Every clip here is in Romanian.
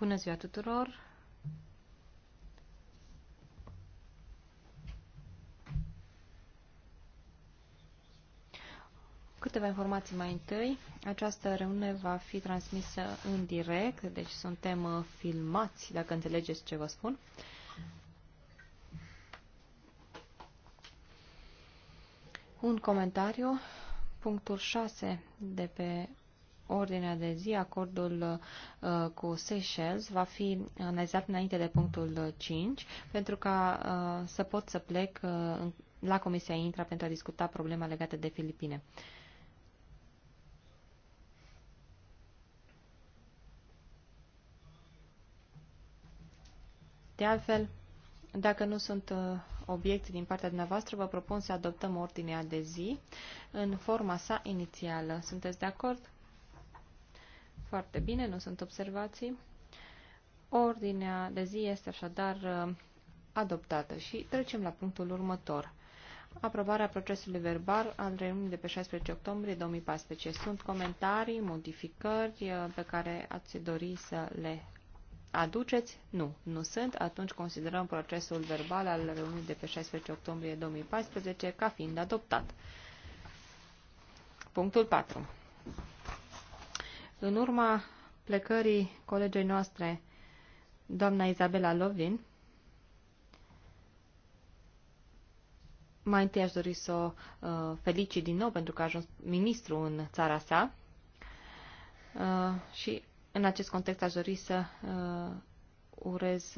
Bună ziua tuturor! Câteva informații mai întâi. Această reuniune va fi transmisă în direct, deci suntem uh, filmați, dacă înțelegeți ce vă spun. Un comentariu. Punctul 6 de pe ordinea de zi, acordul uh, cu Seychelles va fi analizat înainte de punctul 5, pentru ca uh, să pot să plec uh, la Comisia Intra pentru a discuta problema legată de Filipine. De altfel, dacă nu sunt uh, obiecte din partea dumneavoastră, vă propun să adoptăm ordinea de zi în forma sa inițială. Sunteți de acord? Foarte bine, nu sunt observații. Ordinea de zi este așadar uh, adoptată și trecem la punctul următor. Aprobarea procesului verbal al reuniunii de pe 16 octombrie 2014. Sunt comentarii, modificări uh, pe care ați dori să le aduceți? Nu, nu sunt. Atunci considerăm procesul verbal al reuniunii de pe 16 octombrie 2014 ca fiind adoptat. Punctul 4. În urma plecării colegei noastre, doamna Izabela Lovin, mai întâi aș dori să o uh, felicit din nou pentru că a ajuns ministru în țara sa uh, și în acest context aș dori să uh, urez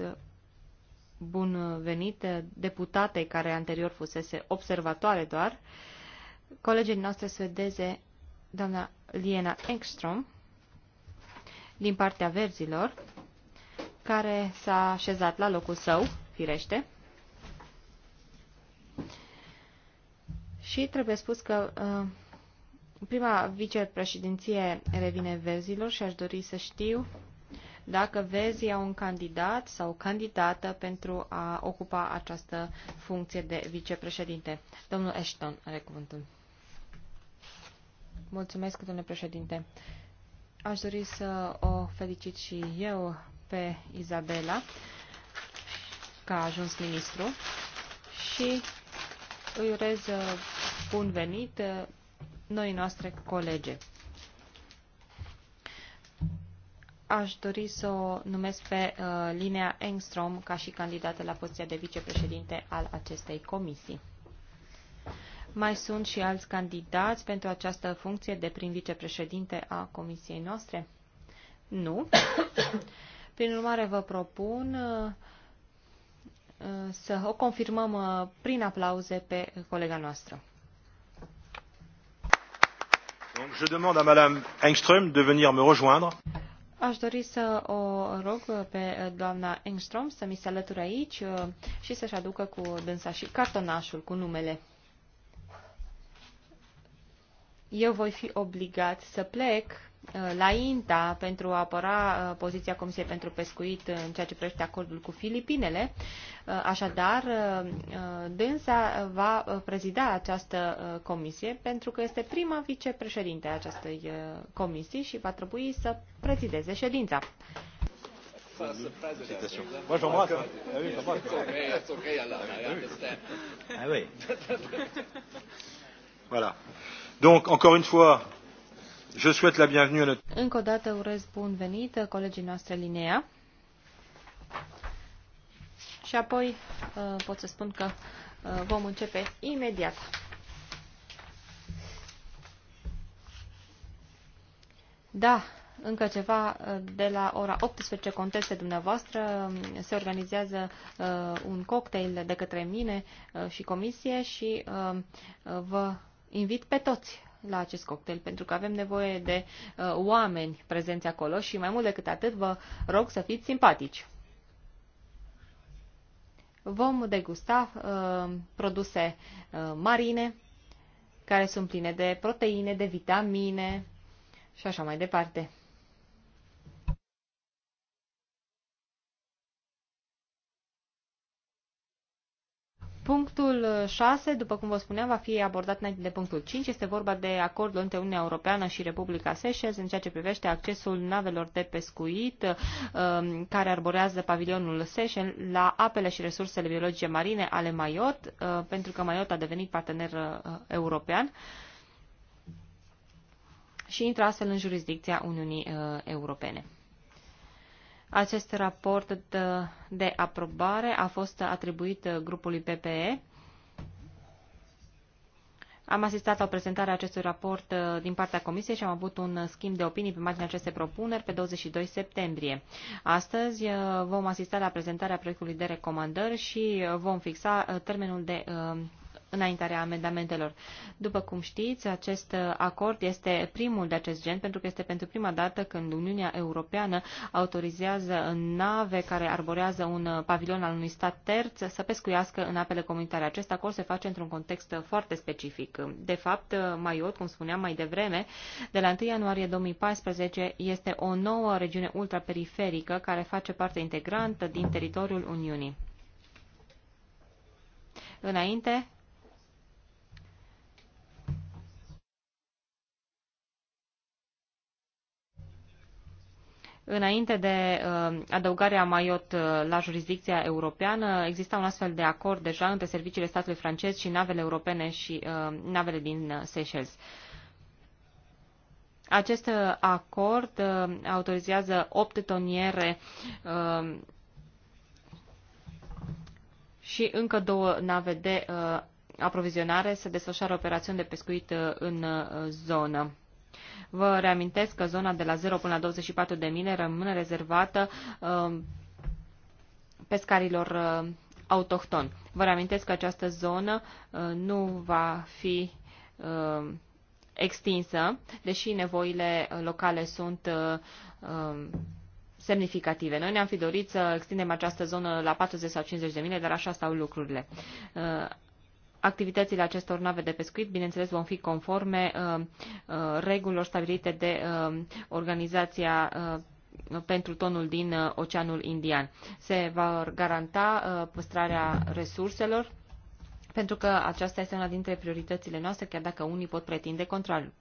bun venit deputatei care anterior fusese observatoare doar, colegii noastre suedeze, doamna Liena Engström, din partea verzilor, care s-a așezat la locul său, firește. Și trebuie spus că uh, prima vicepreședinție revine verzilor și aș dori să știu dacă vezi au un candidat sau o candidată pentru a ocupa această funcție de vicepreședinte. Domnul Ashton are cuvântul. Mulțumesc, domnule președinte. Uh, Aș dori să o felicit și eu pe Izabela, că a ajuns ministru, și îi urez uh, bun venit uh, noi noastre colege. Aș dori să o numesc pe uh, Linea Engstrom ca și candidată la poziția de vicepreședinte al acestei comisii. Mai sunt și alți candidați pentru această funcție de prim vicepreședinte a comisiei noastre? Nu. Prin urmare, vă propun uh, uh, să o confirmăm uh, prin aplauze pe colega noastră. Donc, je demande à Madame Engström de venir me rejoindre. Aș dori să o rog pe doamna Engström să mi se alăture aici și să-și aducă cu dânsa și cartonașul cu numele eu voi fi obligat să plec uh, la INTA pentru a apăra uh, poziția Comisiei pentru Pescuit în ceea ce privește acordul cu Filipinele. Uh, așadar, dânsa va prezida această comisie pentru că este prima vicepreședinte a acestei comisii și va trebui să prezideze ședința. Ah, voilà. Donc, encore une fois, je souhaite la bienvenue à notre... Încă o dată urez bun venit colegii noastre Linea. Și apoi uh, pot să spun că uh, vom începe imediat. Da, încă ceva, uh, de la ora 18 conteste dumneavoastră um, se organizează un cocktail de către mine și comisie și um, vă invit pe toți la acest cocktail, pentru că avem nevoie de uh, oameni prezenți acolo și mai mult decât atât vă rog să fiți simpatici. Vom degusta uh, produse uh, marine care sunt pline de proteine, de vitamine și așa mai departe. Punctul 6, uh, după cum vă spuneam, va fi abordat înainte de punctul 5. Este vorba de acordul între Uniunea Europeană și Republica Seychelles în ceea ce privește accesul navelor de pescuit uh, care arborează pavilionul Seychelles la apele și resursele biologice marine ale Maiot, uh, pentru că Maiot a devenit partener european și intră astfel în jurisdicția Uniunii Europene. Acest raport de aprobare a fost atribuit grupului PPE. Am asistat la prezentarea acestui raport uh, din partea Comisiei și am avut un schimb de opinii pe marginea acestei propuneri pe 22 septembrie. Astăzi uh, vom asista la prezentarea proiectului de recomandări și uh, vom fixa termenul de înaintarea amendamentelor. După cum știți, acest acord este primul de acest gen pentru că este pentru prima dată când Uniunea Europeană autorizează nave care arborează un pavilion al unui stat terț să pescuiască în apele comunitare. Acest acord se face într-un context foarte specific. De fapt, Maiot, cum spuneam mai devreme, de la 1 ianuarie 2014 este o nouă regiune ultraperiferică care face parte integrantă din teritoriul Uniunii. Înainte, Înainte de uh, adăugarea Maiot uh, la jurisdicția europeană, exista un astfel de acord deja între serviciile statului francez și navele europene și uh, navele din uh, Seychelles. Acest uh, acord uh, autorizează 8 toniere uh, și încă două nave de uh, aprovizionare să desfășoare operațiuni de pescuit uh, în uh, zonă. Vă reamintesc că zona de la 0 până la 24 de mile rămâne rezervată um, pescarilor uh, autohton. Vă reamintesc că această zonă uh, nu va fi um, extinsă, deși nevoile uh, locale sunt um, semnificative. Noi ne-am fi dorit să extindem această zonă la 40 sau 50 de mile, dar așa stau lucrurile. Activitățile acestor nave de pescuit, bineînțeles, vom fi conforme uh, uh, regulilor stabilite de uh, Organizația pentru tonul din Oceanul Indian. Se va garanta păstrarea resurselor pentru că aceasta este una dintre prioritățile noastre, chiar dacă unii pot pretinde contrariul.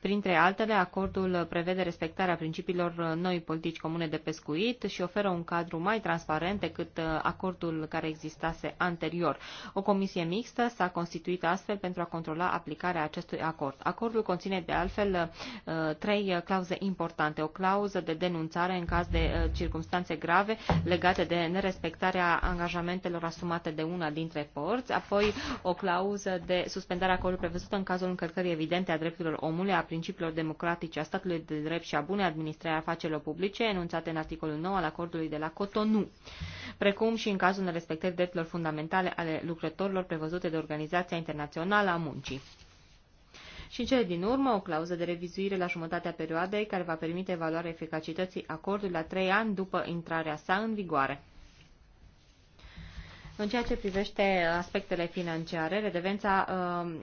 Printre altele, acordul prevede respectarea principiilor noi politici comune de pescuit și oferă un cadru mai transparent decât uh, acordul care existase anterior. O comisie mixtă s-a constituit astfel pentru a controla aplicarea acestui acord. Acordul conține de altfel uh, trei uh, clauze importante. O clauză de denunțare în caz de circunstanțe grave legate de nerespectarea angajamentelor asumate de una dintre părți, apoi o clauză de suspendare a acordului prevăzută în cazul încălcării evidente a drepturilor omului comune a principiilor democratice, a statului de drept și a bunei administrări a afacerilor publice, enunțate în articolul 9 al acordului de la Cotonou, precum și în cazul nerespectării drepturilor fundamentale ale lucrătorilor prevăzute de Organizația Internațională a Muncii și în cele din urmă o clauză de revizuire la jumătatea perioadei care va permite evaluarea eficacității acordului la trei ani după intrarea sa în vigoare. În ceea ce privește aspectele financiare, redevența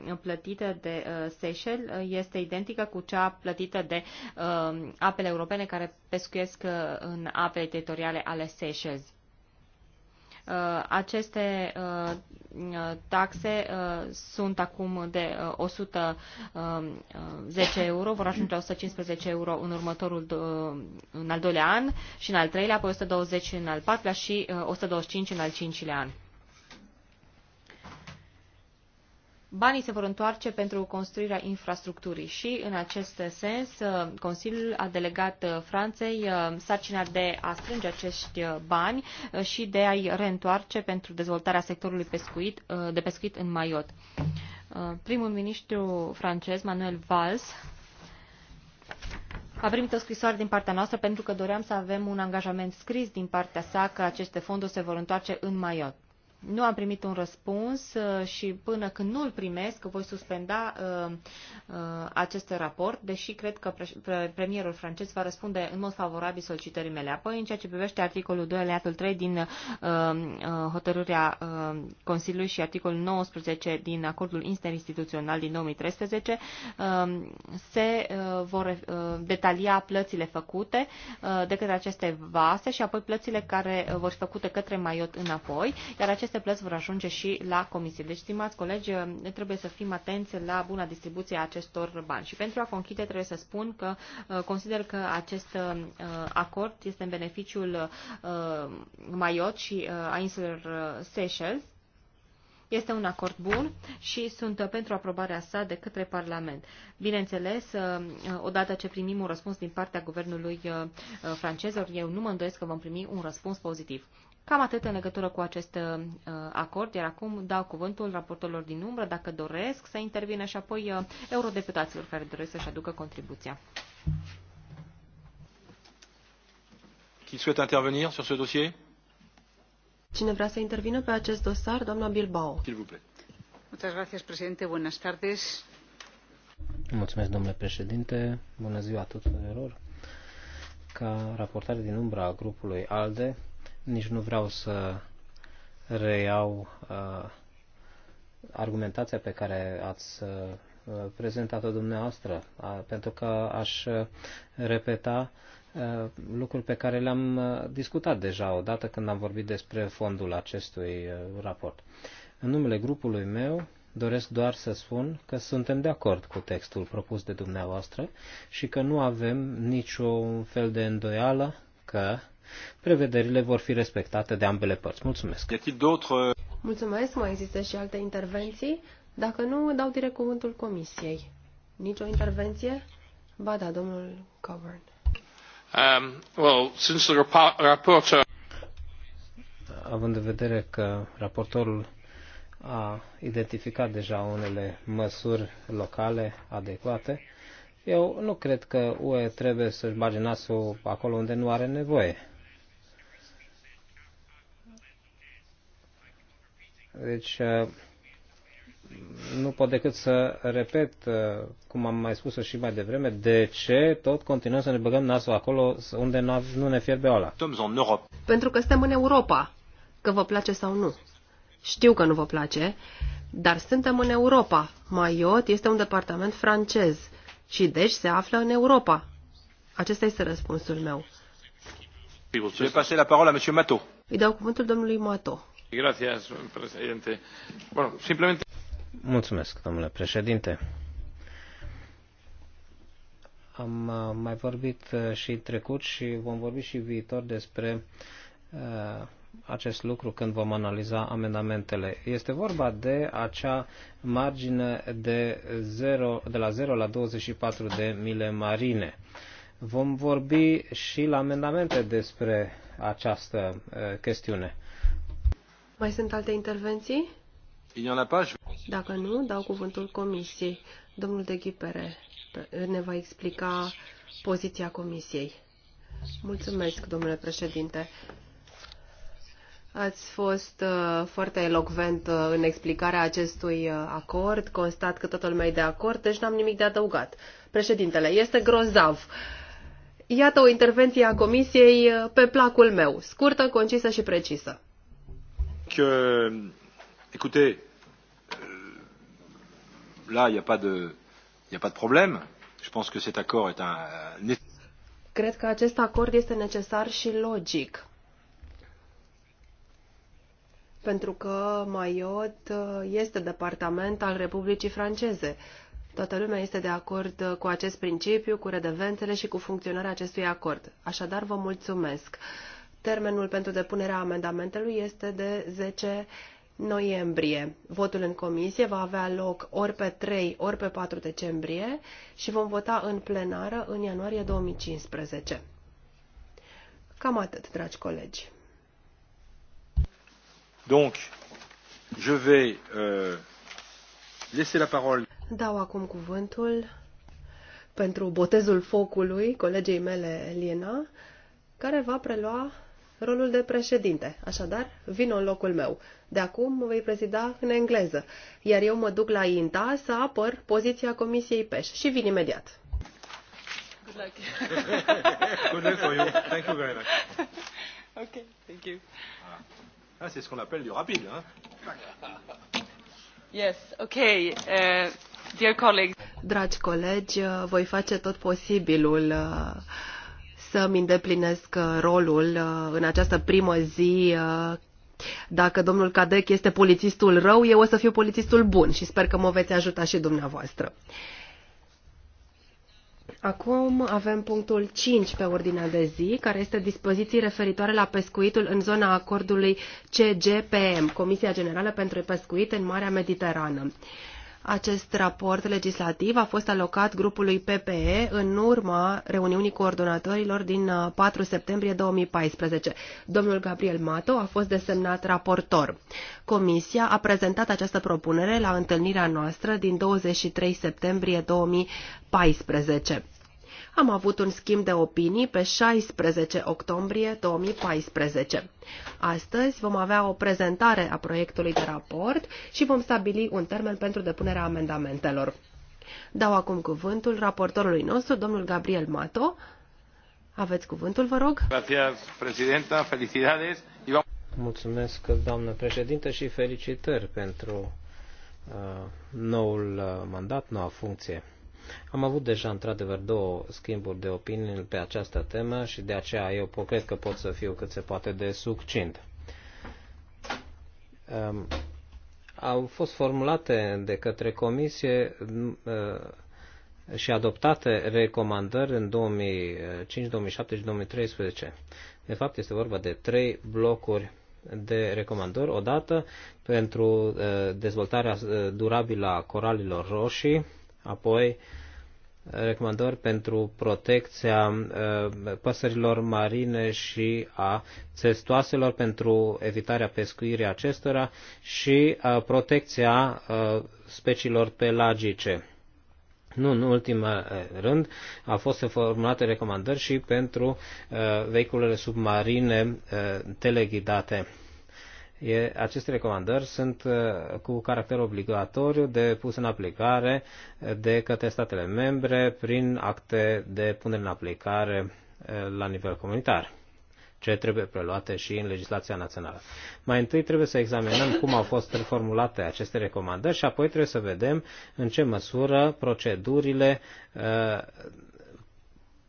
uh, plătită de uh, Seychelles uh, este identică cu cea plătită de apele europene care pescuiesc în apele teritoriale ale Seychelles. Aceste taxe sunt acum de 110 euro, vor ajunge la 115 euro în următorul, în al doilea an și în al treilea, apoi 120 în al patrulea și 125 în al cincilea an. banii se vor întoarce pentru construirea infrastructurii și, în acest sens, uh, Consiliul a delegat uh, Franței uh, sarcina de a strânge acești bani și de a-i reîntoarce pentru dezvoltarea sectorului pescuit, de pescuit în Maiot. Primul ministru francez, Manuel Valls, a primit o scrisoare din partea noastră pentru că doream să avem un angajament scris din partea sa că aceste fonduri se vor întoarce în Maiot. Nu am primit un răspuns uh, și până când nu îl primesc voi suspenda uh, uh, acest raport, deși cred că premierul francez va răspunde în mod favorabil solicitării mele. Apoi, în ceea ce privește articolul 2, aliatul 3 din hotărârea Consiliului și articolul 19 din acordul interinstituțional din 2013, um, se vor detalia plățile făcute de către aceste vase și apoi plățile care vor fi făcute către Maiot înapoi, iar aceste aceste plăți vor ajunge și la comisie. Deci, stimați colegi, trebuie să fim atenți la buna distribuție a acestor bani. Și pentru a conchide trebuie să spun că uh, consider că acest uh, acord este în beneficiul uh, Maiot și a insulelor Seychelles. Este un acord bun și sunt pentru aprobarea sa de către Parlament. Bineînțeles, odată ce primim un răspuns din partea guvernului francez, eu nu mă îndoiesc că vom primi un răspuns pozitiv. Cam atât în legătură cu acest uh, acord, iar acum dau cuvântul raportorilor din umbră, dacă doresc să intervină, și apoi uh, eurodeputaților care doresc să-și aducă contribuția. Cine vrea să intervină pe acest dosar, doamna Bilbao. Mulțumesc, domnule președinte. Bună ziua tuturor. Ca raportare din umbra a grupului ALDE, nici nu vreau să reiau uh, argumentația pe care ați uh, prezentat-o dumneavoastră, pentru că aș uh, repeta uh, lucruri pe care le-am uh, discutat deja odată când am vorbit despre fondul acestui uh, raport. În numele grupului meu doresc doar să spun că suntem de acord cu textul propus de dumneavoastră și că nu avem niciun fel de îndoială că uh, prevederile vor fi respectate de ambele părți. Mulțumesc! Mulțumesc! Mai există și alte intervenții? Dacă nu, dau direct cuvântul Comisiei. Nicio intervenție? Ba da, domnul Coburn. Um, well, since the rapporteur... Având în vedere că raportorul a identificat deja unele măsuri locale adecvate, eu nu cred că UE trebuie să-și bage nasul acolo unde nu are nevoie. Deci, uh, nu pot decât să repet, uh, cum am mai spus-o și mai devreme, de ce tot continuăm să ne băgăm nasul acolo unde nu ne fierbe oala. Pentru că suntem în Europa, că vă place sau nu. Știu că nu vă place, dar suntem în Europa. Maiot este un departament francez și deci se află în Europa. Acesta este răspunsul meu. la Mato. Îi dau cuvântul domnului Mato. Mulțumesc, domnule președinte. Am uh, mai vorbit uh, și trecut și vom vorbi și viitor despre uh, acest lucru când vom analiza amendamentele. Este vorba de acea margine de, 0, de la 0 la 24 de mile marine. Vom vorbi și la amendamente despre această uh, chestiune. Mai sunt alte intervenții? Dacă nu, dau cuvântul comisiei. Domnul de Ghipere ne va explica poziția comisiei. Mulțumesc, domnule președinte. Ați fost uh, foarte elocvent uh, în explicarea acestui uh, acord. Constat că toată lumea e de acord, deci n-am nimic de adăugat. Președintele, este grozav. Iată o intervenție a comisiei uh, pe placul meu, scurtă, concisă și precisă. Euh, écoutez, euh, là, il n'y a, pas de, a pas de problème. Je pense que cet accord est un... Cred că acest acord este necesar și logic. Pentru că Mayotte uh, este departament al Republicii Franceze. Toată lumea este de acord uh, cu acest principiu, cu redevențele și cu funcționarea acestui acord. Așadar, vă mulțumesc. Termenul pentru depunerea amendamentelui este de 10 noiembrie. Votul în comisie va avea loc ori pe 3, ori pe 4 decembrie și vom vota în plenară în ianuarie 2015. Cam atât, dragi colegi. Donc, je vais euh, laisser la parole. Dau acum cuvântul pentru botezul focului colegei mele, Elena, care va prelua rolul de președinte. Așadar, vin în locul meu. De acum vei prezida în engleză, iar eu mă duc la INTA să apăr poziția Comisiei PEș și vin imediat. Good luck. Good luck for you. Thank you very much. Okay, thank you. Ah, ah c'est ce qu'on appelle du rapide, hein? Yes, okay. Uh, dear colleagues. Dragi colegi, voi face tot posibilul uh, să-mi îndeplinesc uh, rolul uh, în această primă zi. Uh, dacă domnul Cadec este polițistul rău, eu o să fiu polițistul bun și sper că mă veți ajuta și dumneavoastră. Acum avem punctul 5 pe ordinea de zi, care este dispoziții referitoare la pescuitul în zona acordului CGPM, Comisia Generală pentru Pescuit în Marea Mediterană. Acest raport legislativ a fost alocat grupului PPE în urma reuniunii coordonatorilor din 4 uh, septembrie 2014. Domnul Gabriel Mato a fost desemnat raportor. Comisia a prezentat această propunere la întâlnirea noastră din 23 septembrie 2014. Am avut un schimb de opinii pe 16 octombrie 2014. Astăzi vom avea o prezentare a proiectului de raport și vom stabili un termen pentru depunerea amendamentelor. Dau acum cuvântul raportorului nostru, domnul Gabriel Mato. Aveți cuvântul, vă rog. Mulțumesc, doamnă președintă, și felicitări pentru uh, noul uh, mandat, noua funcție. Am avut deja, într-adevăr, două schimburi de opinii pe această temă și de aceea eu cred că pot să fiu cât se poate de succint. Au fost formulate de către comisie ă, și adoptate recomandări în 2005, 2007 și 2013. De fapt, este vorba de trei blocuri de recomandări. Odată pentru ă, dezvoltarea ă, durabilă a coralilor roșii, Apoi, recomandări pentru protecția uh, păsărilor marine și a țestoaselor pentru evitarea pescuirii acestora și uh, protecția uh, speciilor pelagice. Nu în ultim rând, au fost formulate recomandări și pentru vehiculele submarine teleghidate e, aceste recomandări sunt uh, cu caracter obligatoriu de pus în aplicare uh, de către statele membre prin acte de punere în aplicare uh, la nivel comunitar ce trebuie preluate și în legislația națională. Mai întâi trebuie să examinăm cum au fost formulate aceste recomandări și apoi trebuie să vedem în ce măsură procedurile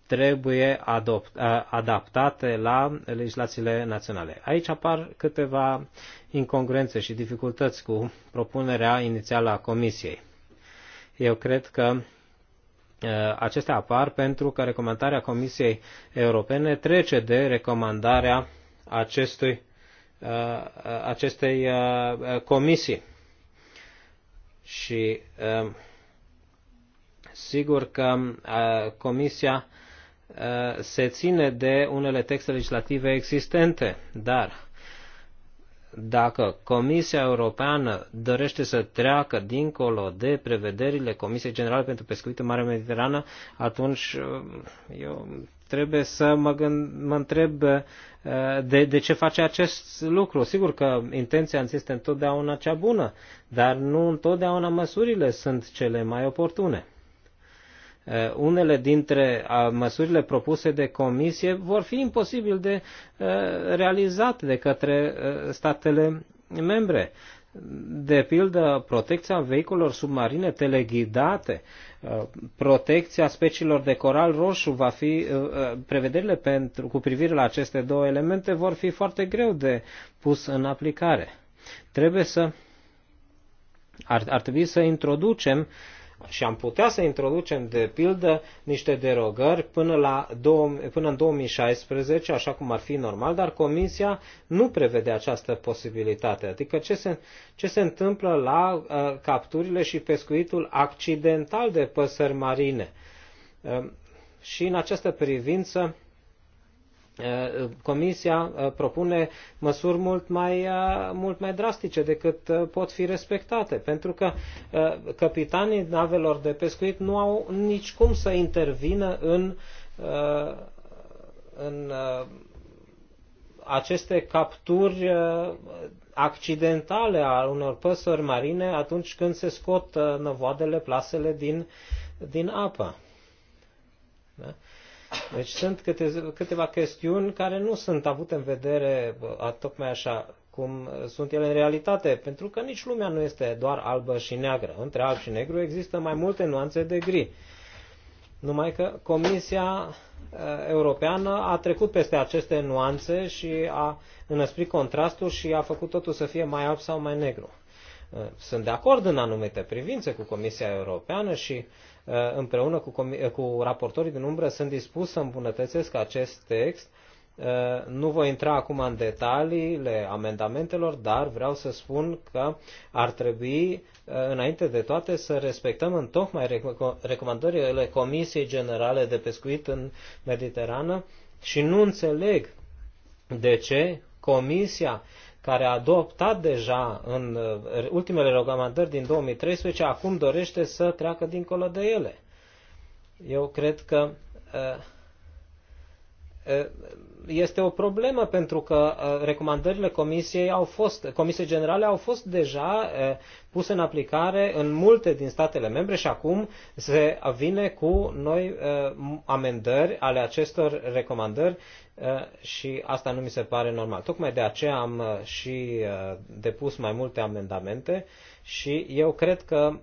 trebuie adopt, adaptate la legislațiile naționale. Aici apar câteva incongruențe și dificultăți cu propunerea inițială a Comisiei. Eu cred că acestea apar pentru că recomandarea Comisiei Europene trece de recomandarea acestui, acestei comisii. Și sigur că Comisia Uh, se ține de unele texte legislative existente, dar dacă Comisia Europeană dorește să treacă dincolo de prevederile Comisiei Generale pentru Pescuit în Marea Mediterană, atunci uh, eu trebuie să mă, gând, mă întreb uh, de, de ce face acest lucru. Sigur că intenția este întotdeauna cea bună, dar nu întotdeauna măsurile sunt cele mai oportune. Eh, unele dintre măsurile propuse de comisie vor fi imposibil de eh, realizat de către eh, statele membre. De pildă, protecția vehiculor submarine teleghidate, protecția speciilor de coral roșu va fi, prevederile pentru, cu privire la aceste două elemente vor fi foarte greu de pus în aplicare. Trebuie să, ar, ar trebui să introducem și am putea să introducem, de pildă, niște derogări până, la două, până în 2016, așa cum ar fi normal, dar Comisia nu prevede această posibilitate. Adică ce se, ce se întâmplă la uh, capturile și pescuitul accidental de păsări marine. Uh, și în această privință, Eh, comisia eh, propune măsuri mult mai, eh, mult mai drastice decât pot fi respectate, pentru că capitanii navelor de pescuit nu au nici cum să intervină în, în aceste capturi accidentale a unor păsări marine atunci când se scot năvoadele, plasele din, din apă. Da? Deci sunt câte, câteva chestiuni care nu sunt avute în vedere a, tocmai așa cum uh, sunt ele în realitate, pentru că nici lumea nu este doar albă și neagră. Între alb și negru există mai multe nuanțe de gri. Numai că Comisia uh, Europeană a trecut peste aceste nuanțe și a înăsprit contrastul și a făcut totul să fie mai alb sau mai negru. Uh, sunt de acord în anumite privințe cu Comisia Europeană și Uh, împreună cu, uh, cu raportorii din umbră sunt dispus să îmbunătățesc acest text. Uh, nu voi intra acum în detaliile amendamentelor, dar vreau să spun că ar trebui, înainte de toate, să respectăm în tocmai recomandările Comisiei Generale de Pescuit în Mediterană și nu înțeleg de ce Comisia care a adoptat deja în uh, ultimele recomandări din 2013, acum dorește să treacă dincolo de ele. Eu cred că uh, este o problemă pentru că uh, recomandările Comisiei au fost, Comisiei Generale au fost deja uh, puse în aplicare în multe din statele membre și acum se vine cu noi uh, amendări ale acestor recomandări și asta nu mi se pare normal. Tocmai de aceea am și depus mai multe amendamente și eu cred că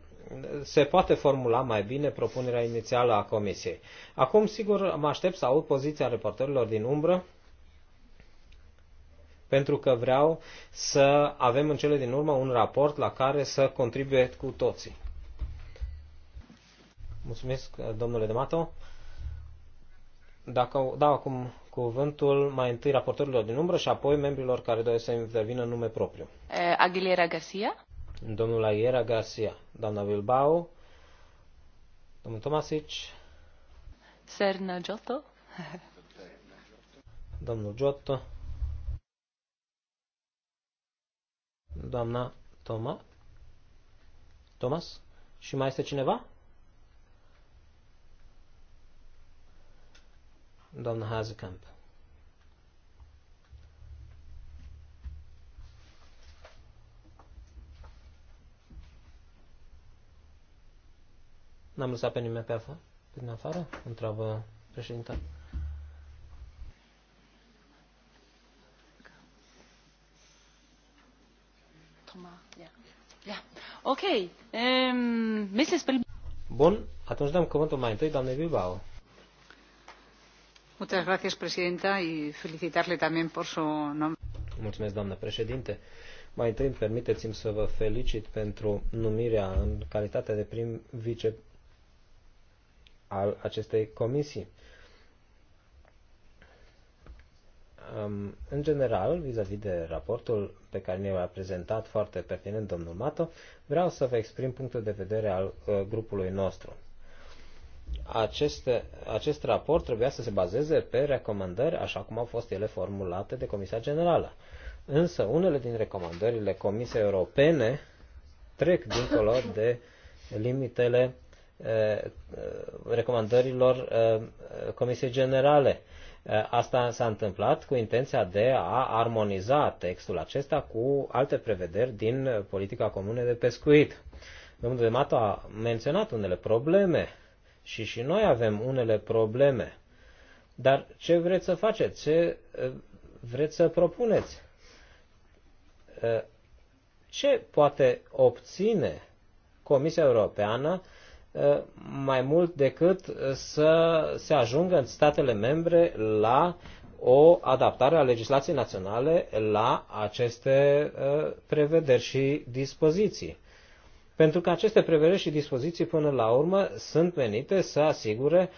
se poate formula mai bine propunerea inițială a Comisiei. Acum, sigur, mă aștept să aud poziția reporterilor din umbră, pentru că vreau să avem în cele din urmă un raport la care să contribuie cu toții. Mulțumesc, domnule Demato. Dacă dau acum cuvântul mai întâi raportorilor din umbră și apoi membrilor care doresc să intervină în nume propriu. Eh, Aguilera Garcia domnul Aiera Garcia, doamna Bilbao, domnul Tomasic, Serna Giotto, domnul Giotto, doamna Toma, Thomas și mai este cineva? Doamna Hazekamp. N-am lăsat pe nimeni pe afară? din afară? Întreabă președinta. Ok. Um, Bun, atunci dăm cuvântul mai întâi doamne Bilbao. Muchas gracias, presidenta, y felicitarle también por su nombre. Mulțumesc, doamnă președinte. Mai întâi, permiteți-mi să vă felicit pentru numirea în calitate de prim vice al acestei comisii. În general, vis-a-vis -vis de raportul pe care ne l-a prezentat foarte pertinent domnul Mato, vreau să vă exprim punctul de vedere al uh, grupului nostru. Acest, acest raport trebuia să se bazeze pe recomandări așa cum au fost ele formulate de Comisia Generală. Însă unele din recomandările Comisiei Europene trec dincolo de limitele Uh, recomandărilor uh, Comisiei Generale. Uh, asta s-a întâmplat cu intenția de a armoniza textul acesta cu alte prevederi din politica comună de pescuit. Domnul de Mato a menționat unele probleme și și noi avem unele probleme. Dar ce vreți să faceți? Ce vreți să propuneți? Ce poate obține Comisia Europeană mai mult decât să se ajungă în statele membre la o adaptare a legislației naționale la aceste prevederi și dispoziții. Pentru că aceste prevederi și dispoziții, până la urmă, sunt menite să asigure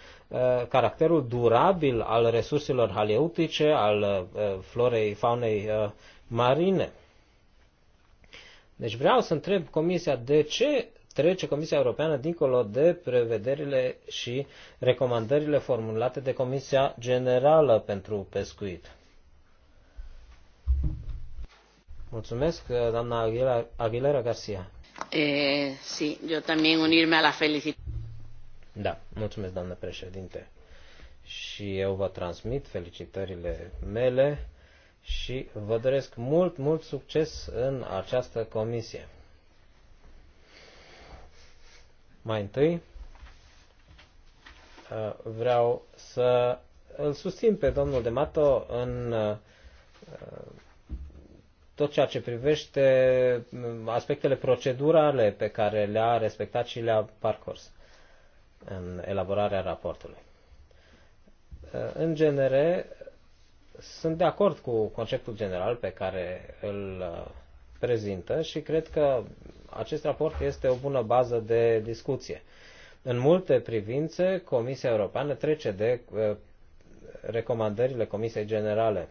caracterul durabil al resurselor haleutice, al florei, faunei marine. Deci vreau să întreb Comisia de ce trece Comisia Europeană dincolo de prevederile și recomandările formulate de Comisia Generală pentru Pescuit. Mulțumesc, doamna Aguilera, Aguilera Garcia. Eh, sí, también unirme a la felicit. Da, mulțumesc, doamnă președinte. Și eu vă transmit felicitările mele și vă doresc mult, mult succes în această comisie. Mai întâi, uh, vreau să îl susțin pe domnul de Mato în uh, tot ceea ce privește mm, aspectele procedurale pe care le-a respectat și le-a parcurs în elaborarea raportului. Uh, în genere, sunt de acord cu conceptul general pe care îl prezintă și cred că acest raport este o bună bază de discuție. În multe privințe, Comisia Europeană trece de eh, recomandările Comisiei Generale.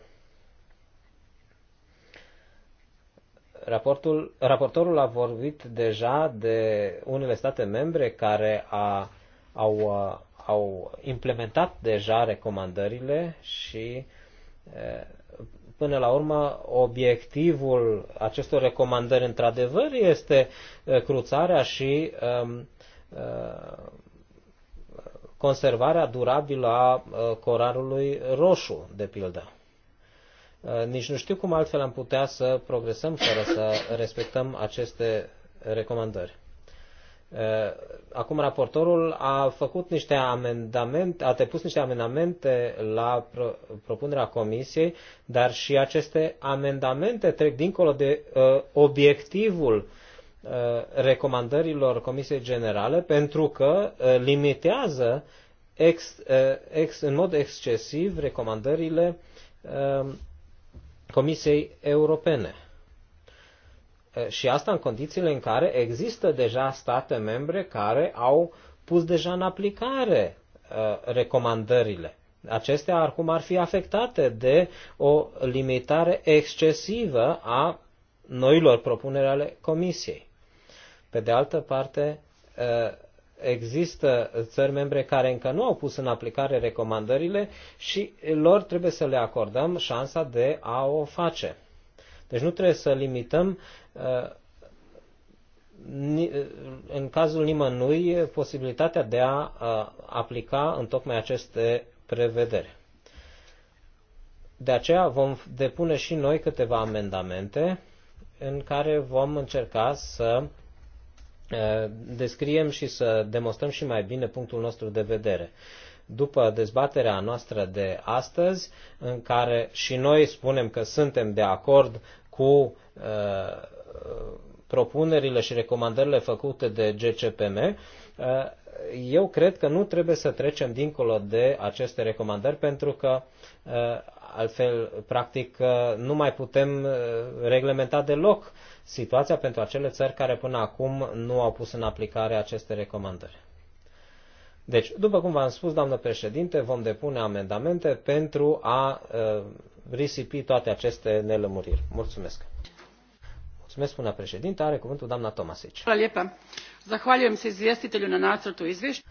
Raportul, raportorul a vorbit deja de unele state membre care a, au, eh, au implementat deja recomandările și eh, Până la urmă, obiectivul acestor recomandări, într-adevăr, este uh, cruțarea și um, uh, conservarea durabilă a uh, coralului roșu, de pildă. Nici nu știu cum altfel am putea să progresăm fără să respectăm aceste recomandări. Eh, acum raportorul a făcut niște amendamente, a depus niște amendamente la pro, propunerea comisiei, dar și aceste amendamente trec dincolo de uh, obiectivul uh, recomandărilor comisiei generale pentru că uh, limitează ex, uh, ex, în mod excesiv recomandările uh, comisiei europene. Eh, și asta în condițiile în care există deja state membre care au pus deja în aplicare eh, recomandările. Acestea acum ar fi afectate de o limitare excesivă a noilor propuneri ale Comisiei. Pe de altă parte, eh, există țări membre care încă nu au pus în aplicare recomandările și lor trebuie să le acordăm șansa de a o face. Deci nu trebuie să limităm uh, uh, în cazul nimănui posibilitatea de a uh, aplica în tocmai aceste prevedere De aceea vom depune și noi câteva amendamente în care vom încerca să descriem și să demonstrăm și mai bine punctul nostru de vedere. După dezbaterea noastră de astăzi, în care și noi spunem că suntem de acord cu uh, propunerile și recomandările făcute de GCPM, uh, eu cred că nu trebuie să trecem dincolo de aceste recomandări pentru că uh, altfel, practic, nu mai putem reglementa deloc situația pentru acele țări care până acum nu au pus în aplicare aceste recomandări. Deci, după cum v-am spus, doamnă președinte, vom depune amendamente pentru a risipi toate aceste nelămuriri. Mulțumesc! Mulțumesc, doamna președinte. Are cuvântul doamna Tomasic. Zahvaljujem se izvjestitelju na nacrtu izvješća.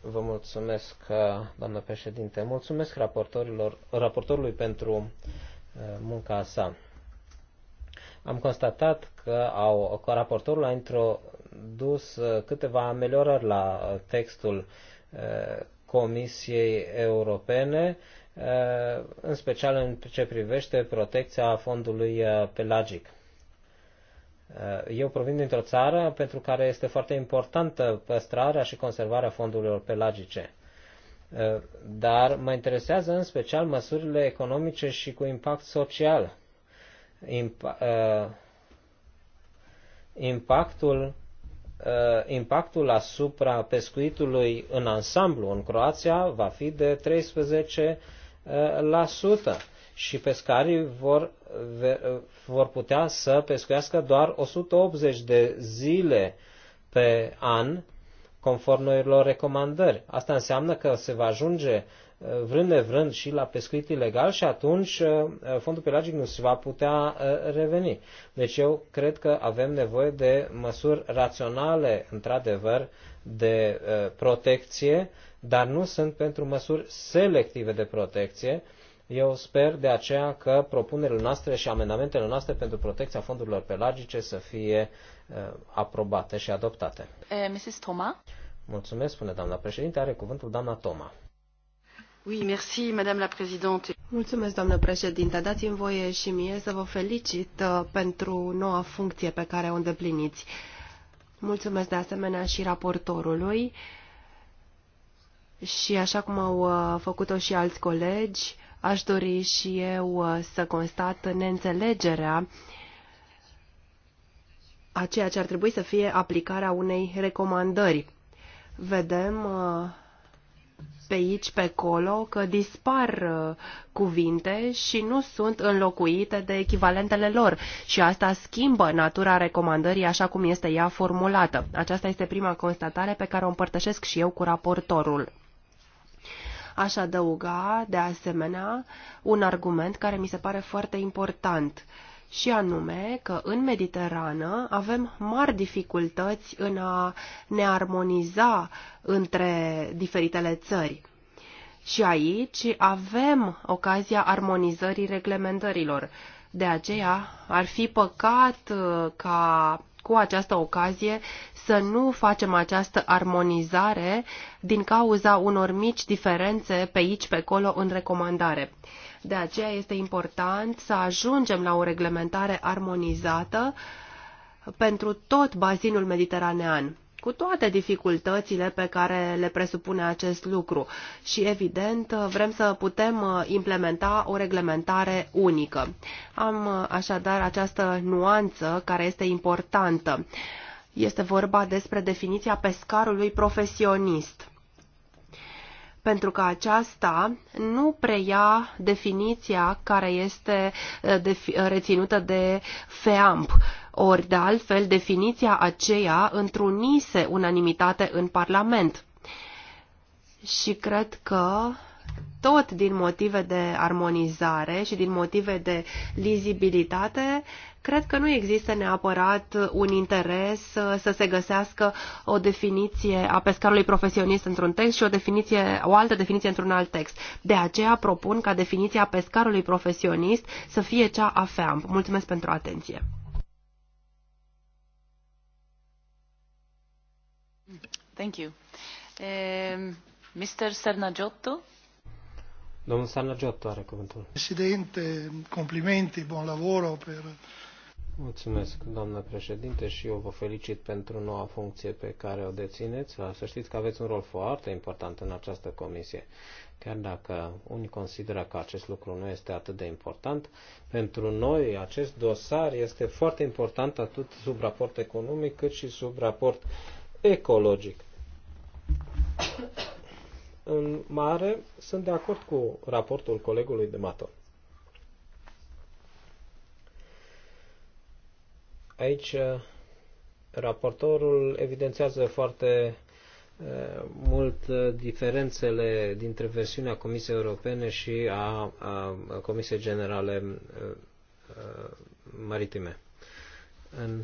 Vă mulțumesc, uh, doamnă președinte. Mulțumesc raportorilor, raportorului pentru uh, munca sa. Am constatat că, au, că raportorul a introdus uh, câteva ameliorări la textul Comisiei Europene în special în ce privește protecția fondului uh, pelagic. Uh, eu provin dintr-o țară pentru care este foarte importantă păstrarea și conservarea fondurilor pelagice. Uh, dar mă interesează în special măsurile economice și cu impact social. impactul, impactul asupra pescuitului în ansamblu în Croația va fi de 13 și pescarii vor, vor putea să pescuiască doar 180 de zile pe an, conform noilor recomandări. Asta înseamnă că se va ajunge uh, vrând nevrând și la pescuit ilegal și atunci uh, fondul pelagic nu se va putea uh, reveni. Deci eu cred că avem nevoie de măsuri raționale, într-adevăr, de uh, protecție, dar nu sunt pentru măsuri selective de protecție. Eu sper de aceea că propunerile noastre și amendamentele noastre pentru protecția fondurilor pelagice să fie uh, aprobate și adoptate. Eh, Mrs. Toma? Mulțumesc, spune doamna președinte. Are cuvântul doamna Toma. Oui, merci, madame la présidente. Mulțumesc, doamnă președinte. Dați-mi voie și mie să vă felicit uh, pentru noua funcție pe care o îndepliniți. Uh, Mulțumesc de asemenea și raportorului și așa cum au uh, făcut-o și alți colegi, aș dori și eu uh, să constat neînțelegerea a ceea ce ar trebui să fie aplicarea unei recomandări. Vedem uh, pe aici, pe acolo, că dispar uh, cuvinte și nu sunt înlocuite de echivalentele lor și asta schimbă natura recomandării așa cum este ea formulată. Aceasta este prima constatare pe care o împărtășesc și eu cu raportorul. Aș adăuga, de asemenea, un argument care mi se pare foarte important. Uh, și anume că în Mediterană avem mari dificultăți în a ne armoniza între diferitele țări. Și aici avem ocazia armonizării reglementărilor. De aceea ar fi păcat uh, ca cu această ocazie să nu facem această armonizare din cauza unor mici diferențe pe aici, pe acolo, în recomandare. De aceea este important să ajungem la o reglementare armonizată pentru tot bazinul mediteranean cu toate dificultățile pe care le presupune acest lucru și, evident, vrem să putem implementa o reglementare unică. Am așadar această nuanță care este importantă. Este vorba despre definiția pescarului profesionist pentru că aceasta nu preia definiția care este eh, eh, reținută de FEAMP. Ori, de altfel, definiția aceea întrunise unanimitate în Parlament. Și cred că tot din motive de armonizare și din motive de lizibilitate, Cred că nu există neapărat un interes uh, să se găsească o definiție a pescarului profesionist într-un text și o, definiție, o altă definiție într-un alt text. De aceea propun ca definiția pescarului profesionist să fie cea a FEAMP. Mulțumesc pentru atenție. Thank you. Mr. Ehm, Sernagiotto? Domnul Sernagiotto are cuvântul. Presidente, complimenti, buon lavoro per Mulțumesc, doamnă președinte, și eu vă felicit pentru noua funcție pe care o dețineți. Să știți că aveți un rol foarte important în această comisie. Chiar dacă unii consideră că acest lucru nu este atât de important, pentru noi acest dosar este foarte important atât sub raport economic cât și sub raport ecologic. În mare, sunt de acord cu raportul colegului de Maton. Aici uh, raportorul evidențiază foarte uh, mult uh, diferențele dintre versiunea Comisiei Europene și a, a Comisiei Generale Maritime. În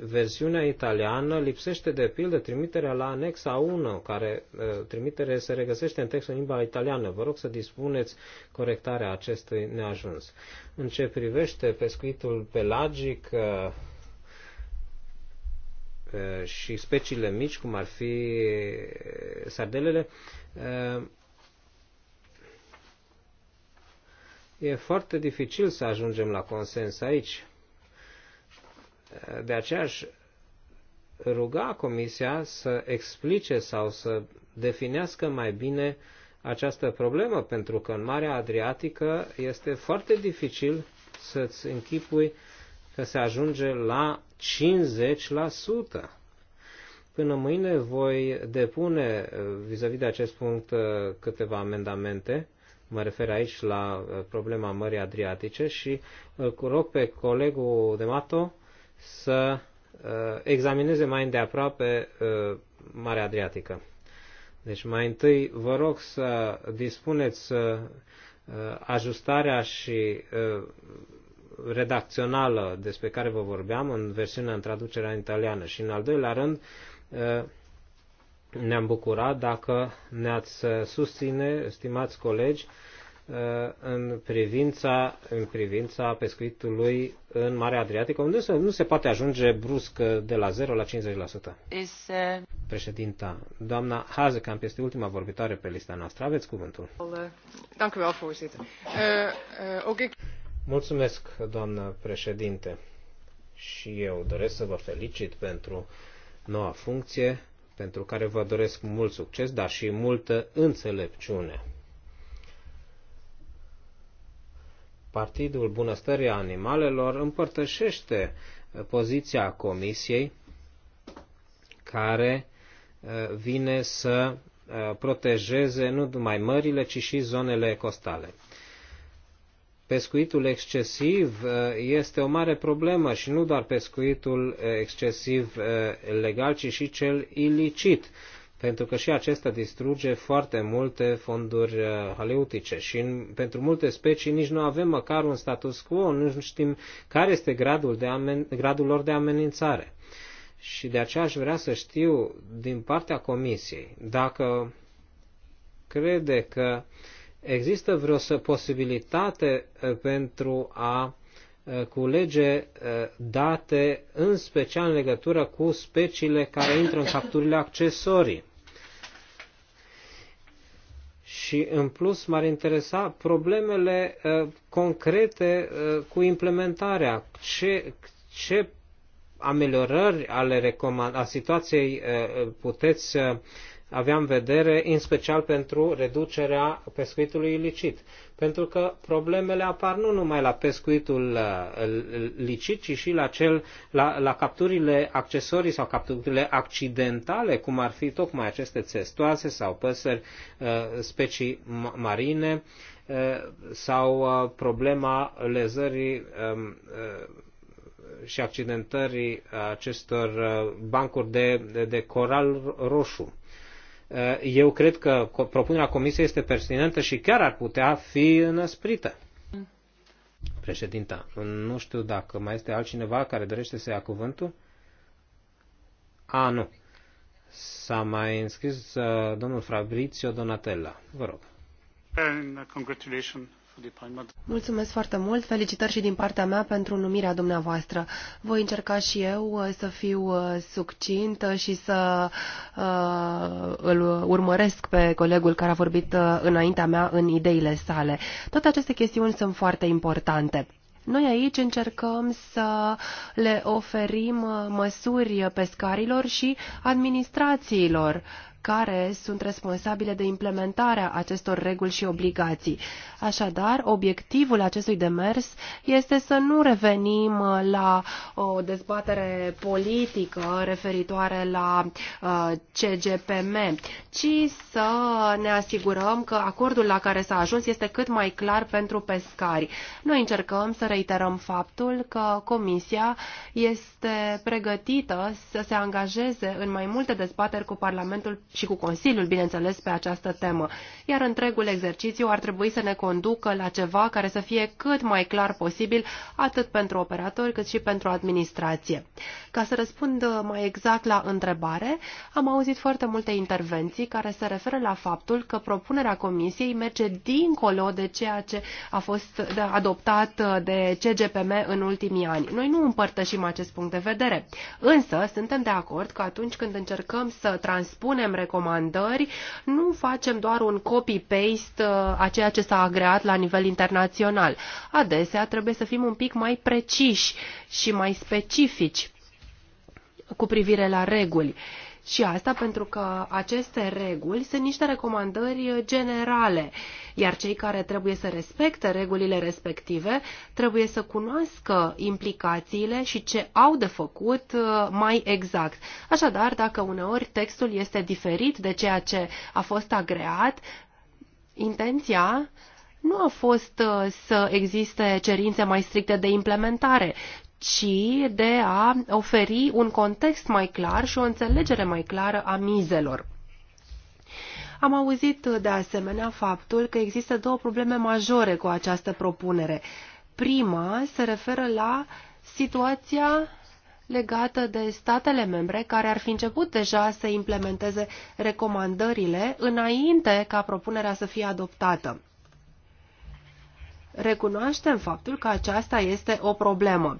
versiunea italiană lipsește de pildă trimiterea la anexa 1, care uh, trimitere se regăsește în textul în limba italiană. Vă rog să dispuneți corectarea acestui neajuns. În ce privește pescuitul pelagic uh, uh, și speciile mici, cum ar fi sardelele, e foarte dificil să ajungem la consens aici de aceea aș ruga Comisia să explice sau să definească mai bine această problemă, pentru că în Marea Adriatică este foarte dificil să-ți închipui că se ajunge la 50%. Până mâine voi depune vis-a-vis -vis de acest punct câteva amendamente. Mă refer aici la problema Mării Adriatice și îl rog pe colegul de Mato să uh, examineze mai îndeaproape uh, Marea Adriatică. Deci mai întâi vă rog să dispuneți uh, ajustarea și redacțională despre care vă vorbeam în versiunea în traducerea în italiană și în al doilea rând ne-am bucurat dacă ne-ați susține, stimați colegi, Uh, în privința, în privința pescuitului în Marea Adriatică, unde nu se poate ajunge brusc uh, de la 0 la 50%. uh... Președinta, doamna Hazekamp este ultima vorbitoare pe lista noastră. Aveți cuvântul. Eh, eh, eh, Mulțumesc, doamnă președinte. Și eu doresc să vă felicit pentru noua funcție, pentru care vă doresc mult succes, dar și multă înțelepciune Partidul Bunăstării Animalelor împărtășește uh, poziția Comisiei care uh, vine să uh, protejeze nu numai mările, ci și zonele costale. Pescuitul excesiv este o mare problemă și nu doar pescuitul excesiv legal, ci și cel ilicit pentru că și acesta distruge foarte multe fonduri uh, haleutice și în, pentru multe specii nici nu avem măcar un status quo, nu știm care este gradul, de amen, gradul lor de amenințare. Și de aceea aș vrea să știu din partea Comisiei dacă crede că există vreo posibilitate uh, pentru a Uh, culege uh, date în special în legătură cu speciile care intră în capturile accesorii. Și în plus m-ar interesa problemele uh, concrete cu implementarea. Ce, ce ameliorări ale recomand- a situației puteți avea în vedere, în special pentru reducerea pescuitului ilicit. Pentru că problemele apar nu numai la pescuitul uh, licit, ci și la, cel, la, la capturile accesorii sau capturile accidentale, cum ar fi tocmai aceste țestoase sau păsări, uh, specii marine uh, sau problema lezării um, și accidentării acestor bancuri de, de, de coral roșu. Eh, eu cred că propunerea Comisiei este pertinentă și chiar ar putea fi înăsprită. Președinta, nu știu dacă mai este altcineva care dorește să ia cuvântul. A, nu. S-a mai înscris eh, domnul Fabrizio Donatella. Vă rog. Uh, congratulations Mulțumesc foarte mult, felicitări și din partea mea pentru numirea dumneavoastră. Voi încerca și eu uh, să fiu uh, succintă și să uh, îl urmăresc pe colegul care a vorbit uh, înaintea mea în ideile sale. Toate aceste chestiuni sunt foarte importante. Noi aici încercăm să le oferim măsuri pescarilor și administrațiilor care sunt responsabile de implementarea acestor reguli și obligații. Așadar, obiectivul acestui demers este să nu revenim la o dezbatere politică referitoare la uh, CGPM, ci să ne asigurăm că acordul la care s-a ajuns este cât mai clar pentru pescari. Noi încercăm să reiterăm faptul că Comisia este pregătită să se angajeze în mai multe dezbateri cu Parlamentul și cu Consiliul, bineînțeles, pe această temă. Iar întregul exercițiu ar trebui să ne conducă la ceva care să fie cât mai clar posibil, atât pentru operatori cât și pentru administrație. Ca să răspund mai exact la întrebare, am auzit foarte multe intervenții care se referă la faptul că propunerea Comisiei merge dincolo de ceea ce a fost adoptat de CGPM în ultimii ani. Noi nu împărtășim acest punct de vedere, însă suntem de acord că atunci când încercăm să transpunem recomandări, nu facem doar un copy-paste uh, a ceea ce s-a agreat la nivel internațional. Adesea trebuie să fim un pic mai preciși și mai specifici cu privire la reguli. Uh, și asta pentru că aceste reguli sunt niște recomandări generale, iar cei care trebuie să respecte regulile respective trebuie să cunoască implicațiile și ce au de făcut uh, mai exact. Așadar, dacă uneori textul este diferit de ceea ce a fost agreat, intenția nu a fost uh, să existe cerințe mai stricte de implementare, ci de a oferi un context mai clar și o înțelegere mai clară a mizelor. Am auzit de asemenea faptul că există două probleme majore cu această propunere. Prima se referă la situația legată de statele membre care ar fi început deja să implementeze recomandările înainte ca propunerea să fie adoptată recunoaștem faptul că aceasta este o problemă.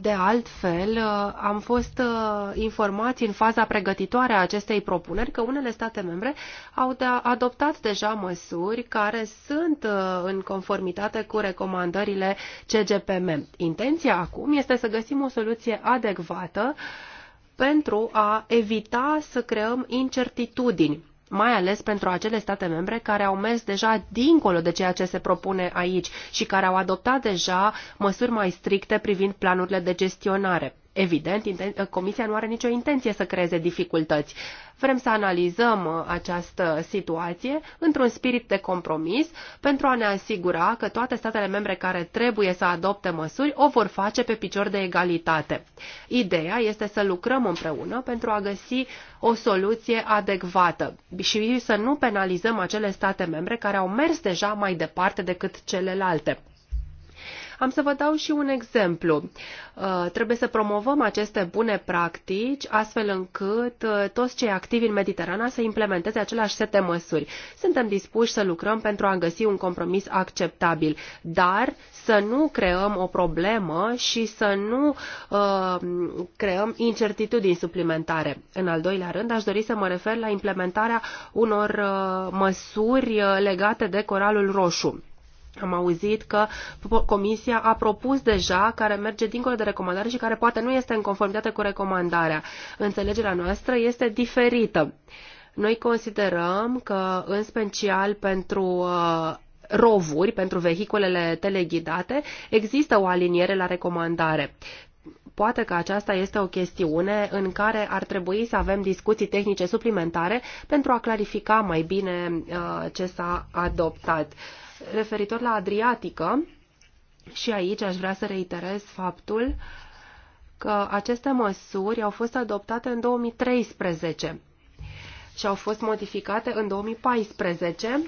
De altfel, am fost uh, informați în faza pregătitoare a acestei propuneri că unele state membre au adoptat deja măsuri care sunt uh, în conformitate cu recomandările CGPM. Intenția acum este să găsim o soluție adecvată pentru a evita să creăm incertitudini mai ales pentru acele state membre care au mers deja dincolo de ceea ce se propune aici și care au adoptat deja măsuri mai stricte privind planurile de gestionare. Evident, Comisia nu are nicio intenție să creeze dificultăți. Vrem să analizăm uh, această situație într-un spirit de compromis pentru a ne asigura că toate statele membre care trebuie să adopte măsuri o vor face pe picior de egalitate. Ideea este să lucrăm împreună pentru a găsi o soluție adecvată și să nu penalizăm acele state membre care au mers deja mai departe decât celelalte. Am să vă dau și un exemplu. Uh, trebuie să promovăm aceste bune practici astfel încât uh, toți cei activi în Mediterana să implementeze același set de măsuri. Suntem dispuși să lucrăm pentru a găsi un compromis acceptabil, dar să nu creăm o problemă și să nu uh, creăm incertitudini suplimentare. În al doilea rând, aș dori să mă refer la implementarea unor uh, măsuri uh, legate de coralul roșu. Am auzit că Comisia a propus deja, care merge dincolo de recomandare și care poate nu este în conformitate cu recomandarea. Înțelegerea noastră este diferită. Noi considerăm că, în special pentru uh, rovuri, pentru vehiculele teleghidate, există o aliniere la recomandare. Poate că aceasta este o chestiune în care ar trebui să avem discuții tehnice suplimentare pentru a clarifica mai bine uh, ce s-a adoptat referitor la Adriatică, și aici aș vrea să reiterez faptul că aceste măsuri au fost adoptate în 2013 și au fost modificate în 2014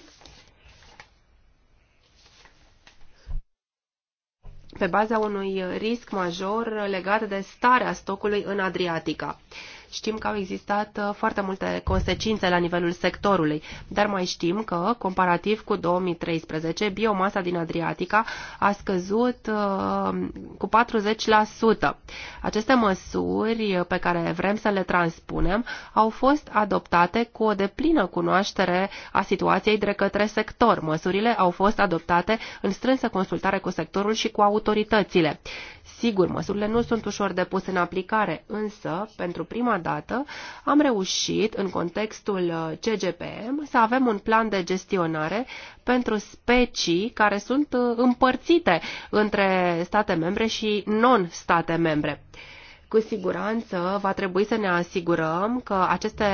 pe baza unui risc major legat de starea stocului în Adriatica. Știm că au existat uh, foarte multe consecințe la nivelul sectorului, dar mai știm că, comparativ cu 2013, biomasa din Adriatica a scăzut uh, cu 40%. Aceste măsuri pe care vrem să le transpunem au fost adoptate cu o deplină cunoaștere a situației de către sector. Măsurile au fost adoptate în strânsă consultare cu sectorul și cu autoritățile. Sigur, măsurile nu sunt ușor de pus în aplicare, însă, pentru prima dată, am reușit, în contextul uh, CGPM, să avem un plan de gestionare pentru specii care sunt uh, împărțite între state membre și non-state membre. Cu siguranță va trebui să ne asigurăm că aceste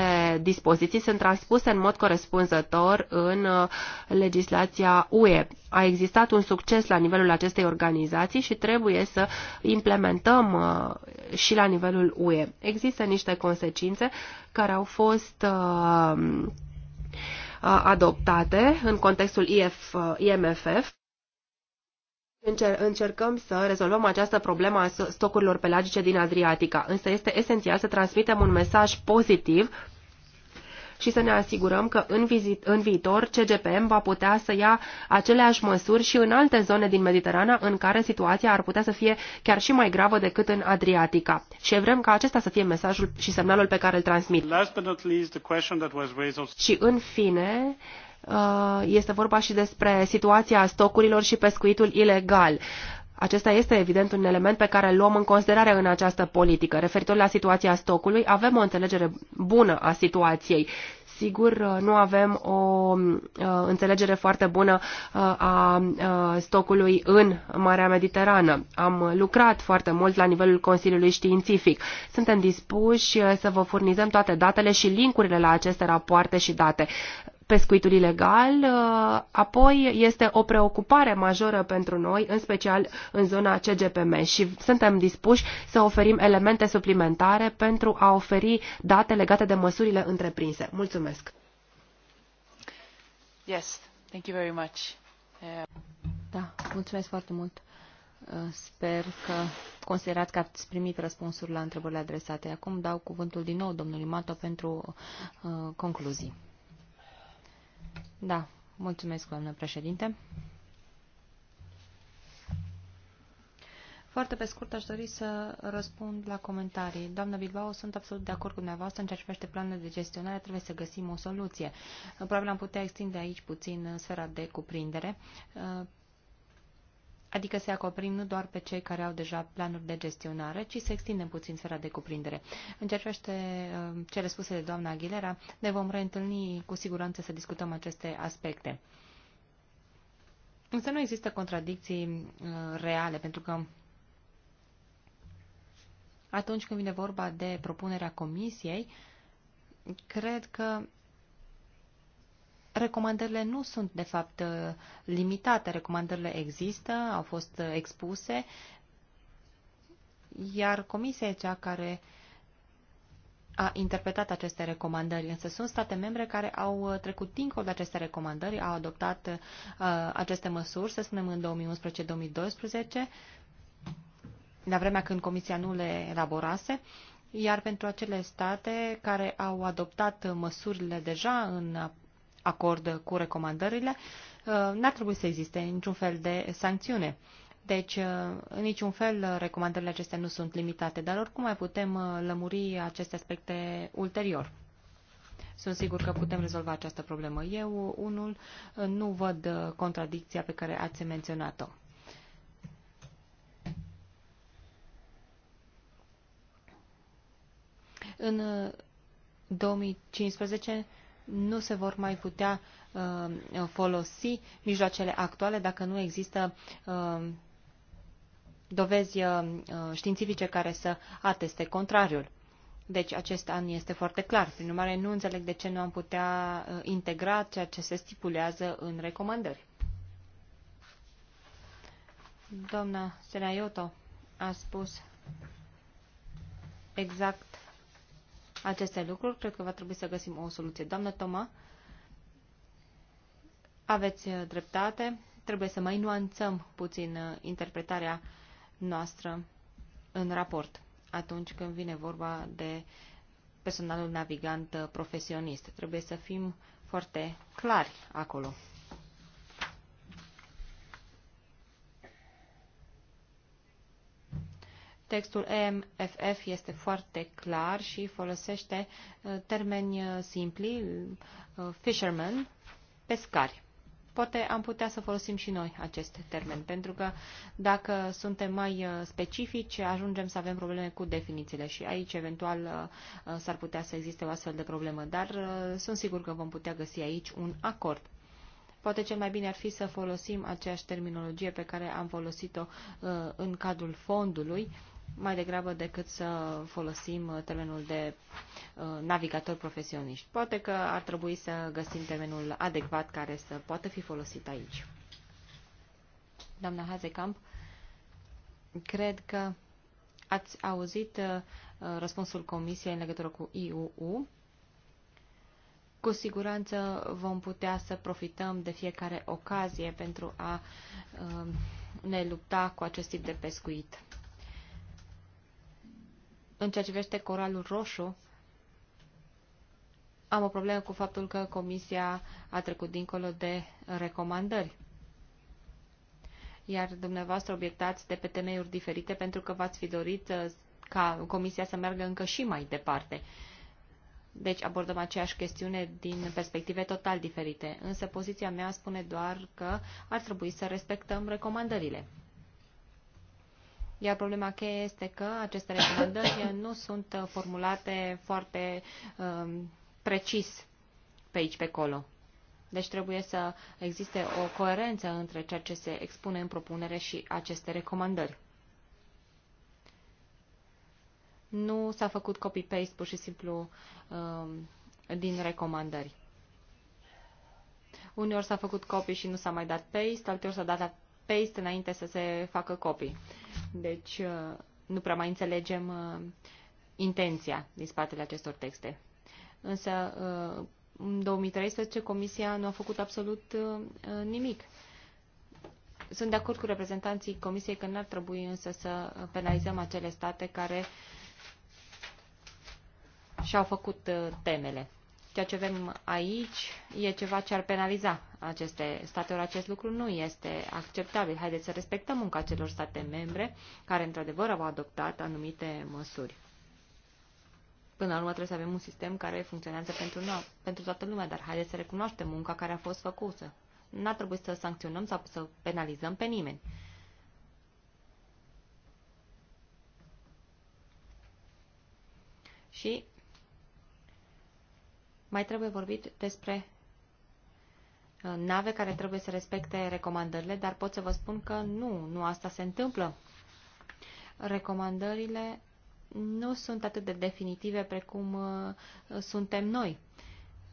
dispoziții sunt transpuse în mod corespunzător în uh, legislația UE. A existat un succes la nivelul acestei organizații și trebuie să implementăm uh, și la nivelul UE. Există niște consecințe care au fost uh, adoptate în contextul IF, IMFF Încercăm să rezolvăm această problemă a stocurilor pelagice din Adriatica, însă este esențial să transmitem un mesaj pozitiv și să ne asigurăm că în, vizit, în viitor CGPM va putea să ia aceleași măsuri și în alte zone din Mediterana în care situația ar putea să fie chiar și mai gravă decât în Adriatica. Și vrem ca acesta să fie mesajul și semnalul pe care îl transmit. Și în fine, Uh, este vorba și despre situația stocurilor și pescuitul ilegal. Acesta este evident un element pe care îl luăm în considerare în această politică. Referitor la situația stocului, avem o înțelegere bună a situației. Sigur, uh, nu avem o uh, înțelegere foarte bună a stocului în Marea Mediterană. Am lucrat foarte mult la nivelul Consiliului Științific. Suntem dispuși să vă furnizăm toate datele și linkurile la aceste rapoarte și date pescuitul ilegal, uh, apoi este o preocupare majoră pentru noi, în special în zona CGPM și suntem dispuși să oferim elemente suplimentare pentru a oferi date legate de măsurile întreprinse. Mulțumesc! Yes, thank you very much. Da, mulțumesc foarte mult. Uh, sper că considerați că ați primit răspunsuri la întrebările adresate. Acum dau cuvântul din nou domnului Mato pentru uh, concluzii. Da, mulțumesc, doamnă președinte. Foarte pe scurt aș dori să răspund la comentarii. Doamnă Bilbao, sunt absolut de acord cu dumneavoastră în ceea ce privește planul de gestionare, trebuie să găsim o soluție. Probabil am putea extinde aici puțin sfera de cuprindere Adică se acoperim nu doar pe cei care au deja planuri de gestionare, ci se extinde puțin sfera de cuprindere. În ceea ce privește uh, cele spuse de doamna Aguilera, ne vom reîntâlni cu siguranță să discutăm aceste aspecte. Însă nu există contradicții uh, reale, pentru că atunci când vine vorba de propunerea comisiei, cred că Recomandările nu sunt, de fapt, uh, limitate. Recomandările există, au fost uh, expuse, iar comisia e cea care a interpretat aceste recomandări, însă sunt state membre care au uh, trecut dincolo de aceste recomandări, au adoptat uh, aceste măsuri, să spunem în 2011-2012, la vremea când Comisia nu le elaborase, iar pentru acele state care au adoptat măsurile deja în acord cu recomandările, uh, n-ar trebui să existe niciun fel de sancțiune. Deci, uh, în niciun fel, uh, recomandările acestea nu sunt limitate, dar oricum mai putem lămuri aceste aspecte ulterior. Sunt sigur că putem rezolva această problemă. Eu, unul, nu văd contradicția pe care ați menționat-o. În 2015 nu se vor mai putea uh, folosi mijloacele actuale dacă nu există uh, dovezi uh, științifice care să ateste contrariul. Deci acest an este foarte clar. Prin urmare, nu înțeleg de ce nu am putea integra ceea ce se stipulează în recomandări. Doamna Senaioto a spus exact aceste lucruri. Cred că va trebui să găsim o soluție. Doamnă Toma, aveți uh, dreptate. Trebuie să mai nuanțăm puțin uh, interpretarea noastră în raport atunci când vine vorba de personalul navigant uh, profesionist. Trebuie să fim foarte clari acolo. Textul EMFF este foarte clar și folosește uh, termeni uh, simpli, uh, fisherman, pescari. Poate am putea să folosim și noi acest termen, pentru că dacă suntem mai specifici, ajungem să avem probleme cu definițiile și aici eventual s-ar putea să existe o astfel de problemă, dar sunt sigur că vom putea găsi aici un acord. Poate cel mai bine ar fi să folosim aceeași terminologie pe care am folosit-o în cadrul fondului mai degrabă decât să folosim uh, termenul de uh, navigator profesioniști. Poate că ar trebui să găsim termenul adecvat care să poată fi folosit aici. Doamna Hazekamp, cred că ați auzit uh, răspunsul Comisiei în legătură cu IUU. Cu siguranță vom putea să profităm de fiecare ocazie pentru a ne lupta cu acest tip de pescuit. În ceea ce privește coralul roșu, am o problemă cu faptul că Comisia a trecut dincolo de recomandări. Iar dumneavoastră obiectați de pe temeiuri diferite pentru că v-ați fi dorit uh, ca Comisia să meargă încă și mai departe. Deci abordăm aceeași chestiune din perspective total diferite, însă poziția mea spune doar că ar trebui să respectăm recomandările. Iar problema cheie este că aceste recomandări nu sunt uh, formulate foarte um, precis pe aici, pe acolo. Deci trebuie să existe o coerență între ceea ce se expune în propunere și aceste recomandări. Nu s-a făcut copy-paste pur și simplu um, din recomandări. Uneori s-a făcut copy și nu s-a mai dat paste, alteori s-a dat paste înainte să se facă copii. Deci uh, nu prea mai înțelegem uh, intenția din spatele acestor texte. Însă uh, în 2013 Comisia nu a făcut absolut nimic. Sunt de acord cu reprezentanții Comisiei că n-ar trebui însă să penalizăm acele state care și-au făcut temele. Ceea ce avem aici e ceva ce ar penaliza aceste state, ori acest lucru nu este acceptabil. Haideți să respectăm munca celor state membre care, într-adevăr, au adoptat anumite măsuri. Până la urmă trebuie să avem un sistem care funcționează pentru, noi, pentru toată lumea, dar haideți să recunoaștem munca care a fost făcută. N-ar trebui să sancționăm sau să penalizăm pe nimeni. Și mai trebuie vorbit despre uh, nave care trebuie să respecte recomandările, dar pot să vă spun că nu, nu asta se întâmplă. Recomandările nu sunt atât de definitive precum uh, suntem noi.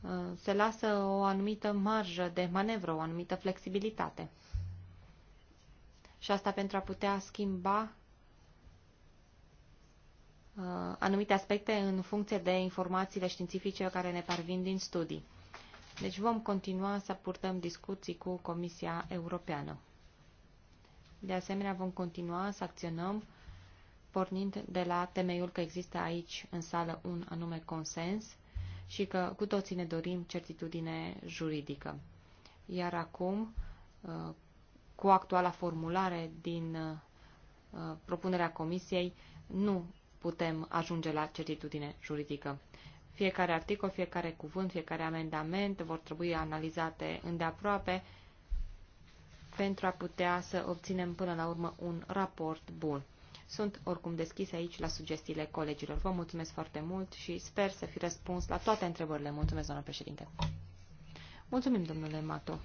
Uh, se lasă o anumită marjă de manevră, o anumită flexibilitate. Și asta pentru a putea schimba Uh, anumite aspecte în funcție de informațiile științifice care ne parvin din studii. Deci vom continua să purtăm discuții cu Comisia Europeană. De asemenea, vom continua să acționăm pornind de la temeiul că există aici în sală un anume consens și că cu toții ne dorim certitudine juridică. Iar acum, uh, cu actuala formulare din uh, propunerea Comisiei, nu putem ajunge la certitudine juridică. Fiecare articol, fiecare cuvânt, fiecare amendament vor trebui analizate îndeaproape pentru a putea să obținem până la urmă un raport bun. Sunt oricum deschis aici la sugestiile colegilor. Vă mulțumesc foarte mult și sper să fi răspuns la toate întrebările. Mulțumesc, doamnă președinte. Mulțumim, domnule Mato.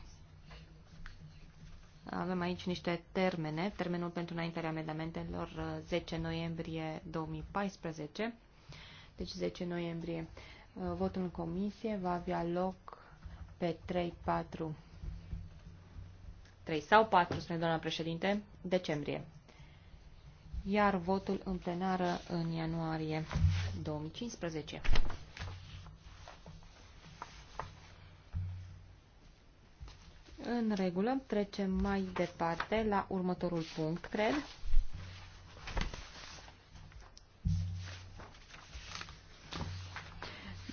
Avem aici niște termene. Termenul pentru înaintarea amendamentelor 10 uh, noiembrie 2014. Deci 10 noiembrie. Uh, votul în comisie va avea loc pe 3, 4, 3 sau 4, spune doamna președinte, decembrie. Iar votul în plenară în ianuarie 2015. În regulă, trecem mai departe la următorul punct, cred.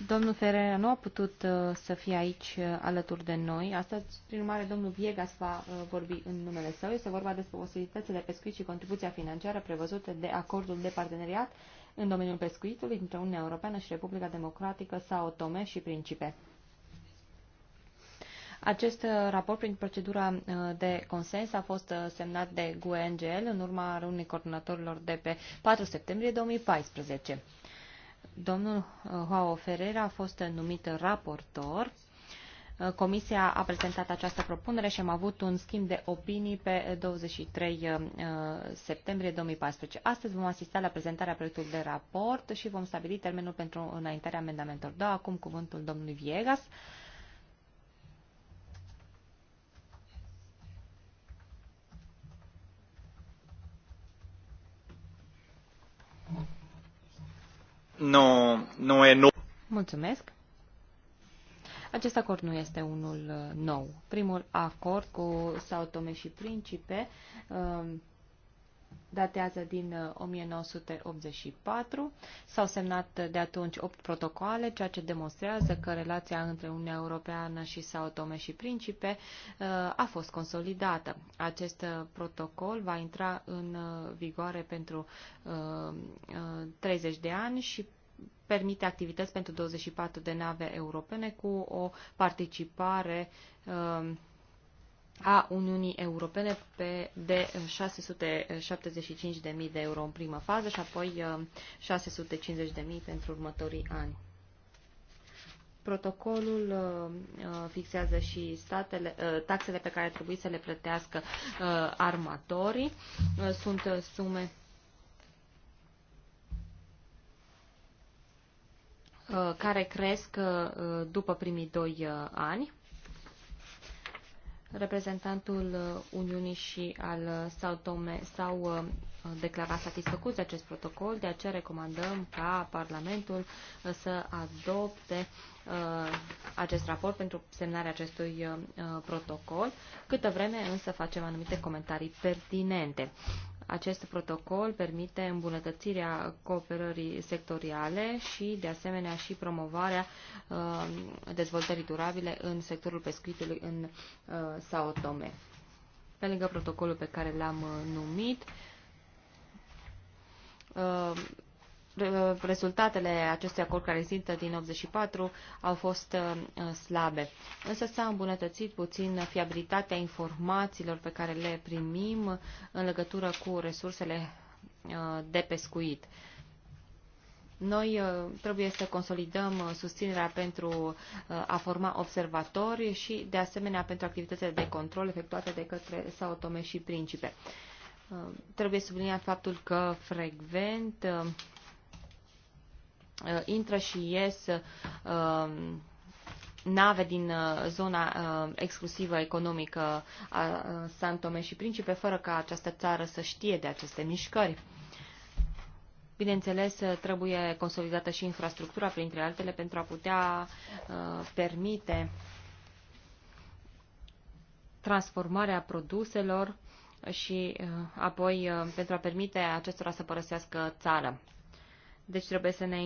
Domnul Ferreira nu a putut uh, să fie aici uh, alături de noi. Astăzi, prin urmare, domnul Viegas va uh, vorbi în numele său. Este vorba despre posibilitățile de pescuit și contribuția financiară prevăzute de acordul de parteneriat în domeniul pescuitului dintre Uniunea Europeană și Republica Democratică sau Tome și Principe. Acest uh, raport prin procedura uh, de consens a fost uh, semnat de GUE-NGL în urma reunii coordonatorilor de pe 4 septembrie 2014. Domnul Joao Ferreira a fost numit raportor. Comisia a prezentat această propunere și am avut un schimb de opinii pe 23 septembrie 2014. Astăzi vom asista la prezentarea proiectului de raport și vom stabili termenul pentru înaintarea amendamentelor. Dau acum cuvântul domnului Viegas nu, e nou. Mulțumesc. Acest acord nu este unul uh, nou. Primul acord cu Sao Tome și Principe um, datează din 1984. Uh, S-au semnat de atunci 8 protocoale, ceea ce demonstrează că relația între Uniunea Europeană și Sao Tome și Principe uh, a fost consolidată. Acest uh, protocol va intra în vigoare pentru 30 de ani și permite activități pentru 24 de nave europene cu o participare uh, a Uniunii Europene pe de 675.000 de euro în primă fază și apoi 650.000 uh, pentru următorii ani. Protocolul uh, uh, fixează și statele, taxele pe care trebuie să le plătească armatorii. Sunt sume care cresc după primii doi ani reprezentantul uh, Uniunii și al uh, sau, tome, s-au uh, declarat satisfăcuți de acest protocol, de aceea recomandăm ca Parlamentul să adopte acest raport pentru semnarea acestui protocol, câtă vreme însă facem anumite comentarii pertinente. Acest protocol permite îmbunătățirea cooperării sectoriale și, de asemenea, și promovarea uh, dezvoltării durabile în sectorul pescuitului în uh, Sao Tome. Pe lângă protocolul pe care l-am uh, numit, rezultatele acestui acord care există din 84 au fost uh, slabe. Însă s-a îmbunătățit puțin fiabilitatea informațiilor pe care le primim în legătură cu resursele uh, de pescuit. Noi uh, trebuie să consolidăm susținerea pentru a forma observatori și, de asemenea, pentru activitățile de control efectuate de către Sao Tome și Principe. Trebuie subliniat faptul că frecvent Uh, intră și ies uh, nave din uh, zona exclusivă economică a uh, Santome și Principe, fără ca această țară să știe de aceste mișcări. Bineînțeles, trebuie consolidată și infrastructura, printre altele, pentru a putea uh, permite transformarea produselor și uh, apoi uh, pentru a permite acestora să părăsească țara. Deci trebuie să ne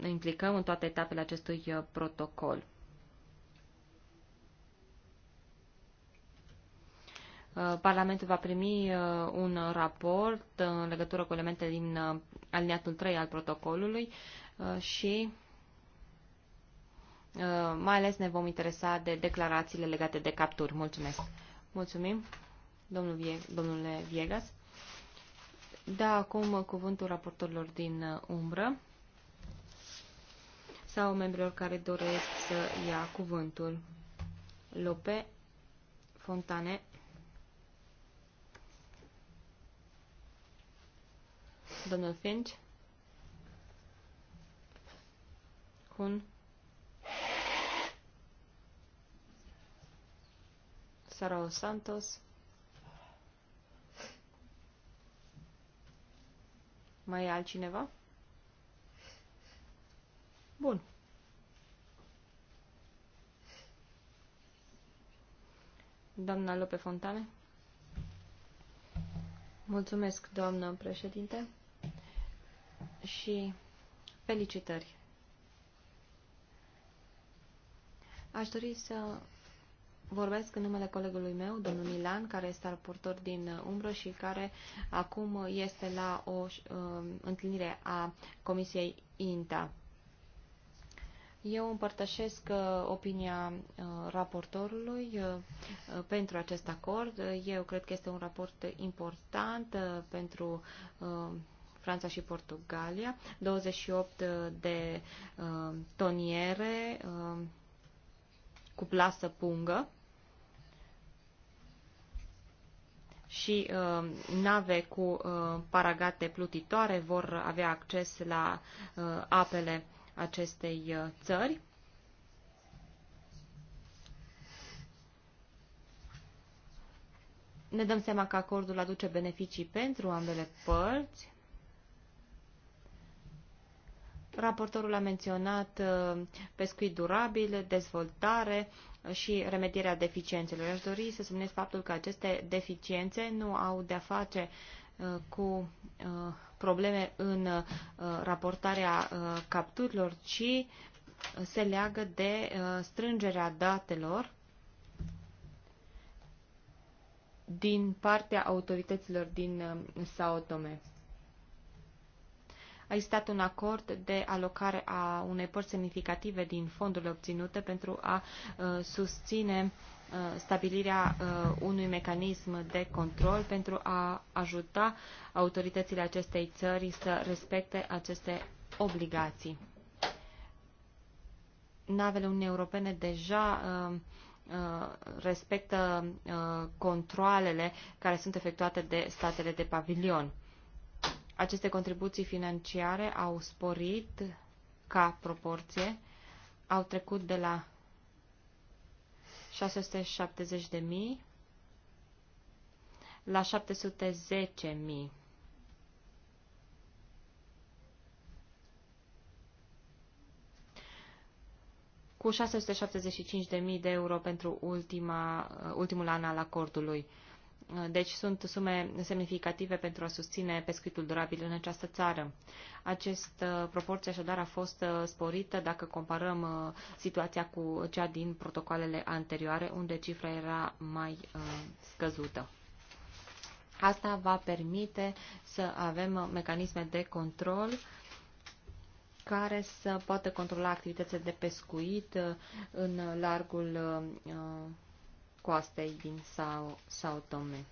ne implicăm în toate etapele acestui uh, protocol. Uh, Parlamentul va primi uh, un raport în legătură cu elementele din aliniatul 3 al protocolului și mai ales ne vom interesa de declarațiile legate de capturi. Mulțumesc! Mulțumim, domnul Vie domnule Viegas. Da, acum cuvântul raportorilor din umbră sau membrilor care doresc să ia cuvântul. Lope Fontane Domnul Finch Hun Sarao Santos Mai e altcineva? Bun. Doamna Lope Fontane. Mulțumesc, doamnă președinte, și felicitări. Aș dori să vorbesc în numele colegului meu, domnul Milan, care este raportor din umbră și care acum este la o uh, întâlnire a Comisiei INTA. Eu împărtășesc uh, opinia uh, raportorului uh, pentru acest acord. Eu cred că este un raport important pentru Franța și Portugalia. 28 de toniere cu plasă pungă și uh, nave cu uh, paragate plutitoare vor avea acces la uh, apele uh, acestei uh, țări. Ne dăm seama că acordul aduce beneficii pentru ambele părți. Raportorul a menționat uh, pescuit durabil, dezvoltare uh, și remedierea deficiențelor. Aș dori să subliniez faptul că aceste deficiențe nu au de-a face uh, cu uh, probleme în uh, raportarea uh, capturilor, ci se leagă de strângerea datelor din partea autorităților din Sao Tome. A existat un acord de alocare a unei părți semnificative din fondurile obținute pentru a susține uh, Uh, stabilirea uh, unui mecanism de control pentru a ajuta autoritățile acestei țări să respecte aceste obligații. Navele Uniunii Europene deja uh, respectă controlele care sunt efectuate de statele de pavilion. Aceste contribuții financiare au sporit ca proporție, au trecut de la 670.000 la 710.000 cu 675.000 de euro pentru ultima, ultimul an al acordului. Deci sunt sume semnificative pentru a susține pescuitul durabil în această țară. Această uh, proporție așadar a fost uh, sporită dacă comparăm uh, situația cu cea din protocoalele anterioare, unde cifra era mai scăzută. Asta va permite să avem mecanisme de control care să poată controla activitățile de pescuit în largul coastei din Sao, Sao Tome.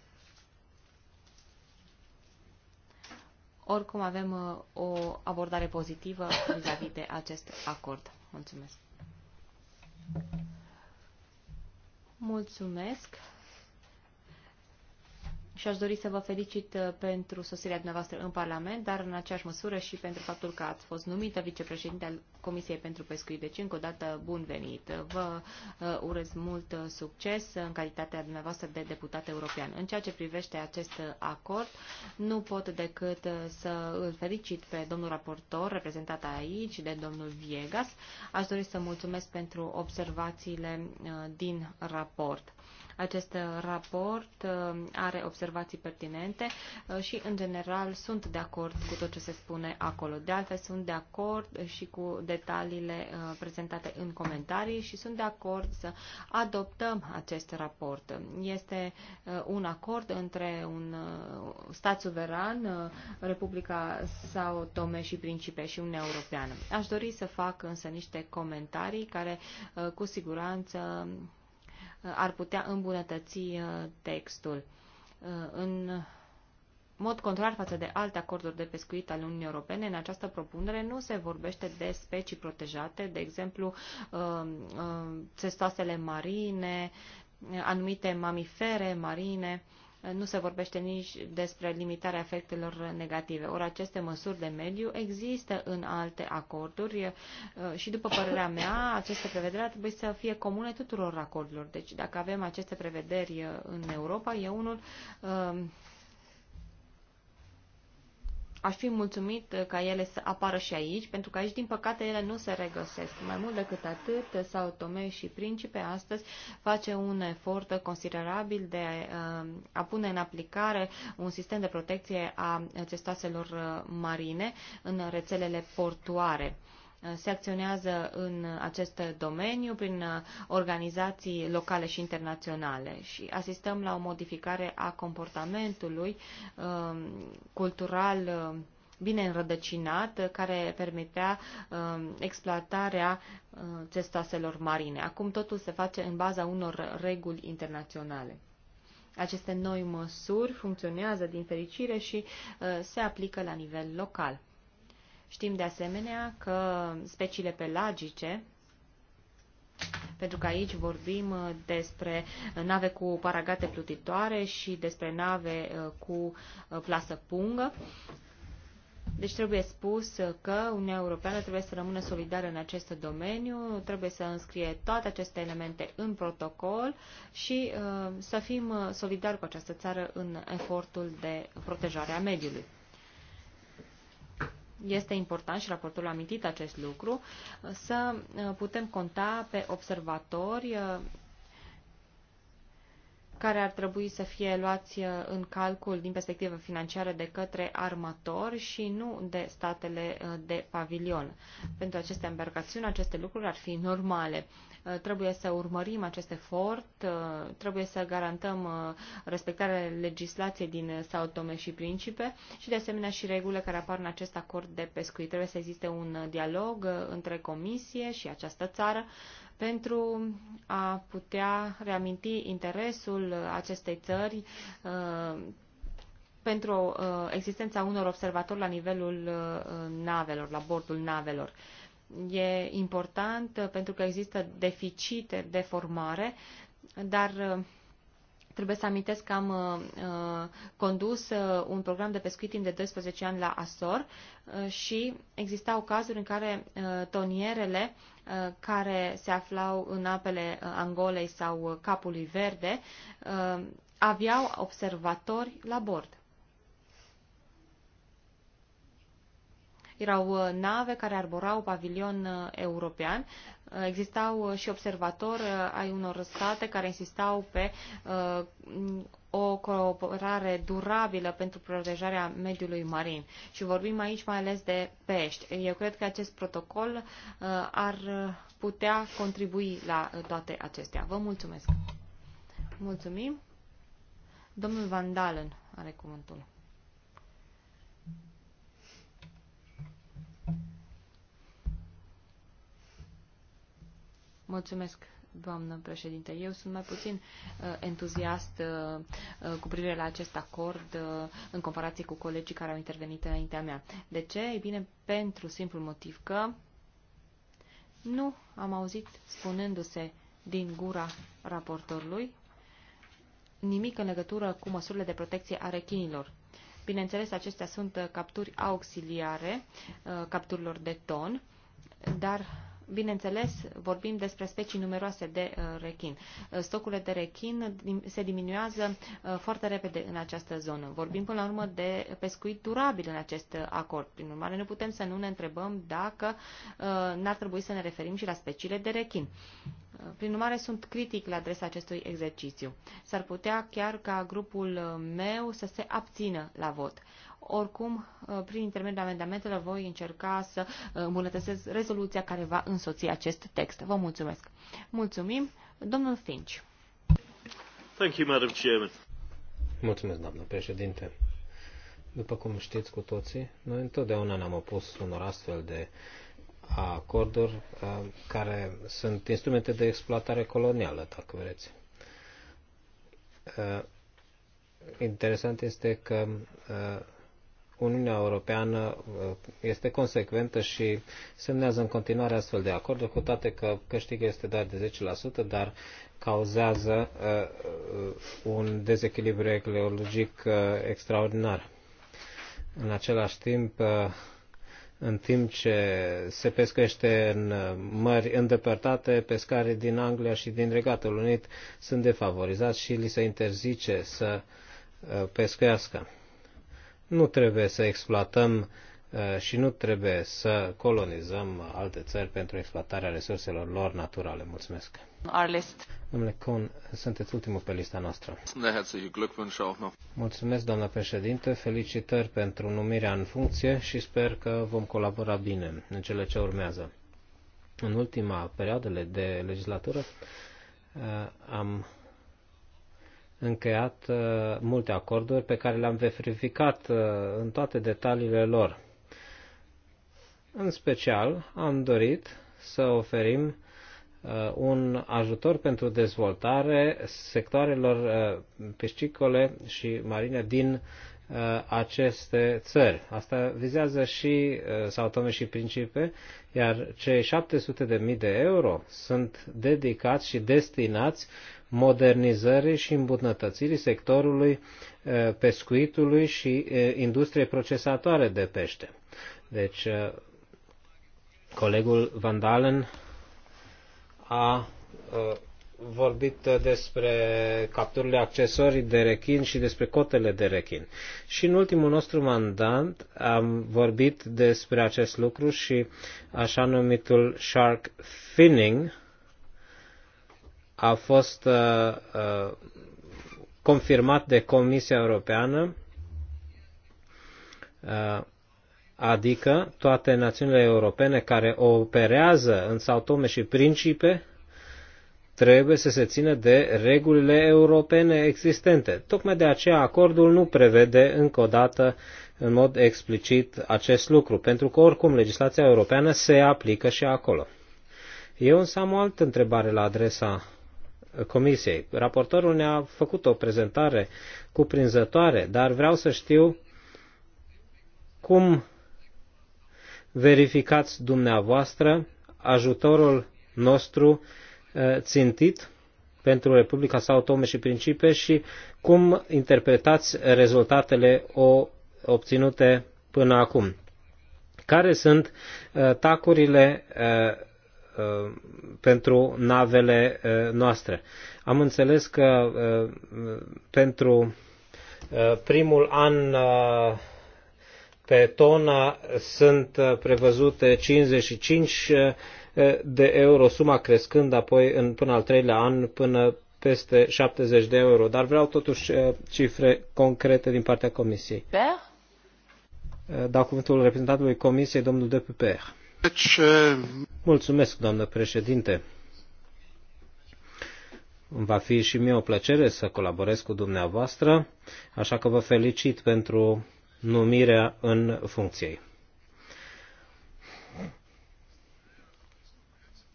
Oricum avem uh, o abordare pozitivă vis-a-vis -vis de acest acord. Mulțumesc! Mulțumesc! și aș dori să vă felicit uh, pentru sosirea dumneavoastră în Parlament, dar în aceeași măsură și pentru faptul că ați fost numită vicepreședinte al Comisiei pentru Pescuit. Deci, încă o dată, bun venit! Vă uh, urez mult uh, succes în calitatea dumneavoastră de deputat european. În ceea ce privește acest acord, nu pot decât să îl felicit pe domnul raportor, reprezentat aici, de domnul Viegas. Aș dori să mulțumesc pentru observațiile din raport. Acest raport uh, are observații pertinente uh, și, în general, sunt de acord cu tot ce se spune acolo. De altfel, sunt de acord și cu detaliile uh, prezentate în comentarii și sunt de acord să adoptăm acest raport. Este un acord între un stat suveran, Republica Sao Tome și Principe și Uniunea Europeană. Aș dori să fac însă niște comentarii care cu siguranță Uh, ar putea îmbunătăți uh, textul. Uh, în mod contrar față de alte acorduri de pescuit ale Uniunii Europene, în această propunere nu se vorbește de specii protejate, de exemplu, țestoasele marine, anumite mamifere marine, nu se vorbește nici despre limitarea efectelor negative. Ori aceste măsuri de mediu există în alte acorduri și, după părerea mea, aceste prevederi ar trebui să fie comune tuturor acordurilor. Deci, dacă avem aceste prevederi în Europa, e unul aș fi mulțumit uh, ca ele să apară și aici, pentru că aici, din păcate, ele nu se regăsesc. Mai mult decât atât, uh, sau Tome și Principe astăzi face un efort considerabil de uh, a pune în aplicare un sistem de protecție a cestoaselor marine în rețelele portoare se acționează în acest domeniu prin organizații locale și internaționale și asistăm la o modificare a comportamentului um, cultural um, bine înrădăcinat, care permitea um, exploatarea cestaselor uh, marine. Acum totul se face în baza unor reguli internaționale. Aceste noi măsuri funcționează din fericire și uh, se aplică la nivel local. Știm de asemenea că speciile pelagice, pentru că aici vorbim uh, despre uh, nave cu paragate plutitoare și despre nave uh, cu plasă pungă, deci trebuie spus că Uniunea Europeană trebuie să rămână solidară în acest domeniu, trebuie să înscrie toate aceste elemente în protocol și uh, să fim solidari cu această țară în efortul de protejare a mediului este important și raportul a amintit acest lucru, să uh, putem conta pe observatori uh, care ar trebui să fie luați uh, în calcul din perspectivă financiară de către armatori și nu de statele de pavilion. Pentru aceste embarcațiuni, aceste lucruri ar fi normale. Uh, trebuie să urmărim acest efort, uh, trebuie să garantăm uh, respectarea legislației din Sao Tome și Principe și de asemenea și regulile care apar în acest acord de pescuit. Trebuie să existe un dialog între Comisie și această țară pentru a putea reaminti interesul acestei țări pentru existența unor observatori la nivelul navelor, la bordul navelor. E important uh, pentru că există deficite de formare, dar uh, trebuie să amintesc că am uh, uh, condus uh, un program de pescuit timp de 12 ani la Asor uh, și existau cazuri în care uh, tonierele uh, care se aflau în apele uh, Angolei sau uh, Capului Verde uh, aveau observatori la bord. Erau uh, nave care arborau pavilion uh, european. Uh, existau și observatori ai unor state care insistau pe o cooperare durabilă pentru protejarea mediului marin. Și vorbim aici mai ales de pești. Eu cred că acest protocol ar putea contribui la toate acestea. Vă mulțumesc! Mulțumim! Domnul Van Dalen are cuvântul. Mulțumesc, doamnă președinte. Eu sunt mai puțin uh, entuziast uh, uh, cu privire la acest acord uh, în comparație cu colegii care au intervenit înaintea mea. De ce? Ei bine, pentru simplul motiv că nu am auzit spunându-se din gura raportorului nimic în legătură cu măsurile de protecție a rechinilor. Bineînțeles, acestea sunt uh, capturi auxiliare uh, capturilor de ton, dar Bineînțeles, vorbim despre specii numeroase de uh, rechin. Uh, stocurile de rechin se diminuează uh, foarte repede în această zonă. Vorbim până la urmă de pescuit durabil în acest acord. Prin urmare, nu putem să nu ne întrebăm dacă n-ar trebui să ne referim și la speciile de rechin. Prin urmare, sunt critic la adresa acestui exercițiu. S-ar putea chiar ca grupul meu să se abțină la vot. Oricum, uh, prin intermediul amendamentelor voi încerca să uh, îmbunătățesc rezoluția care va însoți acest text. Vă mulțumesc. Mulțumim. Domnul Finch. Thank you, Madam Chairman. Mulțumesc, doamnă președinte. După cum știți cu toții, noi întotdeauna ne-am opus unor astfel de acorduri uh, care sunt instrumente de exploatare colonială, dacă vreți. Interesant este că Uniunea Europeană uh, este consecventă și semnează în continuare astfel de acorduri, cu toate că câștigul este doar de 10%, dar cauzează uh, uh, un dezechilibru ecologic extraordinar. În același timp, în timp ce se pescăște în mări îndepărtate, pescarii din Anglia și din Regatul Unit sunt defavorizați și li se interzice să pescuiască. Nu trebuie să exploatăm uh, și nu trebuie să colonizăm alte țări pentru exploatarea resurselor lor naturale. Mulțumesc. Arlist. Domnule Kuhn, sunteți ultimul pe lista noastră. Mulțumesc, doamna președinte, felicitări pentru numirea în funcție și sper că vom colabora bine în cele ce urmează. În ultima perioadă de legislatură uh, am încheiat uh, multe acorduri pe care le-am verificat uh, în toate detaliile lor. În special, am dorit să oferim uh, un ajutor pentru dezvoltare sectoarelor piscicole și marine din aceste țări. Asta vizează și Sao Tome și Principe, iar cei 700.000 de euro sunt dedicați și destinați modernizării și îmbunătățirii sectorului pescuitului și industriei procesatoare de pește. Deci, colegul Van Dalen a vorbit despre capturile accesorii de rechin și despre cotele de rechin. Și în ultimul nostru mandat am vorbit despre acest lucru și așa numitul shark finning, a fost uh, uh, confirmat de Comisia Europeană, uh, adică toate națiunile europene care operează în Sao Tome și Principe trebuie să se țină de regulile europene existente. Tocmai de aceea acordul nu prevede încă o dată în mod explicit acest lucru, pentru că oricum legislația europeană se aplică și acolo. Eu însă am o altă întrebare la adresa Comisiei. Raportorul ne-a făcut o prezentare cuprinzătoare, dar vreau să știu cum verificați dumneavoastră ajutorul nostru uh, țintit pentru Republica Sao Tome și Principe și cum interpretați rezultatele obținute până acum. Care sunt uh, tacurile uh, Uh, pentru navele uh, noastre. Am înțeles că uh, pentru primul an pe tonă sunt prevăzute 55 de euro, suma crescând apoi în, până al treilea an până peste 70 de euro. Dar vreau totuși cifre concrete din partea Comisiei. Per? Dau cuvântul reprezentantului Comisiei, domnul Depuper. Mulțumesc, doamnă președinte. Va fi și mie o plăcere să colaborez cu dumneavoastră, așa că vă felicit pentru numirea în funcției.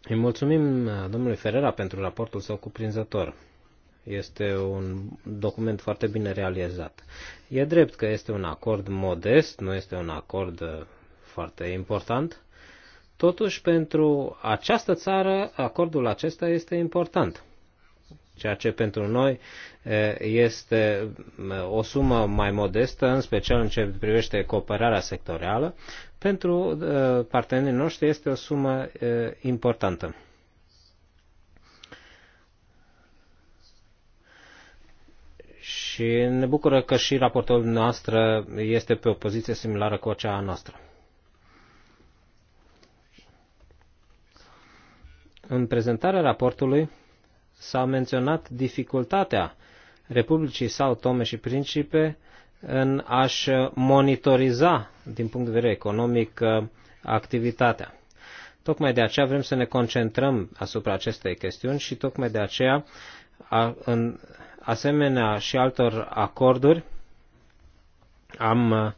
Îi mulțumim domnului Ferrera pentru raportul său cuprinzător. Este un document foarte bine realizat. E drept că este un acord modest, nu este un acord foarte important, Totuși, pentru această țară, acordul acesta este important, ceea ce pentru noi este o sumă mai modestă, în special în ce privește cooperarea sectorială. Pentru partenerii noștri este o sumă importantă. și ne bucură că și raportul noastră este pe o poziție similară cu cea a noastră. În prezentarea raportului s-a menționat dificultatea Republicii sau Tome și Principe în a-și monitoriza, din punct de vedere economic, activitatea. Tocmai de aceea vrem să ne concentrăm asupra acestei chestiuni și tocmai de aceea, a, în asemenea și altor acorduri, am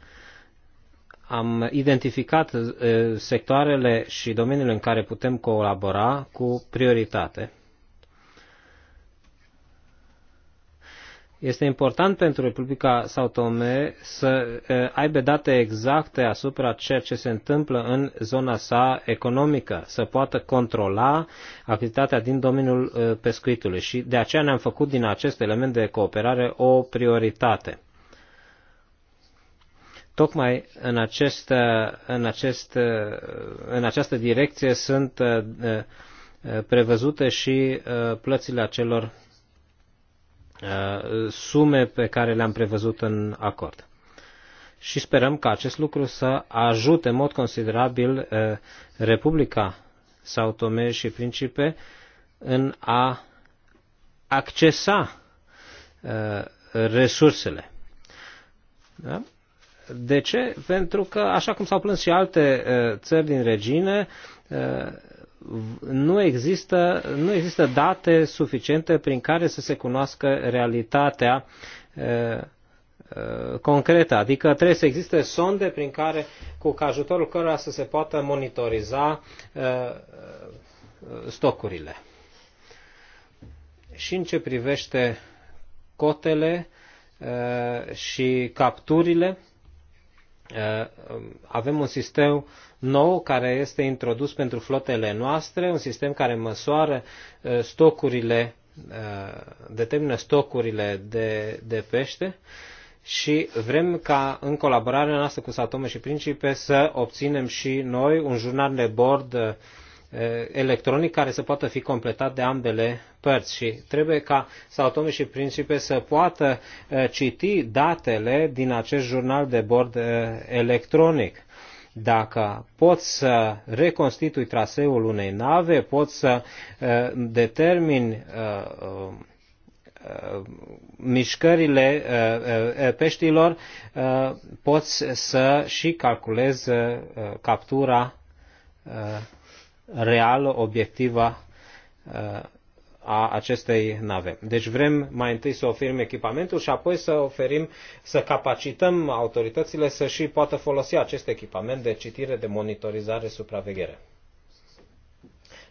am identificat eh, sectoarele și domeniile în care putem colabora cu prioritate. Este important pentru Republica Sao Tome să eh, aibă date exacte asupra ceea ce se întâmplă în zona sa economică, să poată controla activitatea din domeniul eh, pescuitului și de aceea ne-am făcut din acest element de cooperare o prioritate. Tocmai în, acest, în, acest, în această direcție sunt uh, uh, prevăzute și uh, plățile acelor sume pe care le-am prevăzut în acord. Și sperăm că acest lucru să ajute în mod considerabil Republica sau Tome și Principe în a accesa resursele. Da? De ce? Pentru că, așa cum s-au plâns și alte țări din regine, nu există, nu există date suficiente prin care să se cunoască realitatea concretă, adică trebuie să existe sonde prin care, cu ajutorul cărora să se poată monitoriza stocurile. Și în ce privește cotele și capturile, Eh, avem un sistem nou care este introdus pentru flotele noastre, un sistem care măsoară eh, stocurile, eh, determină stocurile de, de pește și vrem ca în colaborarea noastră cu Satome și Principe să obținem și noi un jurnal de bord electronic care să poată fi completat de ambele părți și trebuie ca Sautomi și Principe să poată citi datele din acest jurnal de bord electronic. Dacă poți să reconstitui traseul unei nave, poți să determini mișcările peștilor, poți să și calculezi captura reală, obiectivă uh, a acestei nave. Deci vrem mai întâi să oferim echipamentul și apoi să oferim, să capacităm autoritățile să și poată folosi acest echipament de citire, de monitorizare, supraveghere.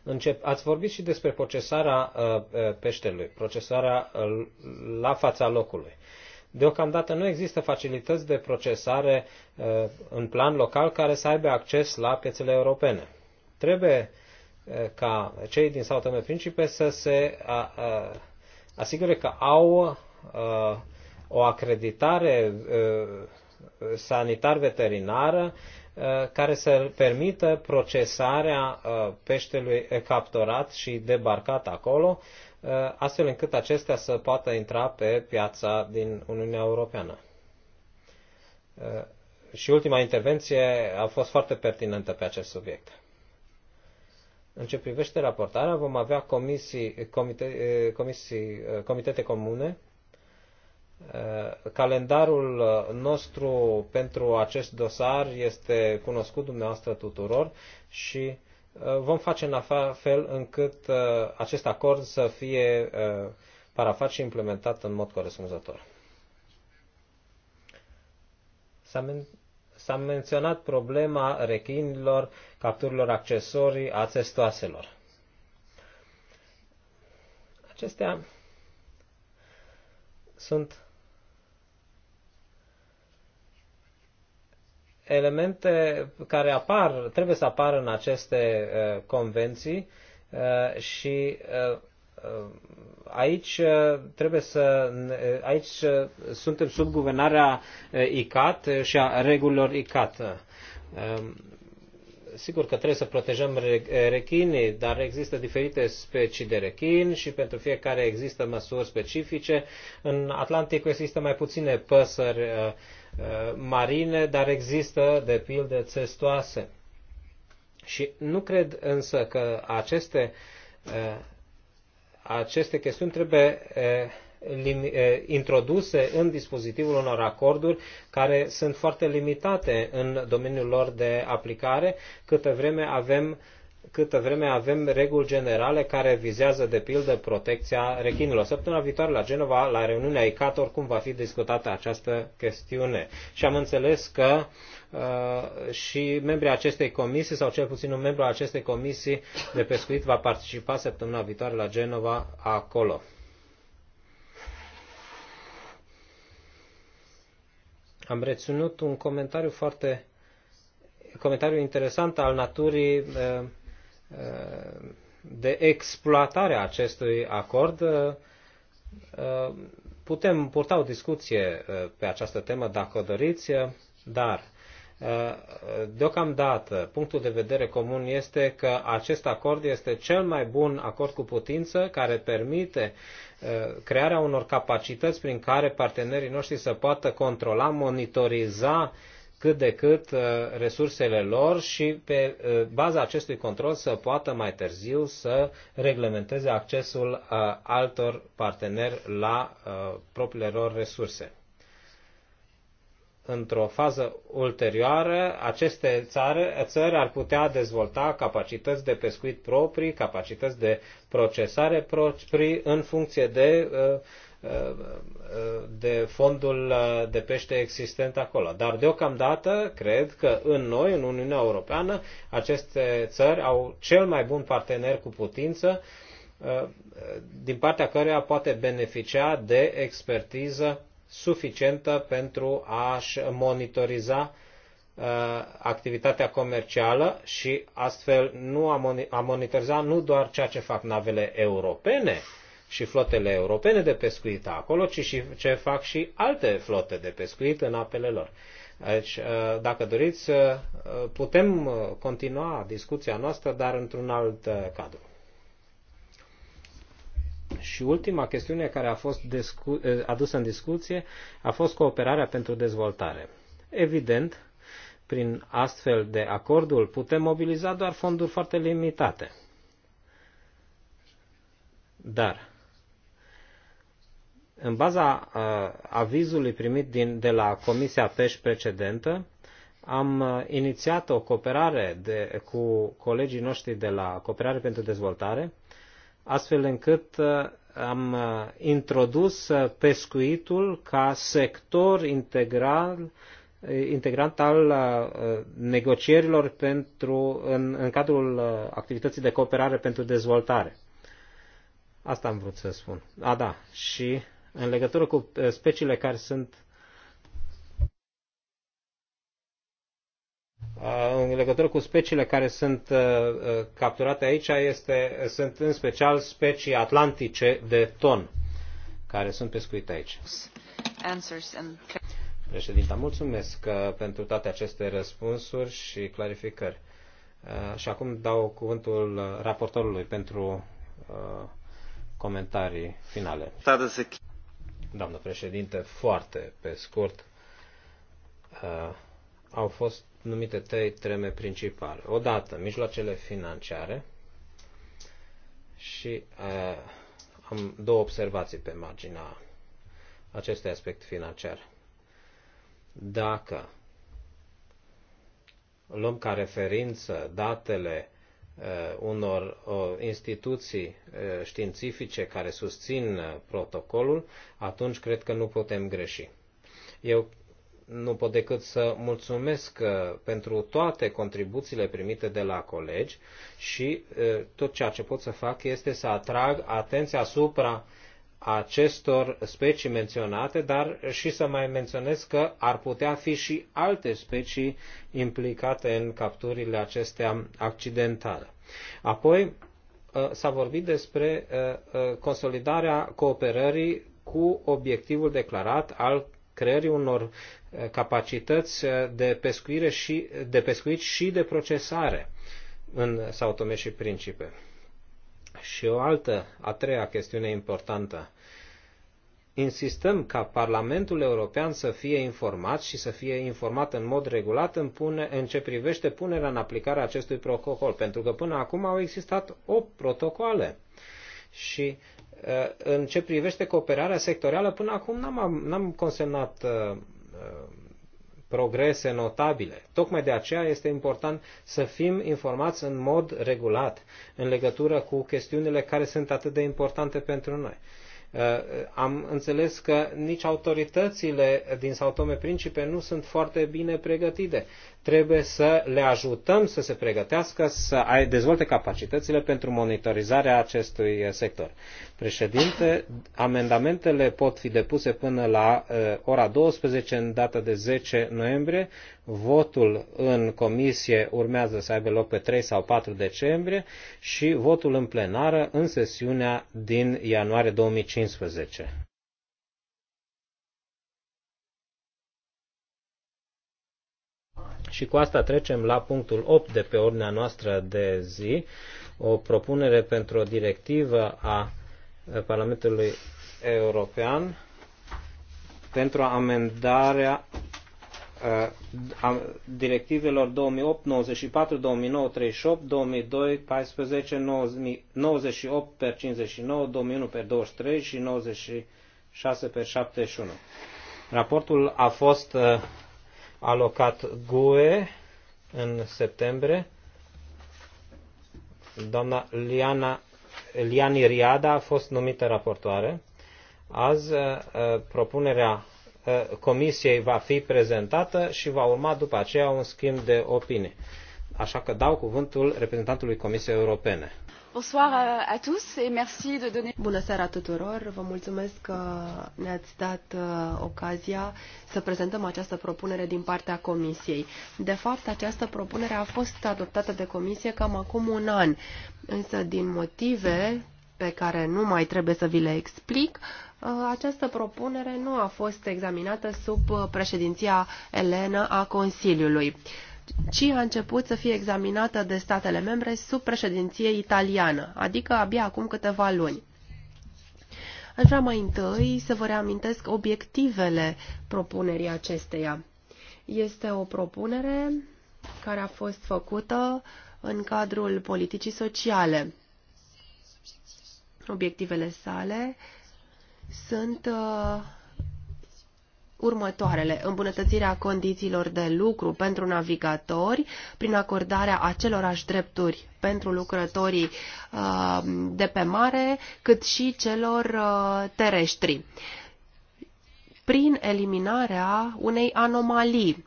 Încep, ați vorbit și despre procesarea uh, uh, peștelui, procesarea la fața locului. Deocamdată nu există facilități de procesare în plan local care să aibă acces la piețele europene. Trebuie eh, ca cei din Sautome Principe să se asigure că au o acreditare eh, sanitar-veterinară eh, care să permită procesarea peștelui capturat și debarcat acolo, astfel încât acestea să poată intra pe piața din Uniunea Europeană. Și ultima intervenție a fost foarte pertinentă pe acest subiect. În ce privește raportarea, vom avea comisii, comite, eh, comisii, eh, comitete comune. Eh, calendarul nostru pentru acest dosar este cunoscut dumneavoastră tuturor și vom face în fel încât acest acord să fie parafat și implementat în mod corespunzător. S-a, men- menționat problema rechinilor capturilor accesorii, a testoaselor. Acestea sunt elemente care apar, trebuie să apară în aceste uh, convenții uh, și uh, uh aici uh, trebuie să uh, aici suntem sub guvernarea ICAT și a regulilor ICAT sigur că trebuie să protejăm eh, rechinii, dar există diferite specii de rechin și pentru fiecare există măsuri specifice. În Atlantic există mai puține păsări eh, eh, marine, dar există, de pildă, țestoase. Și nu cred însă că aceste, aceste chestiuni trebuie Eh, introduse în dispozitivul unor acorduri care sunt foarte limitate în domeniul lor de aplicare, câtă vreme avem câtă vreme avem reguli generale care vizează, de pildă, protecția rechinilor. Săptămâna viitoare la Genova, la reuniunea ICAT, oricum va fi discutată această chestiune. Și am înțeles că uh, și membrii acestei comisii, sau cel puțin un membru al acestei comisii de pescuit, va participa săptămâna viitoare la Genova acolo. Am reținut un comentariu foarte comentariu interesant al naturii uh, uh, de exploatare a acestui acord. Uh, putem purta o discuție pe această temă dacă o doriți, dar deocamdată punctul de vedere comun este că acest acord este cel mai bun acord cu putință care permite Uh, crearea unor capacități prin care partenerii noștri să poată controla, monitoriza cât de cât uh, resursele lor și pe uh, baza acestui control să poată mai târziu să reglementeze accesul altor parteneri la propriile lor resurse într-o fază ulterioară, aceste țară, țări ar putea dezvolta capacități de pescuit proprii, capacități de procesare proprii în funcție de, uh, uh, de fondul uh, de pește existent acolo. Dar deocamdată cred că în noi, în Uniunea Europeană, aceste țări au cel mai bun partener cu putință din partea căreia poate beneficia de expertiză suficientă pentru a-și monitoriza uh, activitatea comercială și astfel nu a, monitoriza nu doar ceea ce fac navele europene și flotele europene de pescuit acolo, ci și ce fac și alte flote de pescuit în apele lor. Deci, uh, dacă doriți, uh, putem continua discuția noastră, dar într-un alt cadru. Și ultima chestiune care a fost eh, adusă în discuție a fost cooperarea pentru dezvoltare. Evident, prin astfel de acordul putem mobiliza doar fonduri foarte limitate. Dar, în baza uh, avizului primit din, de la Comisia PEș precedentă, am uh, inițiat o cooperare de, cu colegii noștri de la Cooperare pentru Dezvoltare astfel încât uh, am uh, introdus uh, pescuitul ca sector integral integrant al negocierilor pentru, în, în cadrul activității de cooperare pentru dezvoltare. Asta am vrut să spun. A, da, și în legătură cu speciile care sunt în legătură cu speciile care sunt uh, uh, capturate aici este, sunt în special specii atlantice de ton care sunt pescuite aici. Președinta, mulțumesc uh, pentru toate aceste răspunsuri și clarificări. Și acum dau cuvântul raportorului pentru comentarii finale. Doamnă președinte, foarte pe scurt, au fost numite trei treme principale. Odată, mijloacele financiare și uh, am două observații pe marginea acestui aspect financiar. Dacă luăm ca referință datele uh, unor uh, instituții uh, științifice care susțin uh, protocolul, atunci cred că nu putem greși. Eu nu pot decât să mulțumesc uh, pentru toate contribuțiile primite de la colegi și uh, tot ceea ce pot să fac este să atrag atenția asupra acestor specii menționate, dar și să mai menționez că ar putea fi și alte specii implicate în capturile acestea accidentale. Apoi uh, s-a vorbit despre consolidarea cooperării cu obiectivul declarat al creării unor uh, capacități uh, de, pescuire și, de pescuit și de procesare în Sao Tome și Principe. Și o altă, a treia chestiune importantă. Insistăm ca Parlamentul European să fie informat și să fie informat în mod regulat în, pune, în ce privește punerea în aplicare a acestui protocol, pentru că până acum au existat 8 protocoale. Și uh, Uh, în ce privește cooperarea sectorială, până acum n-am, n-am consemnat uh, uh, progrese notabile. Tocmai de aceea este important să fim informați în mod regulat în legătură cu chestiunile care sunt atât de importante pentru noi. Am înțeles că nici autoritățile din Sao Tome Principe nu sunt foarte bine pregătite trebuie să le ajutăm să se pregătească, să dezvolte capacitățile pentru monitorizarea acestui sector. Președinte, amendamentele pot fi depuse până la uh, ora 12 în data de 10 noiembrie. Votul în comisie urmează să aibă loc pe 3 sau 4 decembrie și votul în plenară în sesiunea din ianuarie 2015. Și cu asta trecem la punctul 8 de pe ordinea noastră de zi, o propunere pentru o directivă a Parlamentului European pentru amendarea uh, directivelor 2008, 94, 2009, 38, 2002, 14, 98 per 59, 2001 per 23 și 96 per 71. Raportul a fost uh, alocat GUE în septembrie. Doamna Liana, Liani Riada a fost numită raportoare. Azi uh, uh, propunerea uh, comisiei va fi prezentată și va urma după aceea un schimb de opinie. Așa că dau cuvântul reprezentantului Comisiei Europene. Bonsoir à tous et merci de donner... Bună seara tuturor! Vă mulțumesc că ne-ați dat uh, ocazia să prezentăm această propunere din partea Comisiei. De fapt, această propunere a fost adoptată de Comisie cam acum un an, însă din motive pe care nu mai trebuie să vi le explic, uh, această propunere nu a fost examinată sub uh, președinția Elena a Consiliului ci a început să fie examinată de statele membre sub președinție italiană, adică abia acum câteva luni. Aș vrea mai întâi să vă reamintesc obiectivele propunerii acesteia. Este o propunere care a fost făcută în cadrul politicii sociale. Obiectivele sale sunt uh, următoarele. Îmbunătățirea condițiilor de lucru pentru navigatori prin acordarea acelorași drepturi pentru lucrătorii uh, de pe mare cât și celor uh, terestri. Prin eliminarea unei anomalii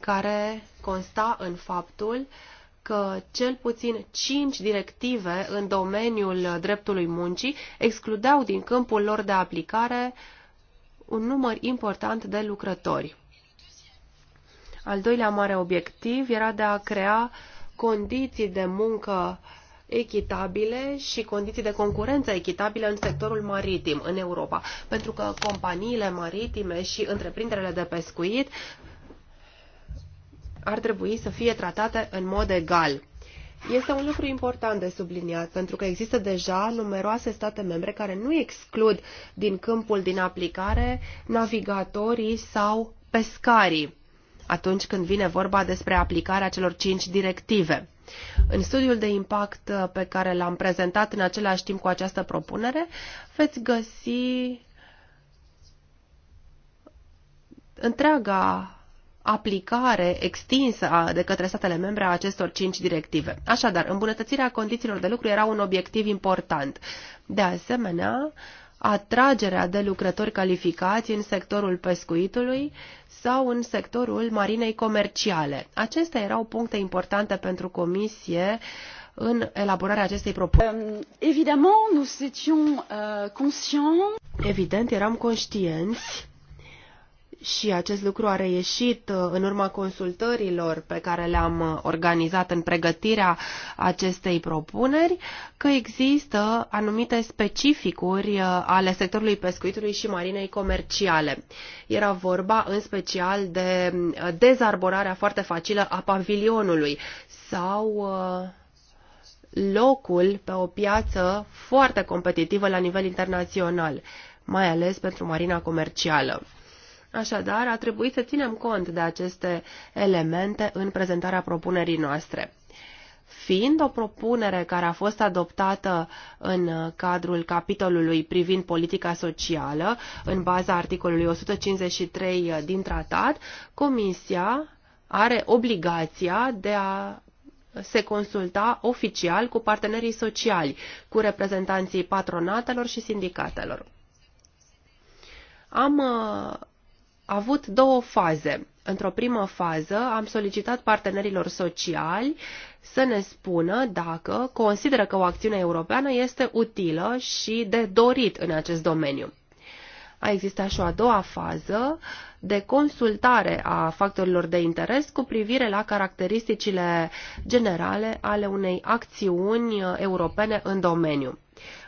care consta în faptul că cel puțin cinci directive în domeniul dreptului muncii excludeau din câmpul lor de aplicare uh, un număr important de lucrători. Al doilea mare obiectiv era de a crea condiții de muncă echitabile și condiții de concurență echitabile în sectorul maritim în Europa, pentru că companiile maritime și întreprinderile de pescuit ar trebui să fie tratate în mod egal. Este un lucru important de subliniat, pentru că există deja numeroase state membre care nu exclud din câmpul din aplicare navigatorii sau pescarii atunci când vine vorba despre aplicarea celor cinci directive. În studiul de impact pe care l-am prezentat în același timp cu această propunere, veți găsi întreaga aplicare extinsă de către statele membre a acestor cinci directive. Așadar, îmbunătățirea condițiilor de lucru era un obiectiv important. De asemenea, atragerea de lucrători calificați în sectorul pescuitului sau în sectorul marinei comerciale. Acestea erau puncte importante pentru comisie în elaborarea acestei propuneri. Euh, Evident, eram conștienți și acest lucru a reieșit uh, în urma consultărilor pe care le-am uh, organizat în pregătirea acestei propuneri, că există anumite specificuri uh, ale sectorului pescuitului și marinei comerciale. Era vorba în special de dezarborarea foarte facilă a pavilionului sau locul pe o piață foarte competitivă la nivel internațional, mai ales pentru marina comercială. Așadar, a trebuit să ținem cont de aceste elemente în prezentarea propunerii noastre. Fiind o propunere care a fost adoptată în cadrul capitolului privind politica socială, în baza articolului 153 din tratat, Comisia are obligația de a se consulta oficial cu partenerii sociali, cu reprezentanții patronatelor și sindicatelor. Am uh, avut două faze. Într-o primă fază am solicitat partenerilor sociali să ne spună dacă consideră că o acțiune europeană este utilă și de dorit în acest domeniu. A existat și o a doua fază de consultare a factorilor de interes cu privire la caracteristicile generale ale unei acțiuni europene în domeniu.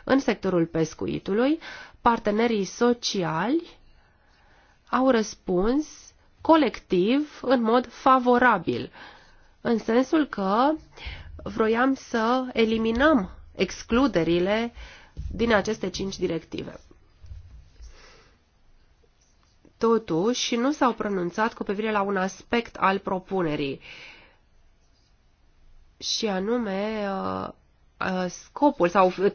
În sectorul pescuitului, partenerii sociali au răspuns colectiv în mod favorabil, în sensul că vroiam să eliminăm excluderile din aceste cinci directive. Totuși, nu s-au pronunțat cu privire la un aspect al propunerii, și anume uh, uh, scopul sau uh,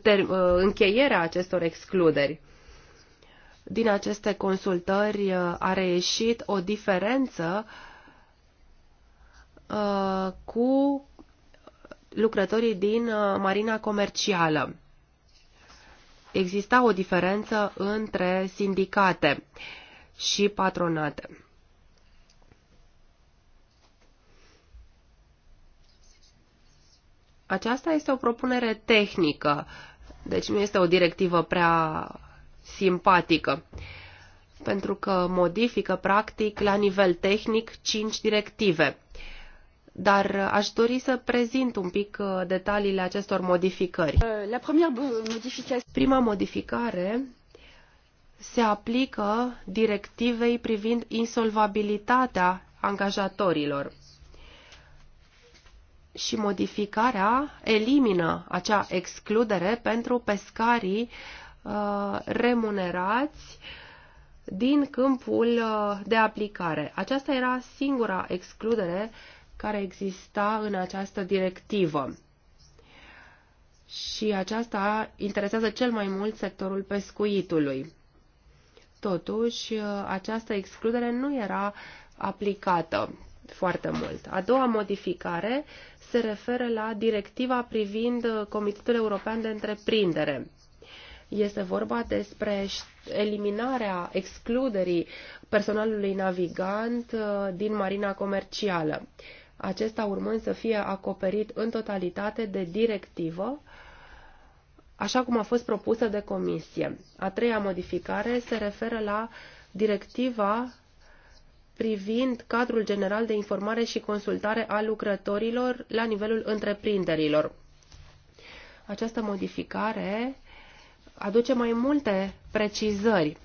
încheierea acestor excluderi din aceste consultări uh, a reieșit o diferență uh, cu lucrătorii din uh, marina comercială. Exista o diferență între sindicate și patronate. Aceasta este o propunere tehnică, deci nu este o directivă prea simpatică, pentru că modifică practic la nivel tehnic cinci directive. Dar aș dori să prezint un pic uh, detaliile acestor modificări. Uh, la Prima modificare se aplică directivei privind insolvabilitatea angajatorilor și modificarea elimină acea excludere pentru pescarii Uh, remunerați din câmpul uh, de aplicare. Aceasta era singura excludere care exista în această directivă. Și aceasta interesează cel mai mult sectorul pescuitului. Totuși, uh, această excludere nu era aplicată foarte mult. A doua modificare se referă la directiva privind Comitetul European de Întreprindere. Este vorba despre eliminarea excluderii personalului navigant uh, din marina comercială. Acesta urmând să fie acoperit în totalitate de directivă, așa cum a fost propusă de comisie. A treia modificare se referă la directiva privind cadrul general de informare și consultare a lucrătorilor la nivelul întreprinderilor. Această modificare aduce mai multe precizări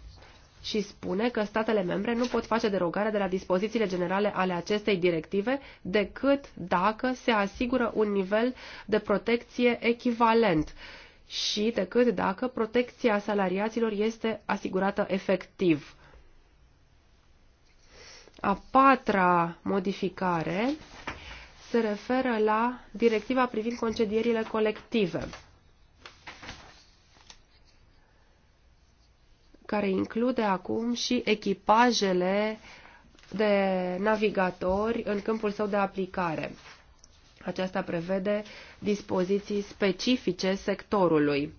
și spune că statele membre nu pot face derogare de la dispozițiile generale ale acestei directive decât dacă se asigură un nivel de protecție echivalent și decât dacă protecția salariaților este asigurată efectiv. A patra modificare se referă la directiva privind concedierile colective. care include acum și echipajele de navigatori în câmpul său de aplicare. Aceasta prevede dispoziții specifice sectorului.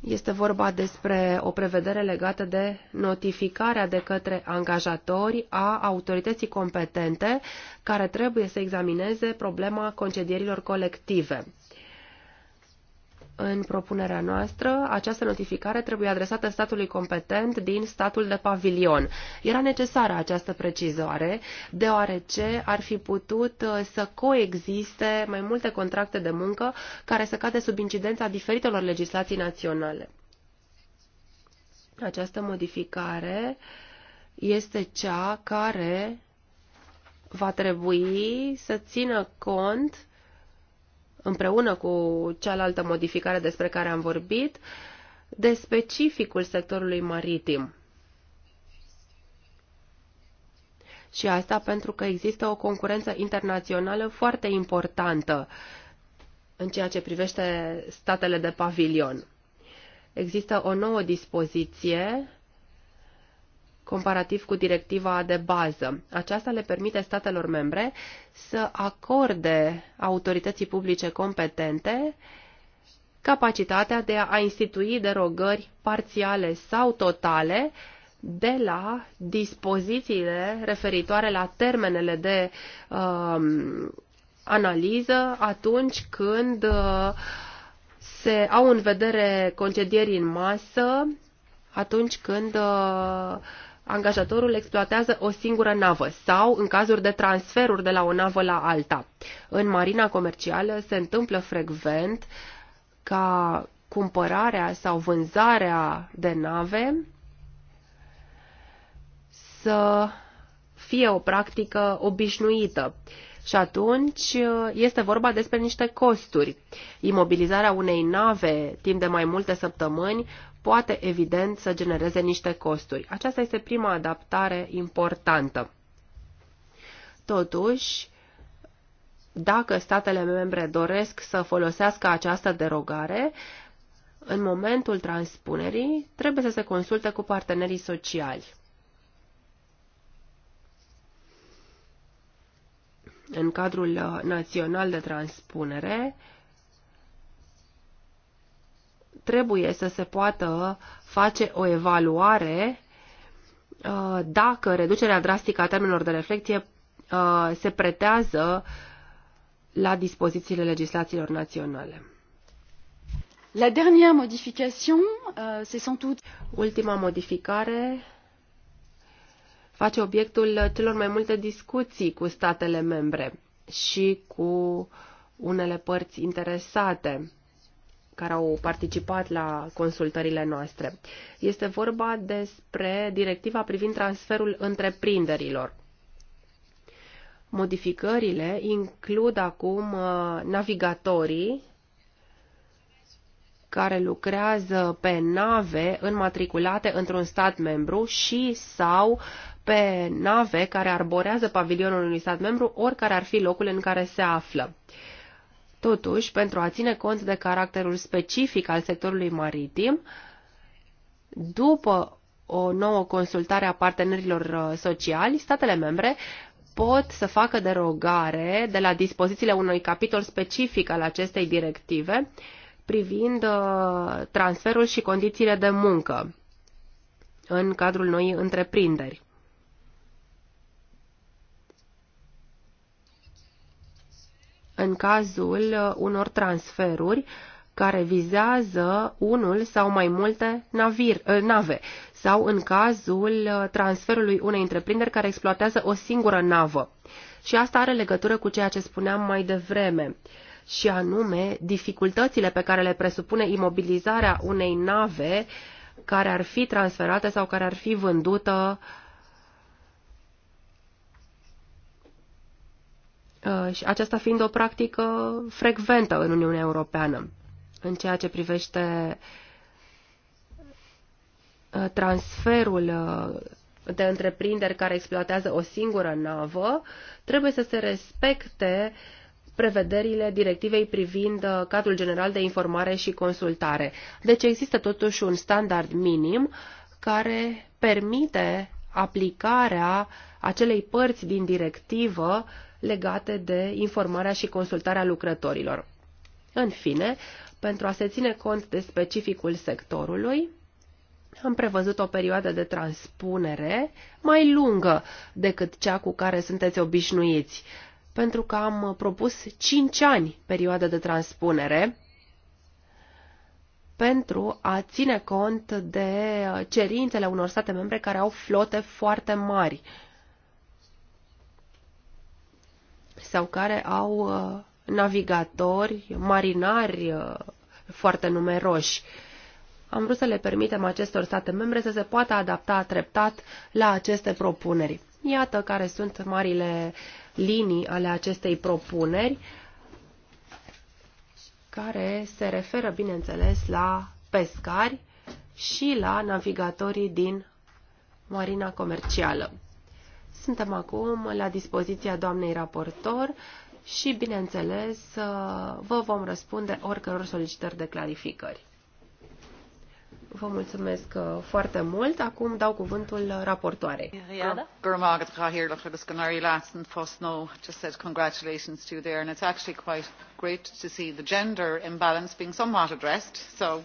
Este vorba despre o prevedere legată de notificarea de către angajatori a autorității competente care trebuie să examineze problema concedierilor colective. În propunerea noastră, această notificare trebuie adresată statului competent din statul de pavilion. Era necesară această precizare, deoarece ar fi putut uh, să coexiste mai multe contracte de muncă care să cade sub incidența diferitelor legislații naționale. Această modificare este cea care va trebui să țină cont împreună cu cealaltă modificare despre care am vorbit, de specificul sectorului maritim. Și asta pentru că există o concurență internațională foarte importantă în ceea ce privește statele de pavilion. Există o nouă dispoziție comparativ cu directiva de bază. Aceasta le permite statelor membre să acorde autorității publice competente capacitatea de a institui derogări parțiale sau totale de la dispozițiile referitoare la termenele de uh, analiză atunci când uh, se au în vedere concedieri în masă, atunci când uh, angajatorul exploatează o singură navă sau în cazuri de transferuri de la o navă la alta. În marina comercială se întâmplă frecvent ca cumpărarea sau vânzarea de nave să fie o practică obișnuită. Și atunci este vorba despre niște costuri. Imobilizarea unei nave timp de mai multe săptămâni poate, evident, să genereze niște costuri. Aceasta este prima adaptare importantă. Totuși, dacă statele membre doresc să folosească această derogare, în momentul transpunerii trebuie să se consulte cu partenerii sociali. În cadrul uh, național de transpunere, trebuie să se poată face o evaluare uh, dacă reducerea drastică a termenilor de reflecție uh, se pretează la dispozițiile legislațiilor naționale. La dernière modification, uh, c'est sans doute... Ultima modificare face obiectul celor mai multe discuții cu statele membre și cu unele părți interesate care au participat la consultările noastre. Este vorba despre directiva privind transferul întreprinderilor. Modificările includ acum uh, navigatorii care lucrează pe nave înmatriculate într-un stat membru și sau pe nave care arborează pavilionul unui stat membru, oricare ar fi locul în care se află. Uh, Totuși, pentru a ține cont de caracterul specific al sectorului maritim, după o nouă consultare a partenerilor uh, sociali, statele membre pot să facă derogare de la dispozițiile unui capitol specific al acestei directive privind uh, transferul și condițiile de muncă în cadrul noii întreprinderi. în cazul uh, unor transferuri care vizează unul sau mai multe navir, uh, nave sau în cazul uh, transferului unei întreprinderi care exploatează o singură navă. Și asta are legătură cu ceea ce spuneam mai devreme, și anume dificultățile pe care le presupune imobilizarea unei nave care ar fi transferată sau care ar fi vândută uh, Uh, și aceasta fiind o practică frecventă în Uniunea Europeană în ceea ce privește uh, transferul uh, de întreprinderi care exploatează o singură navă, trebuie să se respecte prevederile directivei privind cadrul general de informare și consultare. Deci există totuși un standard minim care permite aplicarea acelei părți din directivă uh, legate de informarea și consultarea lucrătorilor. În fine, pentru a se ține cont de specificul sectorului, am prevăzut o perioadă de transpunere mai lungă decât cea cu care sunteți obișnuiți, pentru că am propus 5 ani perioadă de transpunere pentru a ține cont de cerințele unor state membre care au flote foarte mari. sau care au uh, navigatori, marinari uh, foarte numeroși. Am vrut să le permitem acestor state membre să se poată adapta treptat la aceste propuneri. Iată care sunt marile linii ale acestei propuneri, care se referă, bineînțeles, la pescari și la navigatorii din marina comercială. Suntem acum la dispoziția doamnei raportor și, bineînțeles, vă vom răspunde oricăror solicitări de clarificări. Vă mulțumesc uh, foarte mult. Acum dau cuvântul raportoarei. congratulations to there and it's actually quite great to see the gender imbalance being somewhat addressed. So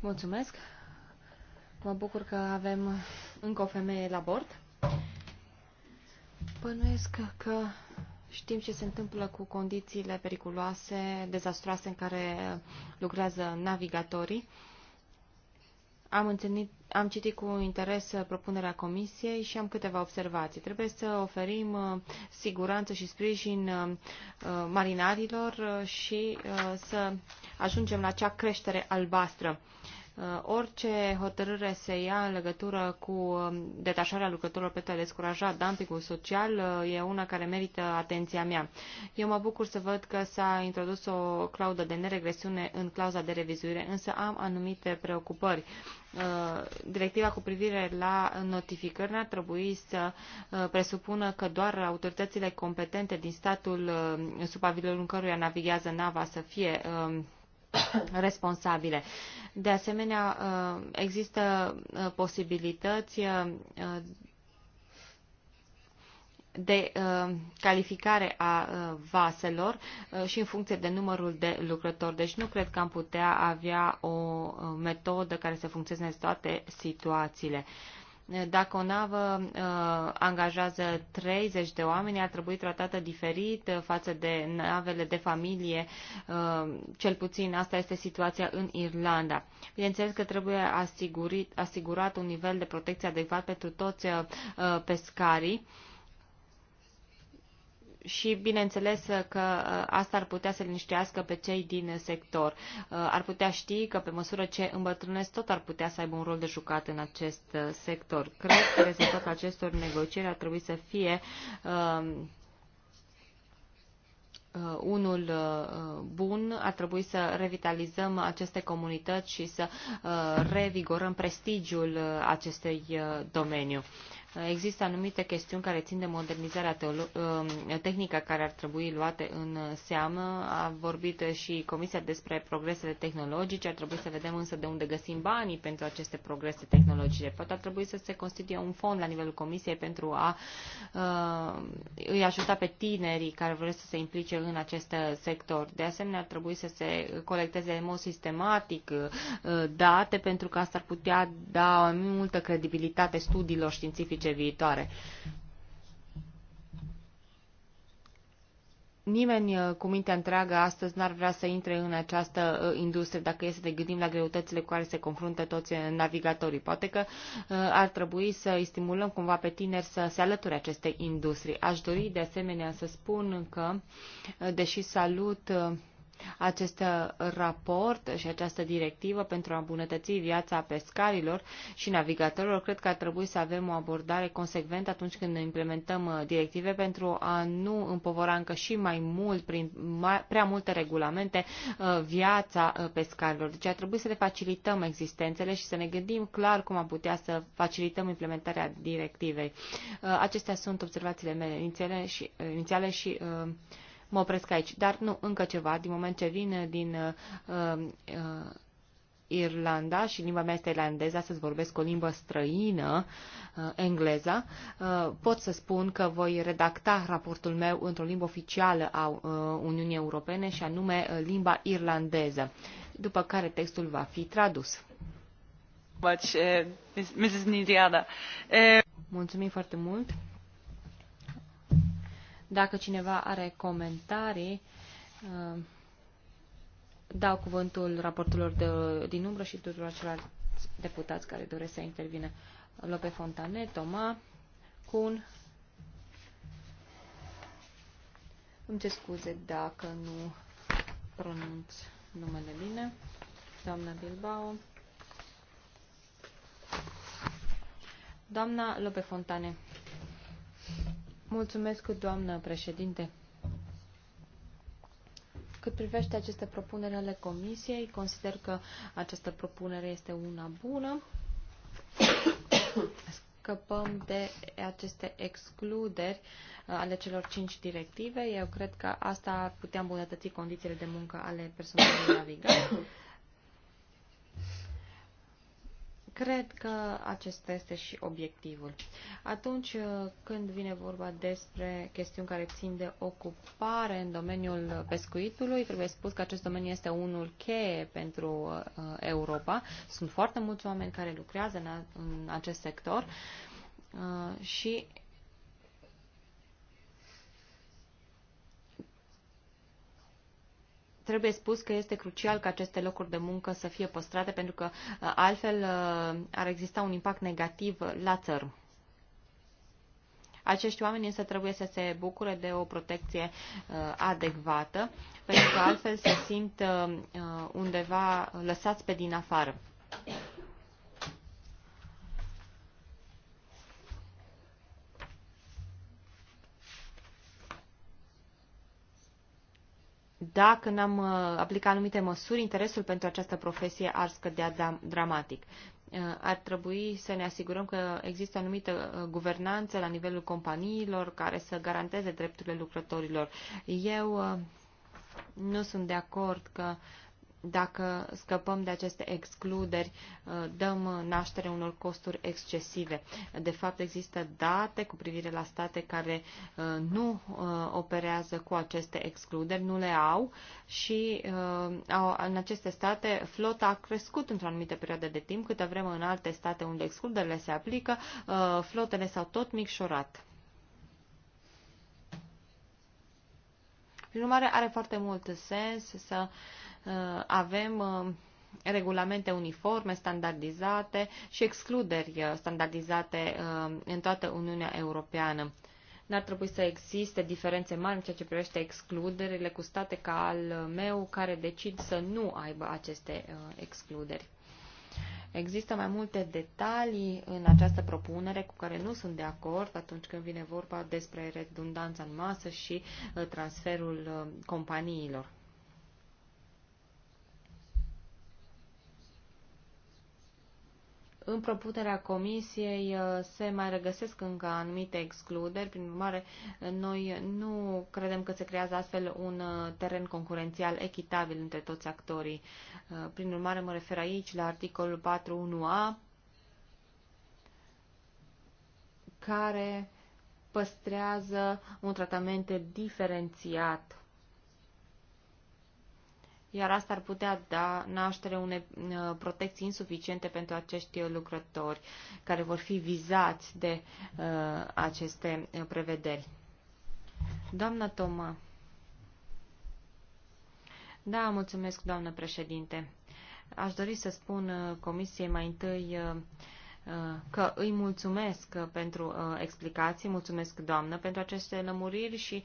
Mulțumesc. Mă bucur că avem încă o femeie la bord. Bănuiesc că știm ce se întâmplă cu condițiile periculoase, dezastroase în care lucrează navigatorii. Am, întâlnit, am citit cu interes propunerea comisiei și am câteva observații. Trebuie să oferim uh, siguranță și sprijin uh, uh, marinarilor și să ajungem la acea creștere albastră. Uh, orice hotărâre se ia în legătură cu um, detașarea lucrătorilor pentru a descuraja dumpingul social uh, e una care merită atenția mea. Eu mă bucur să văd că s-a introdus o claudă de neregresiune în clauza de revizuire, însă am anumite preocupări. Uh, directiva cu privire la notificări ar trebui să presupună că doar autoritățile competente din statul sub pavilionul în căruia navighează nava să fie uh, responsabile. De asemenea, uh, există uh, posibilități uh, de calificare a vaselor și în funcție de numărul de lucrători. Deci nu cred că am putea avea o metodă care să funcționeze în toate situațiile dacă o navă uh, angajează 30 de oameni, ar trebui tratată diferit uh, față de navele de familie. Uh, cel puțin asta este situația în Irlanda. Bineînțeles că trebuie asigurit, asigurat un nivel de protecție adecvat pentru toți pescarii și bineînțeles că uh, asta ar putea să liniștească pe cei din sector. Uh, ar putea ști că pe măsură ce îmbătrânesc tot ar putea să aibă un rol de jucat în acest uh, sector. Cred că rezultatul acestor negocieri ar trebui să fie um, unul bun, ar trebui să revitalizăm aceste comunități și să revigorăm prestigiul acestui domeniu există anumite chestiuni care țin de modernizarea ă, tehnică care ar trebui luate în seamă. A vorbit și Comisia despre progresele tehnologice, ar trebui să vedem însă de unde găsim banii pentru aceste progrese tehnologice. Poate ar trebui să se constituie un fond la nivelul Comisiei pentru a uh, îi ajuta pe tinerii care vor să se implice în acest sector. De asemenea, ar trebui să se colecteze în mod sistematic uh, date pentru că asta ar putea da multă credibilitate studiilor științifice politice viitoare. Nimeni uh, cu mintea întreagă astăzi n-ar vrea să intre în această uh, industrie dacă este să ne gândim la greutățile cu care se confruntă toți uh, navigatorii. Poate că ar trebui să îi stimulăm cumva pe tineri să se alăture acestei industrie. Aș dori de asemenea să spun că, deși salut acest uh, raport și această directivă pentru a îmbunătăți viața pescarilor și navigatorilor, cred că ar trebui să avem o abordare consecventă atunci când implementăm uh, directive pentru a nu împovora încă și mai mult, prin prea multe regulamente, uh, viața pescarilor. Deci ar trebui să le facilităm existențele și să ne gândim clar cum am putea să facilităm implementarea directivei. Acestea sunt observațiile mele inițiale și, inițiale și uh, mă opresc aici. Dar nu, încă ceva, din moment ce vin din uh, uh, Irlanda și limba mea este irlandeză, să-ți vorbesc o limbă străină, uh, engleza, uh, pot să spun că voi redacta raportul meu într-o limbă oficială a uh, Uniunii Europene și anume uh, limba irlandeză, după care textul va fi tradus. Uh, uh, Mulțumim foarte mult! Dacă cineva are comentarii, uh, dau cuvântul raporturilor de, din umbră și tuturor celorlalți deputați care doresc să intervină. Lope Fontane, Toma, Cun. Îmi ce scuze dacă nu pronunț numele bine. Doamna Bilbao. Doamna Lope Fontane. Mulțumesc, doamnă președinte. Cât privește aceste propuneri ale Comisiei, consider că această propunere este una bună. Scăpăm de aceste excluderi uh, ale celor cinci directive. Eu cred că asta ar putea îmbunătăți condițiile de muncă ale personalului navigat. Cred că acesta este și obiectivul. Atunci uh, când vine vorba despre chestiuni care țin de ocupare în domeniul pescuitului, trebuie spus că acest domeniu este unul cheie pentru uh, Europa. Sunt foarte mulți oameni care lucrează în acest sector uh, și Trebuie spus că este crucial ca aceste locuri de muncă să fie păstrate, pentru că uh, altfel uh, ar exista un impact negativ la țărm. Acești oameni însă trebuie să se bucure de o protecție uh, adecvată, pentru că altfel se simt uh, uh undeva lăsați pe din afară. dacă n-am uh, aplicat anumite măsuri, interesul pentru această profesie ar scădea dramatic. Uh, ar trebui să ne asigurăm că există anumită uh, guvernanță la nivelul companiilor care să garanteze drepturile lucrătorilor. Eu nu sunt de acord că uh, dacă scăpăm de aceste excluderi, uh, dăm naștere unor costuri excesive. De fapt, există date cu privire la state care uh, nu uh, operează cu aceste excluderi, nu le au și în aceste state flota a crescut într-o anumită perioadă de timp, câtă vreme în alte state unde excluderile se aplică, flotele s-au tot micșorat. Prin urmare, are foarte mult sens să uh, Uh, avem uh, regulamente uniforme, standardizate și excluderi uh, standardizate în toată Uniunea Europeană. N-ar trebui să existe diferențe mari în ceea ce privește excluderile cu state ca al meu care decid să nu aibă aceste excluderi. Există mai multe detalii în această propunere cu care nu sunt de acord atunci când vine vorba despre redundanța în masă și transferul companiilor. În propunerea comisiei uh, se mai regăsesc încă anumite excluderi, prin urmare noi nu credem că se creează astfel un uh, teren concurențial echitabil între toți actorii. Uh, prin urmare mă refer aici la articolul 4.1a care păstrează un tratament diferențiat iar asta ar putea da naștere unei uh, protecții insuficiente pentru acești lucrători care vor fi vizați de uh, aceste uh, prevederi. Doamna Toma. Da, mulțumesc, doamnă președinte. Aș dori să spun uh, comisiei mai întâi că îi mulțumesc pentru explicații, mulțumesc doamnă pentru aceste lămuriri și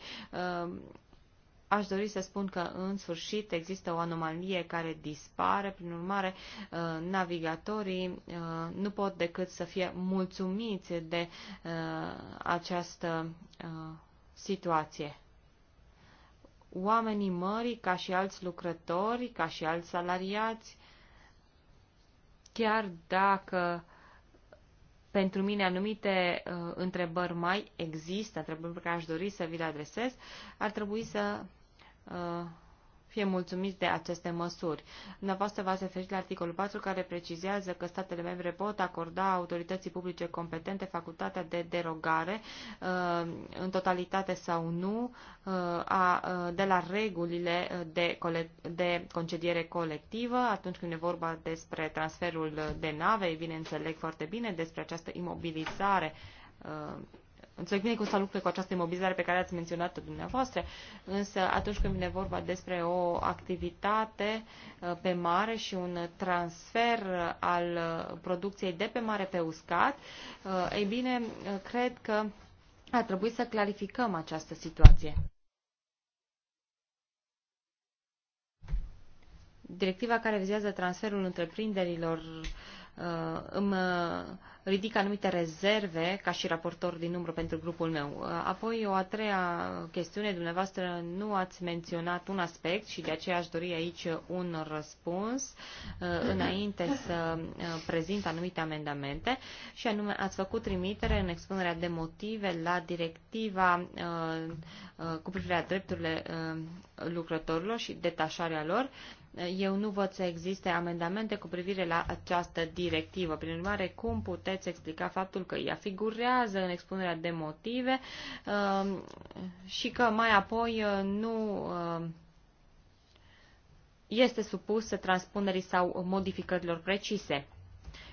Aș dori să spun că, în sfârșit, există o anomalie care dispare, prin urmare, uh, navigatorii uh, nu pot decât să fie mulțumiți de uh, această situație. Oamenii mării, ca și alți lucrători, ca și alți salariați, chiar dacă pentru mine anumite uh, întrebări mai există, întrebări pe care aș dori să vi le adresez, ar trebui să fie mulțumiți de aceste măsuri. Dumneavoastră v-ați referit la articolul 4 care precizează că statele membre pot acorda autorității publice competente facultatea de derogare uh, în totalitate sau nu uh, uh, de la regulile de, concediere colectivă atunci când e vorba despre transferul de nave, bineînțeleg foarte bine despre această imobilizare Înțeleg bine cum să lucre cu această imobilizare pe care ați menționat-o dumneavoastră, însă atunci când vine vorba despre o activitate uh, pe mare și un transfer uh, al uh, producției de pe mare pe uscat, ei bine, cred că ar trebui să clarificăm această situație. Directiva care vizează transferul întreprinderilor uh, Uh, îmi uh, ridic anumite rezerve ca și raportor din umbră pentru grupul meu. Uh, apoi, o a treia chestiune, dumneavoastră nu ați menționat un aspect și de aceea aș dori aici un răspuns înainte să prezint anumite amendamente și anume ați făcut trimitere în expunerea de motive la directiva cu privire la drepturile lucrătorilor și detașarea lor eu nu văd să existe amendamente cu privire la această directivă. Prin urmare, cum puteți explica faptul că ea figurează în expunerea de motive um, și că mai apoi uh, nu um, este supusă transpunerii sau modificărilor precise?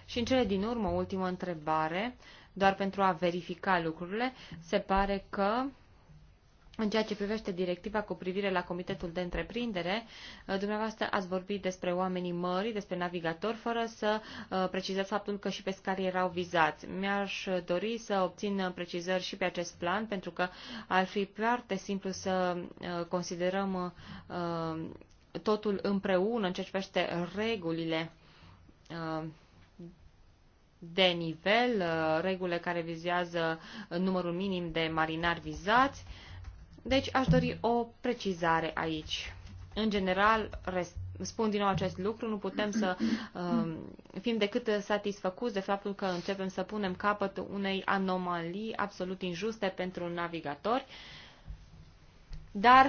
Și în cele din urmă, ultima întrebare, doar pentru a verifica lucrurile, se pare că în ceea ce privește directiva cu privire la Comitetul de Întreprindere, uh, dumneavoastră ați vorbit despre oamenii mării, despre navigatori, fără să uh, precizați faptul că și pescarii erau vizați. Mi-aș uh, dori să obțin precizări și pe acest plan, pentru că ar fi foarte simplu să considerăm totul împreună în ceea ce privește regulile de nivel, regulile care vizează numărul minim de marinari vizați, deci aș dori o precizare aici. În general, spun din nou acest lucru, nu putem să uh, fim decât satisfăcuți de faptul că începem să punem capăt unei anomalii absolut injuste pentru navigatori, dar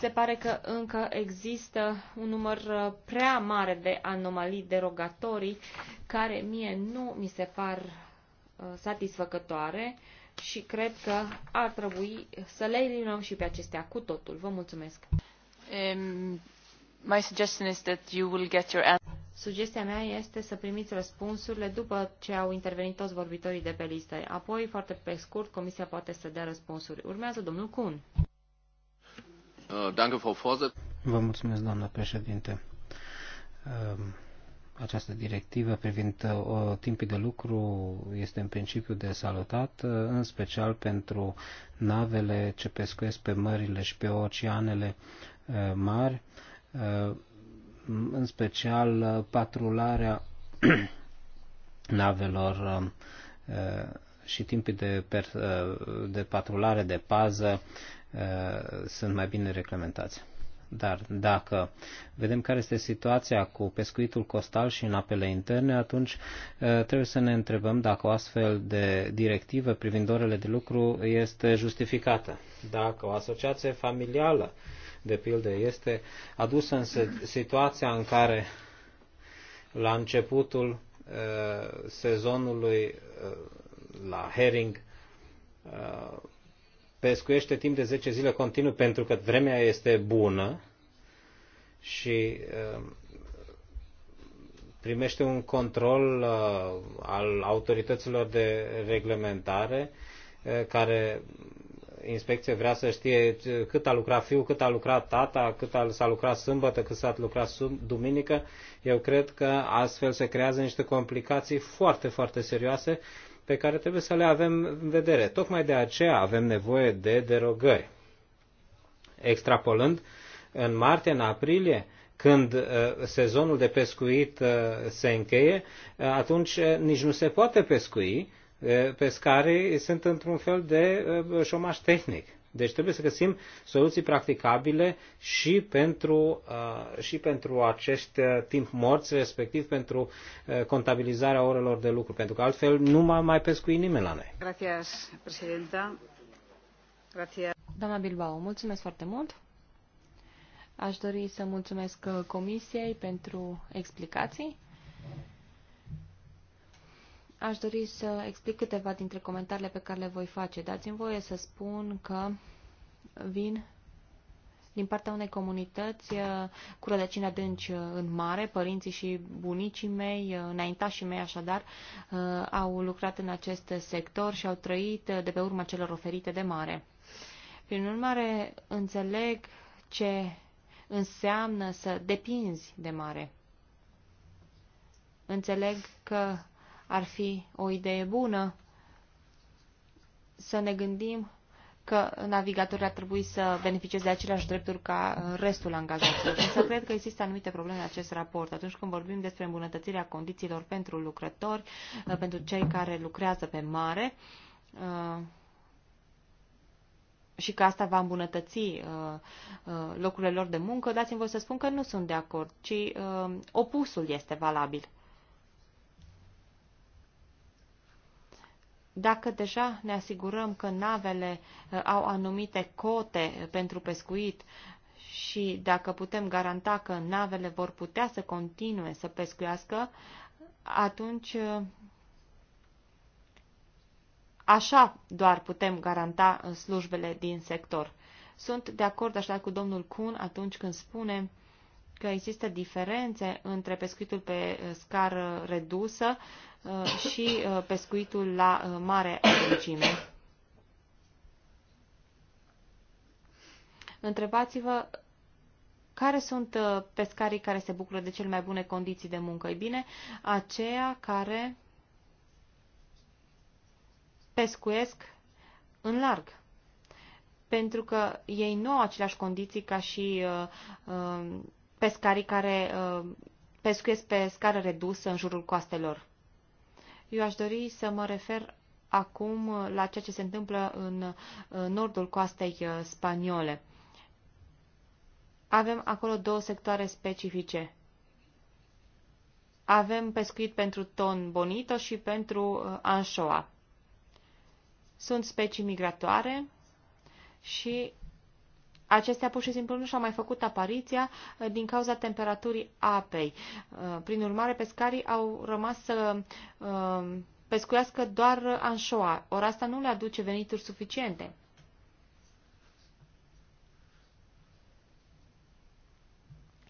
se pare că încă există un număr uh, prea mare de anomalii derogatorii care mie nu mi se par uh, satisfăcătoare și cred că ar trebui să le eliminăm și pe acestea cu totul. Vă mulțumesc. Um, my suggestion is that you will get your answer. Sugestia mea este să primiți răspunsurile după ce au intervenit toți vorbitorii de pe listă. Apoi, foarte pe scurt, Comisia poate să dea răspunsuri. Urmează domnul Kuhn. Uh, danke, Frau Vă mulțumesc, doamnă președinte. Uh, această directivă privind uh, timpii de lucru este în principiu de salutat, uh, în special pentru navele ce pescuiesc pe mările și pe oceanele uh, mari, uh, în special uh, patrularea navelor uh, uh, și timpii de, per, uh, de patrulare, de pază, uh, sunt mai bine reglementați. Dar dacă vedem care este situația cu pescuitul costal și în apele interne, atunci trebuie să ne întrebăm dacă o astfel de directivă privind orele de lucru este justificată. Dacă o asociație familială, de pildă, este adusă în situația în care la începutul sezonului la herring pescuiește timp de 10 zile continuu pentru că vremea este bună și uh, primește un control uh, al autorităților de reglementare uh, care inspecție vrea să știe cât a lucrat fiul, cât a lucrat tata, cât a, s-a lucrat sâmbătă, cât s-a lucrat sub, duminică, eu cred că astfel se creează niște complicații foarte, foarte serioase pe care trebuie să le avem în vedere. Tocmai de aceea avem nevoie de derogări. Extrapolând, în martie, în aprilie, când uh, sezonul de pescuit uh, se încheie, uh, atunci nici nu se poate pescui, pescarii sunt într-un fel de șomaș tehnic. Deci trebuie să găsim soluții practicabile și pentru, uh, și pentru acești uh, timp morți, respectiv pentru uh, contabilizarea orelor de lucru, pentru că altfel nu mai, mai pescui nimeni la noi. Gracias, președinta. Gracias. Doamna Bilbao, mulțumesc foarte mult. Aș dori să mulțumesc Comisiei pentru explicații. Aș dori să explic câteva dintre comentariile pe care le voi face. Dați-mi voie să spun că vin din partea unei comunități uh, cu rădăcini adânci uh, în mare. Părinții și bunicii mei, uh, înaintașii mei așadar, au lucrat în acest sector și au trăit de pe urma celor oferite de mare. Prin urmare, înțeleg ce înseamnă să depinzi de mare. Înțeleg că ar fi o idee bună să ne gândim că navigatorii ar trebui să beneficieze de aceleași drepturi ca restul angajaților. Însă cred că există anumite probleme în acest raport. Atunci când vorbim despre îmbunătățirea condițiilor pentru lucrători, uh, pentru cei care lucrează pe mare, uh, și că asta va îmbunătăți uh, locurile lor de muncă, dați-mi voi să spun că nu sunt de acord, ci opusul este valabil. Dacă deja ne asigurăm că navele uh, au anumite cote uh, pentru pescuit și dacă putem garanta că navele vor putea să continue să pescuiască, atunci uh, așa doar putem garanta slujbele din sector. Sunt de acord așa cu domnul Kun atunci când spune că există diferențe între pescuitul pe scară redusă Uh, și uh, pescuitul la uh, mare adâncime. Întrebați-vă care sunt pescarii care se bucură de cele mai bune condiții de muncă. Ei bine, aceia care pescuiesc în larg. Pentru că ei nu au aceleași condiții ca și pescarii care pescuiesc pe scară redusă în jurul coastelor. Eu aș dori să mă refer acum la ceea ce se întâmplă în nordul coastei uh, spaniole. Avem acolo două sectoare specifice. Avem pescuit pentru ton bonito și pentru uh, anșoa. Sunt specii migratoare și Acestea pur și simplu nu și-au mai făcut apariția uh, din cauza temperaturii apei. Uh, prin urmare, pescarii au rămas să uh, pescuiască doar anșoa, ori asta nu le aduce venituri suficiente.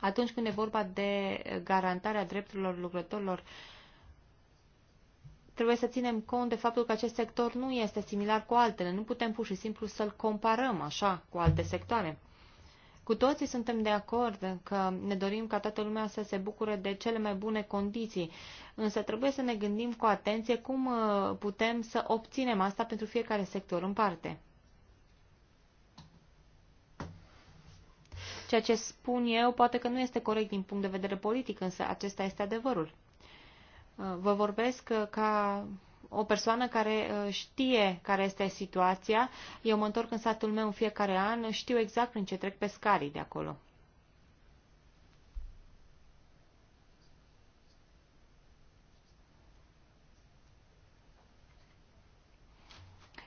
Atunci când e vorba de garantarea drepturilor lucrătorilor uh, trebuie să ținem cont de faptul că acest sector nu este similar cu altele. Nu putem pur și simplu să-l comparăm așa cu alte sectoare. Cu toții suntem de acord că ne dorim ca toată lumea să se bucure de cele mai bune condiții, însă trebuie să ne gândim cu atenție cum uh, putem să obținem asta pentru fiecare sector în parte. Ceea ce spun eu poate că nu este corect din punct de vedere politic, însă acesta este adevărul. Vă vorbesc uh, ca o persoană care uh, știe care este situația. Eu mă întorc în satul meu în fiecare an, știu exact prin ce trec pescarii de acolo.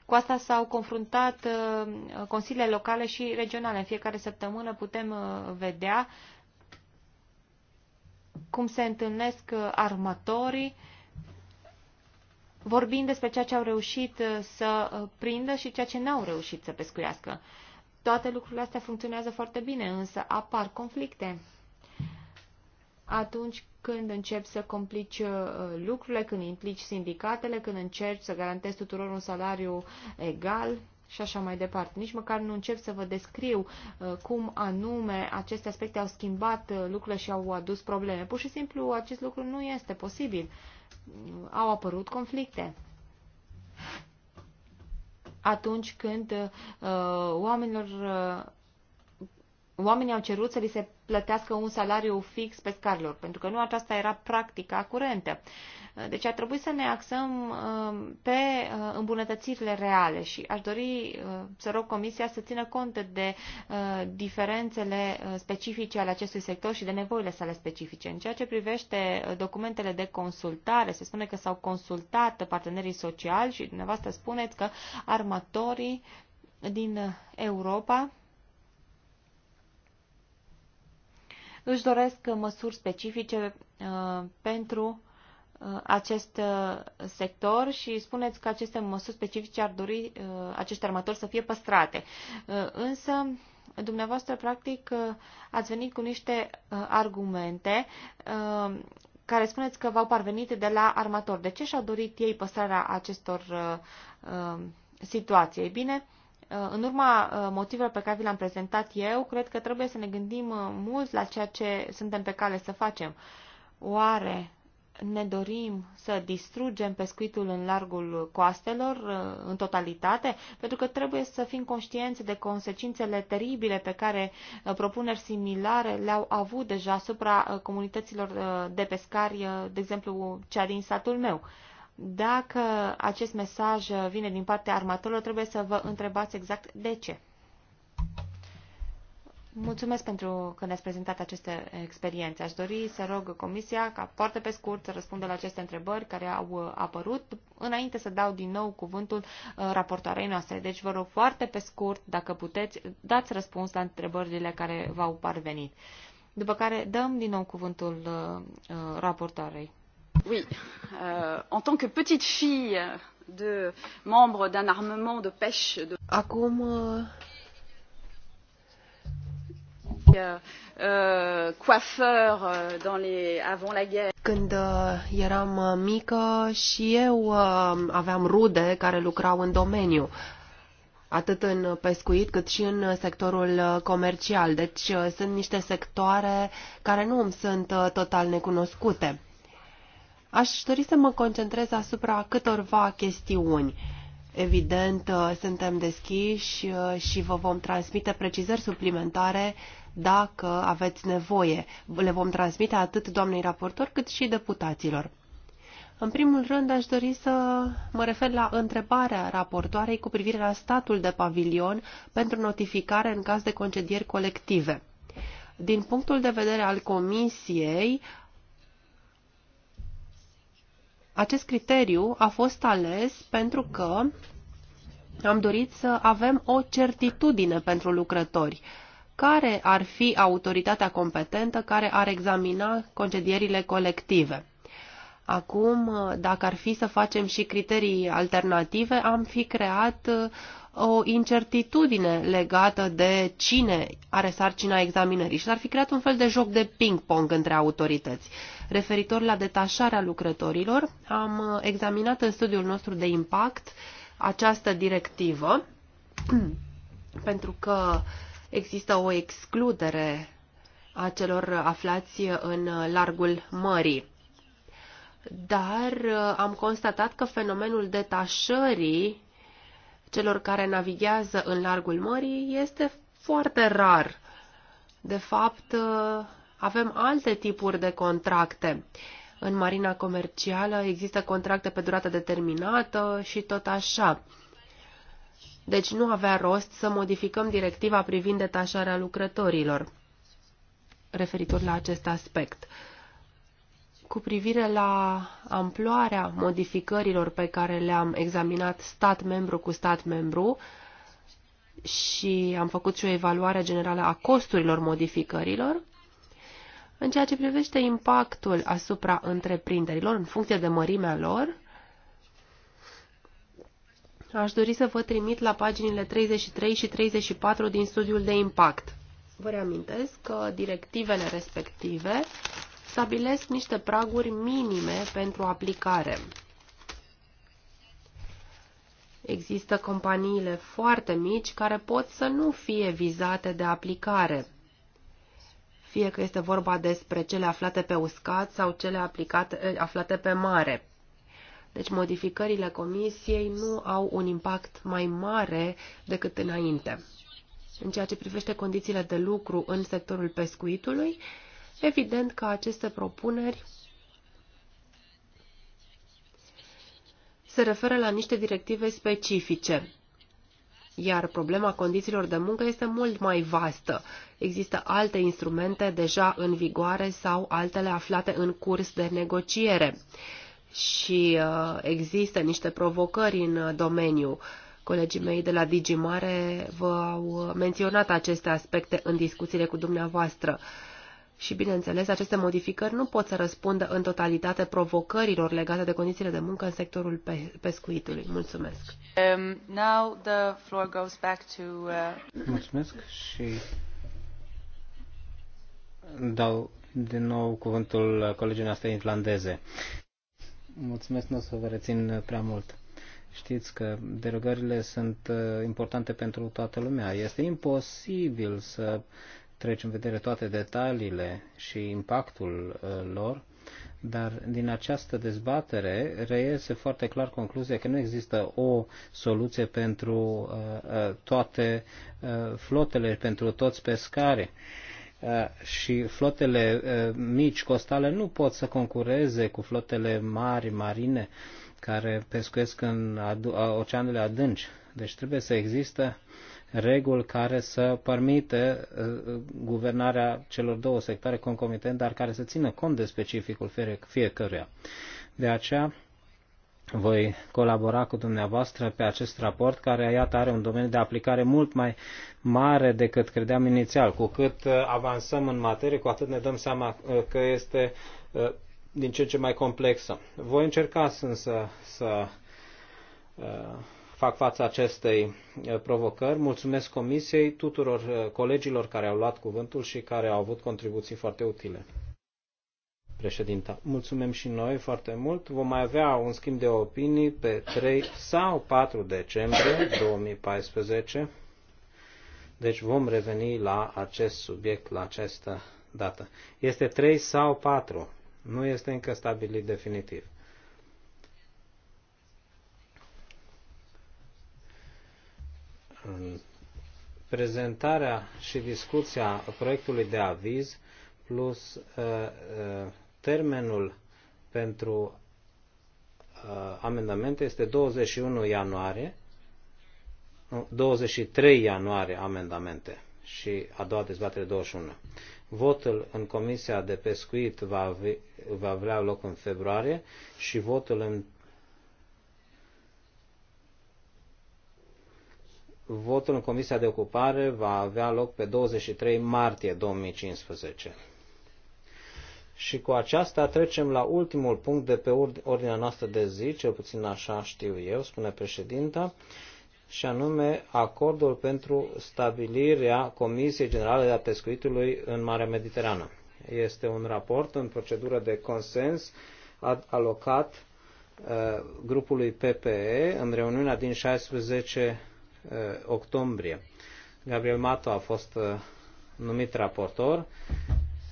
Cu asta s-au confruntat uh, consiliile locale și regionale. În fiecare săptămână putem vedea cum se întâlnesc uh, armatorii, vorbind despre ceea ce au reușit uh, să uh, prindă și ceea ce n-au reușit să pescuiască. Toate lucrurile astea funcționează foarte bine, însă apar conflicte. Atunci când începi să complici lucrurile, când implici sindicatele, când încerci să garantezi tuturor un salariu egal, și așa mai departe. Nici măcar nu încep să vă descriu uh, cum anume aceste aspecte au schimbat uh, lucrurile și au adus probleme. Pur și simplu acest lucru nu este posibil. Au apărut conflicte. Atunci când uh, oamenilor, uh, oamenii au cerut să li se plătească un salariu fix pescarilor, pentru că nu aceasta era practica curentă. Deci ar trebui să ne axăm uh, pe uh, îmbunătățirile reale și aș dori uh, să rog Comisia să țină cont de diferențele specifice ale acestui sector și de nevoile sale specifice. În ceea ce privește documentele de consultare, se spune că s-au consultat partenerii sociali și dumneavoastră spuneți că armatorii din Europa își doresc măsuri specifice uh, pentru uh, acest uh, sector și spuneți că aceste măsuri specifice ar dori acești armatori să fie păstrate. Însă, dumneavoastră, practic, ați venit cu niște argumente care spuneți că v-au parvenit de la armator. De ce și-au dorit ei păstrarea acestor situații? Ei bine, Uh, în urma uh, motivelor pe care vi le-am prezentat eu, cred că trebuie să ne gândim uh, mult la ceea ce suntem pe cale să facem. Oare ne dorim să distrugem pescuitul în largul coastelor în totalitate, pentru că trebuie să fim conștienți de consecințele teribile pe care propuneri similare le-au avut deja asupra comunităților de pescari, de exemplu cea din satul meu. Dacă acest mesaj vine din partea armatorilor, trebuie să vă întrebați exact de ce. Mulțumesc pentru că ne-ați prezentat aceste experiențe. Aș dori să rog Comisia ca foarte pe scurt să răspundă la aceste întrebări care au apărut, înainte să dau din nou cuvântul uh, raportoarei noastre. Deci vă rog foarte pe scurt, dacă puteți, dați răspuns la întrebările care v-au parvenit. După care dăm din nou cuvântul uh, uh, raportoarei. Oui, euh, en tant que petite fille de membre d'un armement de pêche. De... Acum. Uh, euh, Uh, coiffeur euh, dans les... avant la guerre. Când uh, eram uh, mică și eu aveam rude care lucrau în domeniu, atât în pescuit cât și în sectorul comercial. Deci sunt niște sectoare care nu îmi sunt total necunoscute. Aș dori să mă concentrez asupra câtorva chestiuni. Evident, uh, suntem deschiși uh, și vă vom transmite precizări suplimentare dacă aveți nevoie. Le vom transmite atât doamnei raportor cât și deputaților. În primul rând, aș dori să mă refer la întrebarea raportoarei cu privire la statul de pavilion pentru notificare în caz de concedieri colective. Din punctul de vedere al Comisiei, acest criteriu a fost ales pentru că am dorit să avem o certitudine pentru lucrători. Care ar fi autoritatea competentă care ar examina concedierile colective? Acum, dacă ar fi să facem și criterii alternative, am fi creat uh, o incertitudine legată de cine are sarcina examinării și ar fi creat un fel de joc de ping-pong între autorități referitor la detașarea lucrătorilor. Am examinat în studiul nostru de impact această directivă pentru că există o excludere a celor aflați în largul mării. Dar uh, am constatat că fenomenul detașării celor care navighează în largul mării este foarte rar. De fapt, uh, avem alte tipuri de contracte. În marina comercială există contracte pe durată determinată și tot așa. Deci nu avea rost să modificăm directiva privind detașarea lucrătorilor referitor la acest aspect. Cu privire la amploarea modificărilor pe care le-am examinat stat membru cu stat membru și am făcut și o evaluare generală a costurilor modificărilor, în ceea ce privește impactul asupra întreprinderilor, în funcție de mărimea lor, aș dori să vă trimit la paginile 33 și 34 din studiul de impact. Vă reamintesc că directivele respective stabilesc niște praguri minime pentru aplicare. Există companiile foarte mici care pot să nu fie vizate de aplicare fie că este vorba despre cele aflate pe uscat sau cele aplicate, eh, aflate pe mare. Deci modificările comisiei nu au un impact mai mare decât înainte. În ceea ce privește condițiile de lucru în sectorul pescuitului, evident că aceste propuneri se referă la niște directive specifice iar problema condițiilor de muncă este mult mai vastă. Există alte instrumente deja în vigoare sau altele aflate în curs de negociere și uh, există niște provocări în domeniu. Colegii mei de la Digimare v-au menționat aceste aspecte în discuțiile cu dumneavoastră. Uh, și, bineînțeles, aceste modificări nu pot să răspundă în totalitate provocărilor legate de condițiile de muncă în sectorul pescuitului. Mulțumesc. Um, now the floor goes back to, uh... Mulțumesc și dau din nou cuvântul colegii noastre irlandeze. Mulțumesc, nu o să vă rețin prea mult. Știți că derogările sunt uh, importante pentru toată lumea. Este imposibil să treci în vedere toate detaliile și impactul uh, lor, dar din această dezbatere reiese foarte clar concluzia că nu există o soluție pentru uh, uh, toate flotele, pentru toți pescarii și flotele mici costale nu pot să concureze cu flotele mari marine care pescuiesc în oceanele adânci. Deci trebuie să există reguli care să permită uh, guvernarea celor două sectoare concomitent, dar care să țină cont de specificul fiecăruia. De aceea, voi colabora cu dumneavoastră pe acest raport, care, iată, are un domeniu de aplicare mult mai mare decât credeam inițial. Cu cât uh, avansăm în materie, cu atât ne dăm seama uh, că este din ce în ce mai complexă. Voi încerca însă să, să fac față acestei uh, provocări. Mulțumesc Comisiei, tuturor uh, colegilor care au luat cuvântul și care au avut contribuții foarte utile. Președinta, mulțumim și noi foarte mult. Vom mai avea un schimb de opinii pe 3 sau 4 decembrie 2014. Deci vom reveni la acest subiect, la această dată. Este 3 sau 4. Nu este încă stabilit definitiv. în prezentarea și discuția proiectului de aviz plus uh, uh, termenul pentru uh, amendamente este 21 ianuarie, nu, 23 ianuarie amendamente și a doua dezbatere 21. Votul în Comisia de Pescuit va, va avea loc în februarie și votul în Votul în Comisia de Ocupare va avea loc pe 23 martie 2015. Și cu aceasta trecem la ultimul punct de pe ordinea noastră de zi, cel puțin așa știu eu, spune președinta, și anume acordul pentru stabilirea Comisiei Generale de a Pescuitului în Marea Mediterană. Este un raport în procedură de consens alocat uh, grupului PPE în reuniunea din 16 Uh, octombrie. Gabriel Mato a fost uh, numit raportor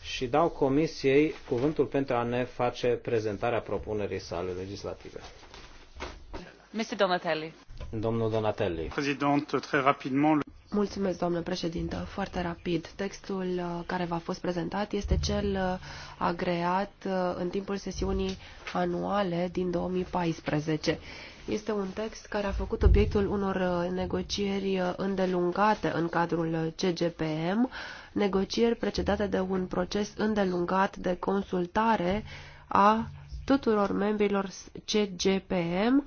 și dau comisiei cuvântul pentru a ne face prezentarea propunerii sale legislative. Mr. Donatelli. Domnul Donatelli. Președinte, très rapidement. Mulțumesc, doamnă președintă. Foarte rapid. Textul uh, care v-a fost prezentat este cel uh, agreat uh, în timpul sesiunii anuale din 2014. Este un text care a făcut obiectul unor negocieri îndelungate în cadrul CGPM, negocieri precedate de un proces îndelungat de consultare a tuturor membrilor CGPM,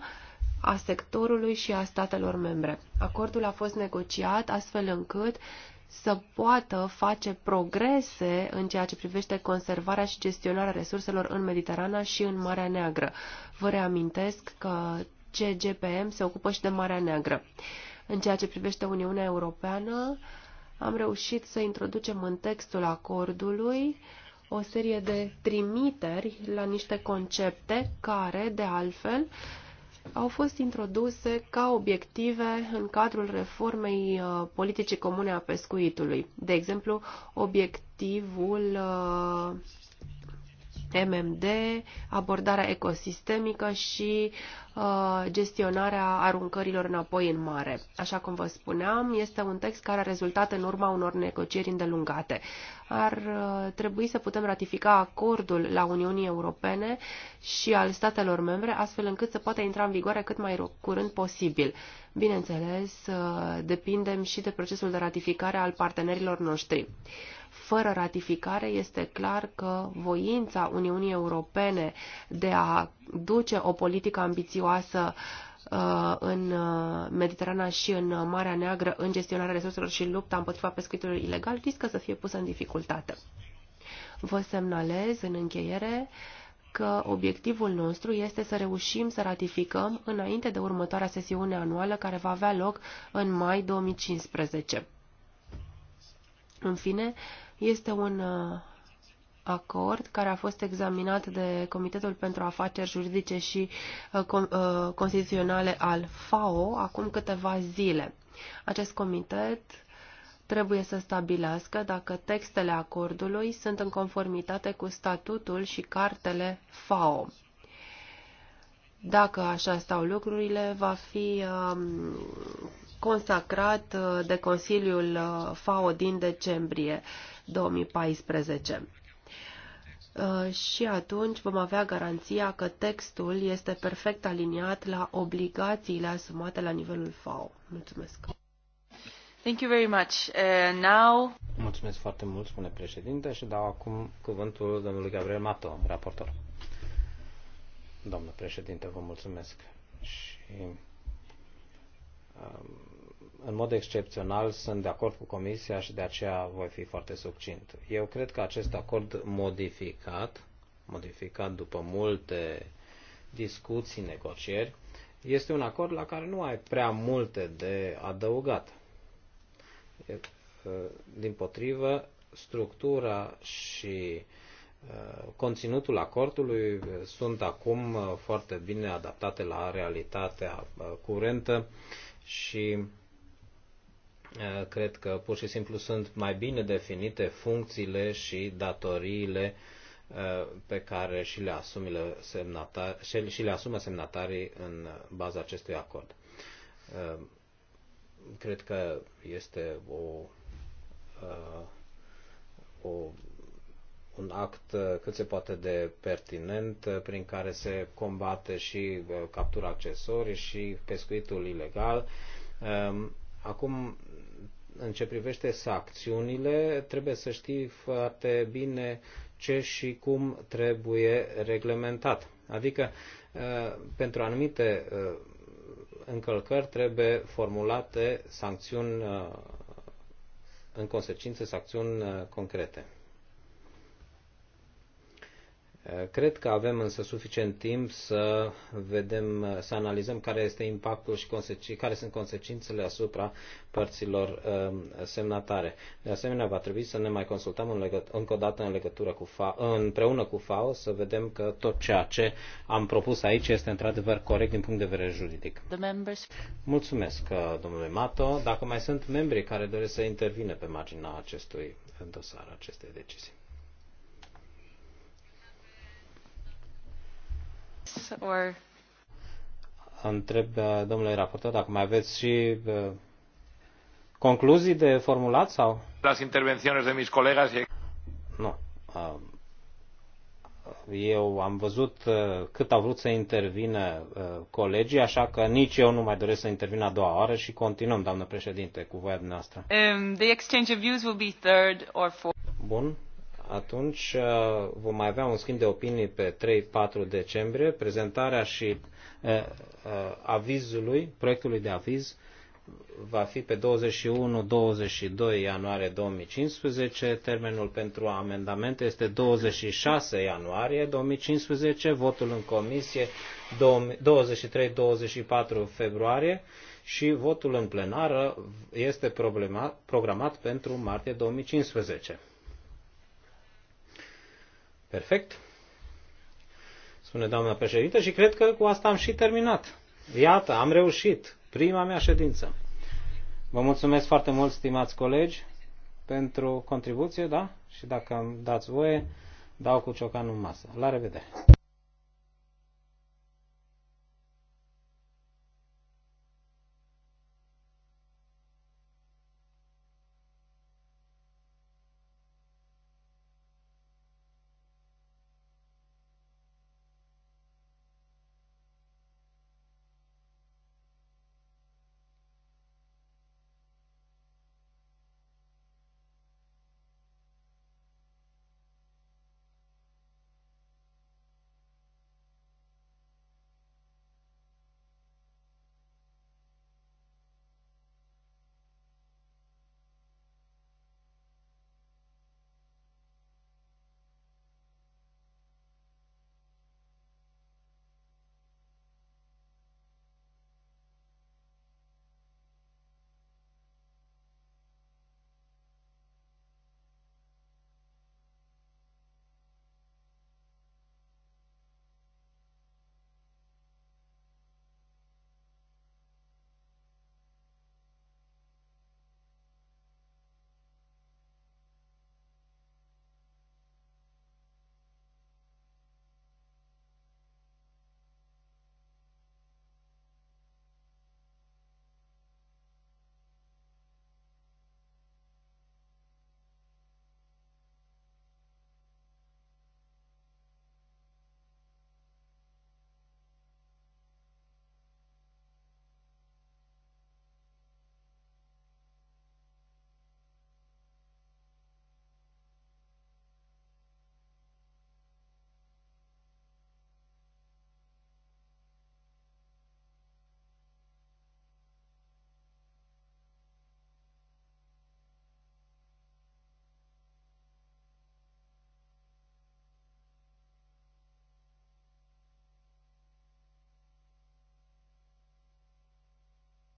a sectorului și a statelor membre. Acordul a fost negociat astfel încât să poată face progrese în ceea ce privește conservarea și gestionarea resurselor în Mediterana și în Marea Neagră. Vă reamintesc că CGPM se ocupă și de Marea Neagră. În ceea ce privește Uniunea Europeană, am reușit să introducem în textul acordului o serie de trimiteri la niște concepte care, de altfel, au fost introduse ca obiective în cadrul reformei uh, politicii comune a pescuitului. De exemplu, obiectivul uh, MMD, abordarea ecosistemică și uh, gestionarea aruncărilor înapoi în mare. Așa cum vă spuneam, este un text care a rezultat în urma unor negocieri îndelungate. Ar uh, trebui să putem ratifica acordul la Uniunii Europene și al statelor membre, astfel încât să poată intra în vigoare cât mai curând posibil. Bineînțeles, uh, depindem și de procesul de ratificare al partenerilor noștri. Fără ratificare este clar că voința Uniunii Europene de a duce o politică ambițioasă uh, în uh, Mediterana și în Marea Neagră în gestionarea resurselor și lupta împotriva pescuitului ilegal riscă să fie pusă în dificultate. Vă semnalez în încheiere că obiectivul nostru este să reușim să ratificăm înainte de următoarea sesiune anuală care va avea loc în mai 2015. În fine, este un uh, acord care a fost examinat de Comitetul pentru Afaceri Juridice și uh, uh, Constituționale al FAO acum câteva zile. Acest comitet trebuie să stabilească dacă textele acordului sunt în conformitate cu statutul și cartele FAO. Dacă așa stau lucrurile, va fi um, consacrat uh, de Consiliul uh, FAO din decembrie 2014. Uh, și atunci vom avea garanția că textul este perfect aliniat la obligațiile asumate la nivelul FAO. Mulțumesc! Thank you very much. Uh, now... Mulțumesc foarte mult, spune președinte, și dau acum cuvântul domnului Gabriel Mato, raportor. Domnul președinte, vă mulțumesc și um, în mod excepțional sunt de acord cu Comisia și de aceea voi fi foarte succint. Eu cred că acest acord modificat, modificat după multe discuții, negocieri, este un acord la care nu ai prea multe de adăugat. Din potrivă, structura și conținutul acordului sunt acum foarte bine adaptate la realitatea curentă și Eh, cred că pur și simplu sunt mai bine definite funcțiile și datoriile eh, pe care și le, asumile și le asumă semnatarii în baza acestui acord. Eh, cred că este o, o un act cât se poate de pertinent prin care se combate și captura accesorii și pescuitul ilegal. Acum în ce privește sancțiunile, trebuie să știi foarte bine ce și cum trebuie reglementat. Adică, uh, pentru anumite uh, încălcări trebuie formulate sancțiuni, uh, în consecință, sancțiuni concrete. Cred că avem însă suficient timp să vedem, să analizăm care este impactul și care sunt consecințele asupra părților um, semnatare. De asemenea, va trebui să ne mai consultăm în legăt- încă o dată în legătură cu FA, împreună cu FAO să vedem că tot ceea ce am propus aici este într-adevăr corect din punct de vedere juridic. Mulțumesc, uh, domnule Mato. Dacă mai sunt membri care doresc să intervine pe marginea acestui dosar, acestei decizii. or... Întreb, uh, domnule raportor, dacă mai aveți și uh, concluzii de formulat sau? Las intervenționes de mis colegas. Nu. Uh, eu am văzut cât au vrut să intervină colegii, așa că nici eu nu mai doresc să intervin a doua oară și continuăm, doamnă președinte, cu voia dumneavoastră. Um, the exchange of views will be third or fourth. Bun atunci uh, vom mai avea un schimb de opinii pe 3-4 decembrie, prezentarea și uh, uh, avizului, proiectului de aviz va fi pe 21-22 ianuarie 2015. Termenul pentru amendamente este 26 ianuarie 2015, votul în comisie 23-24 februarie și votul în plenară este programat pentru martie 2015. Perfect. Spune doamna președinte și cred că cu asta am și terminat. Iată, am reușit. Prima mea ședință. Vă mulțumesc foarte mult, stimați colegi, pentru contribuție, da? Și dacă îmi dați voie, dau cu ciocanul în masă. La revedere!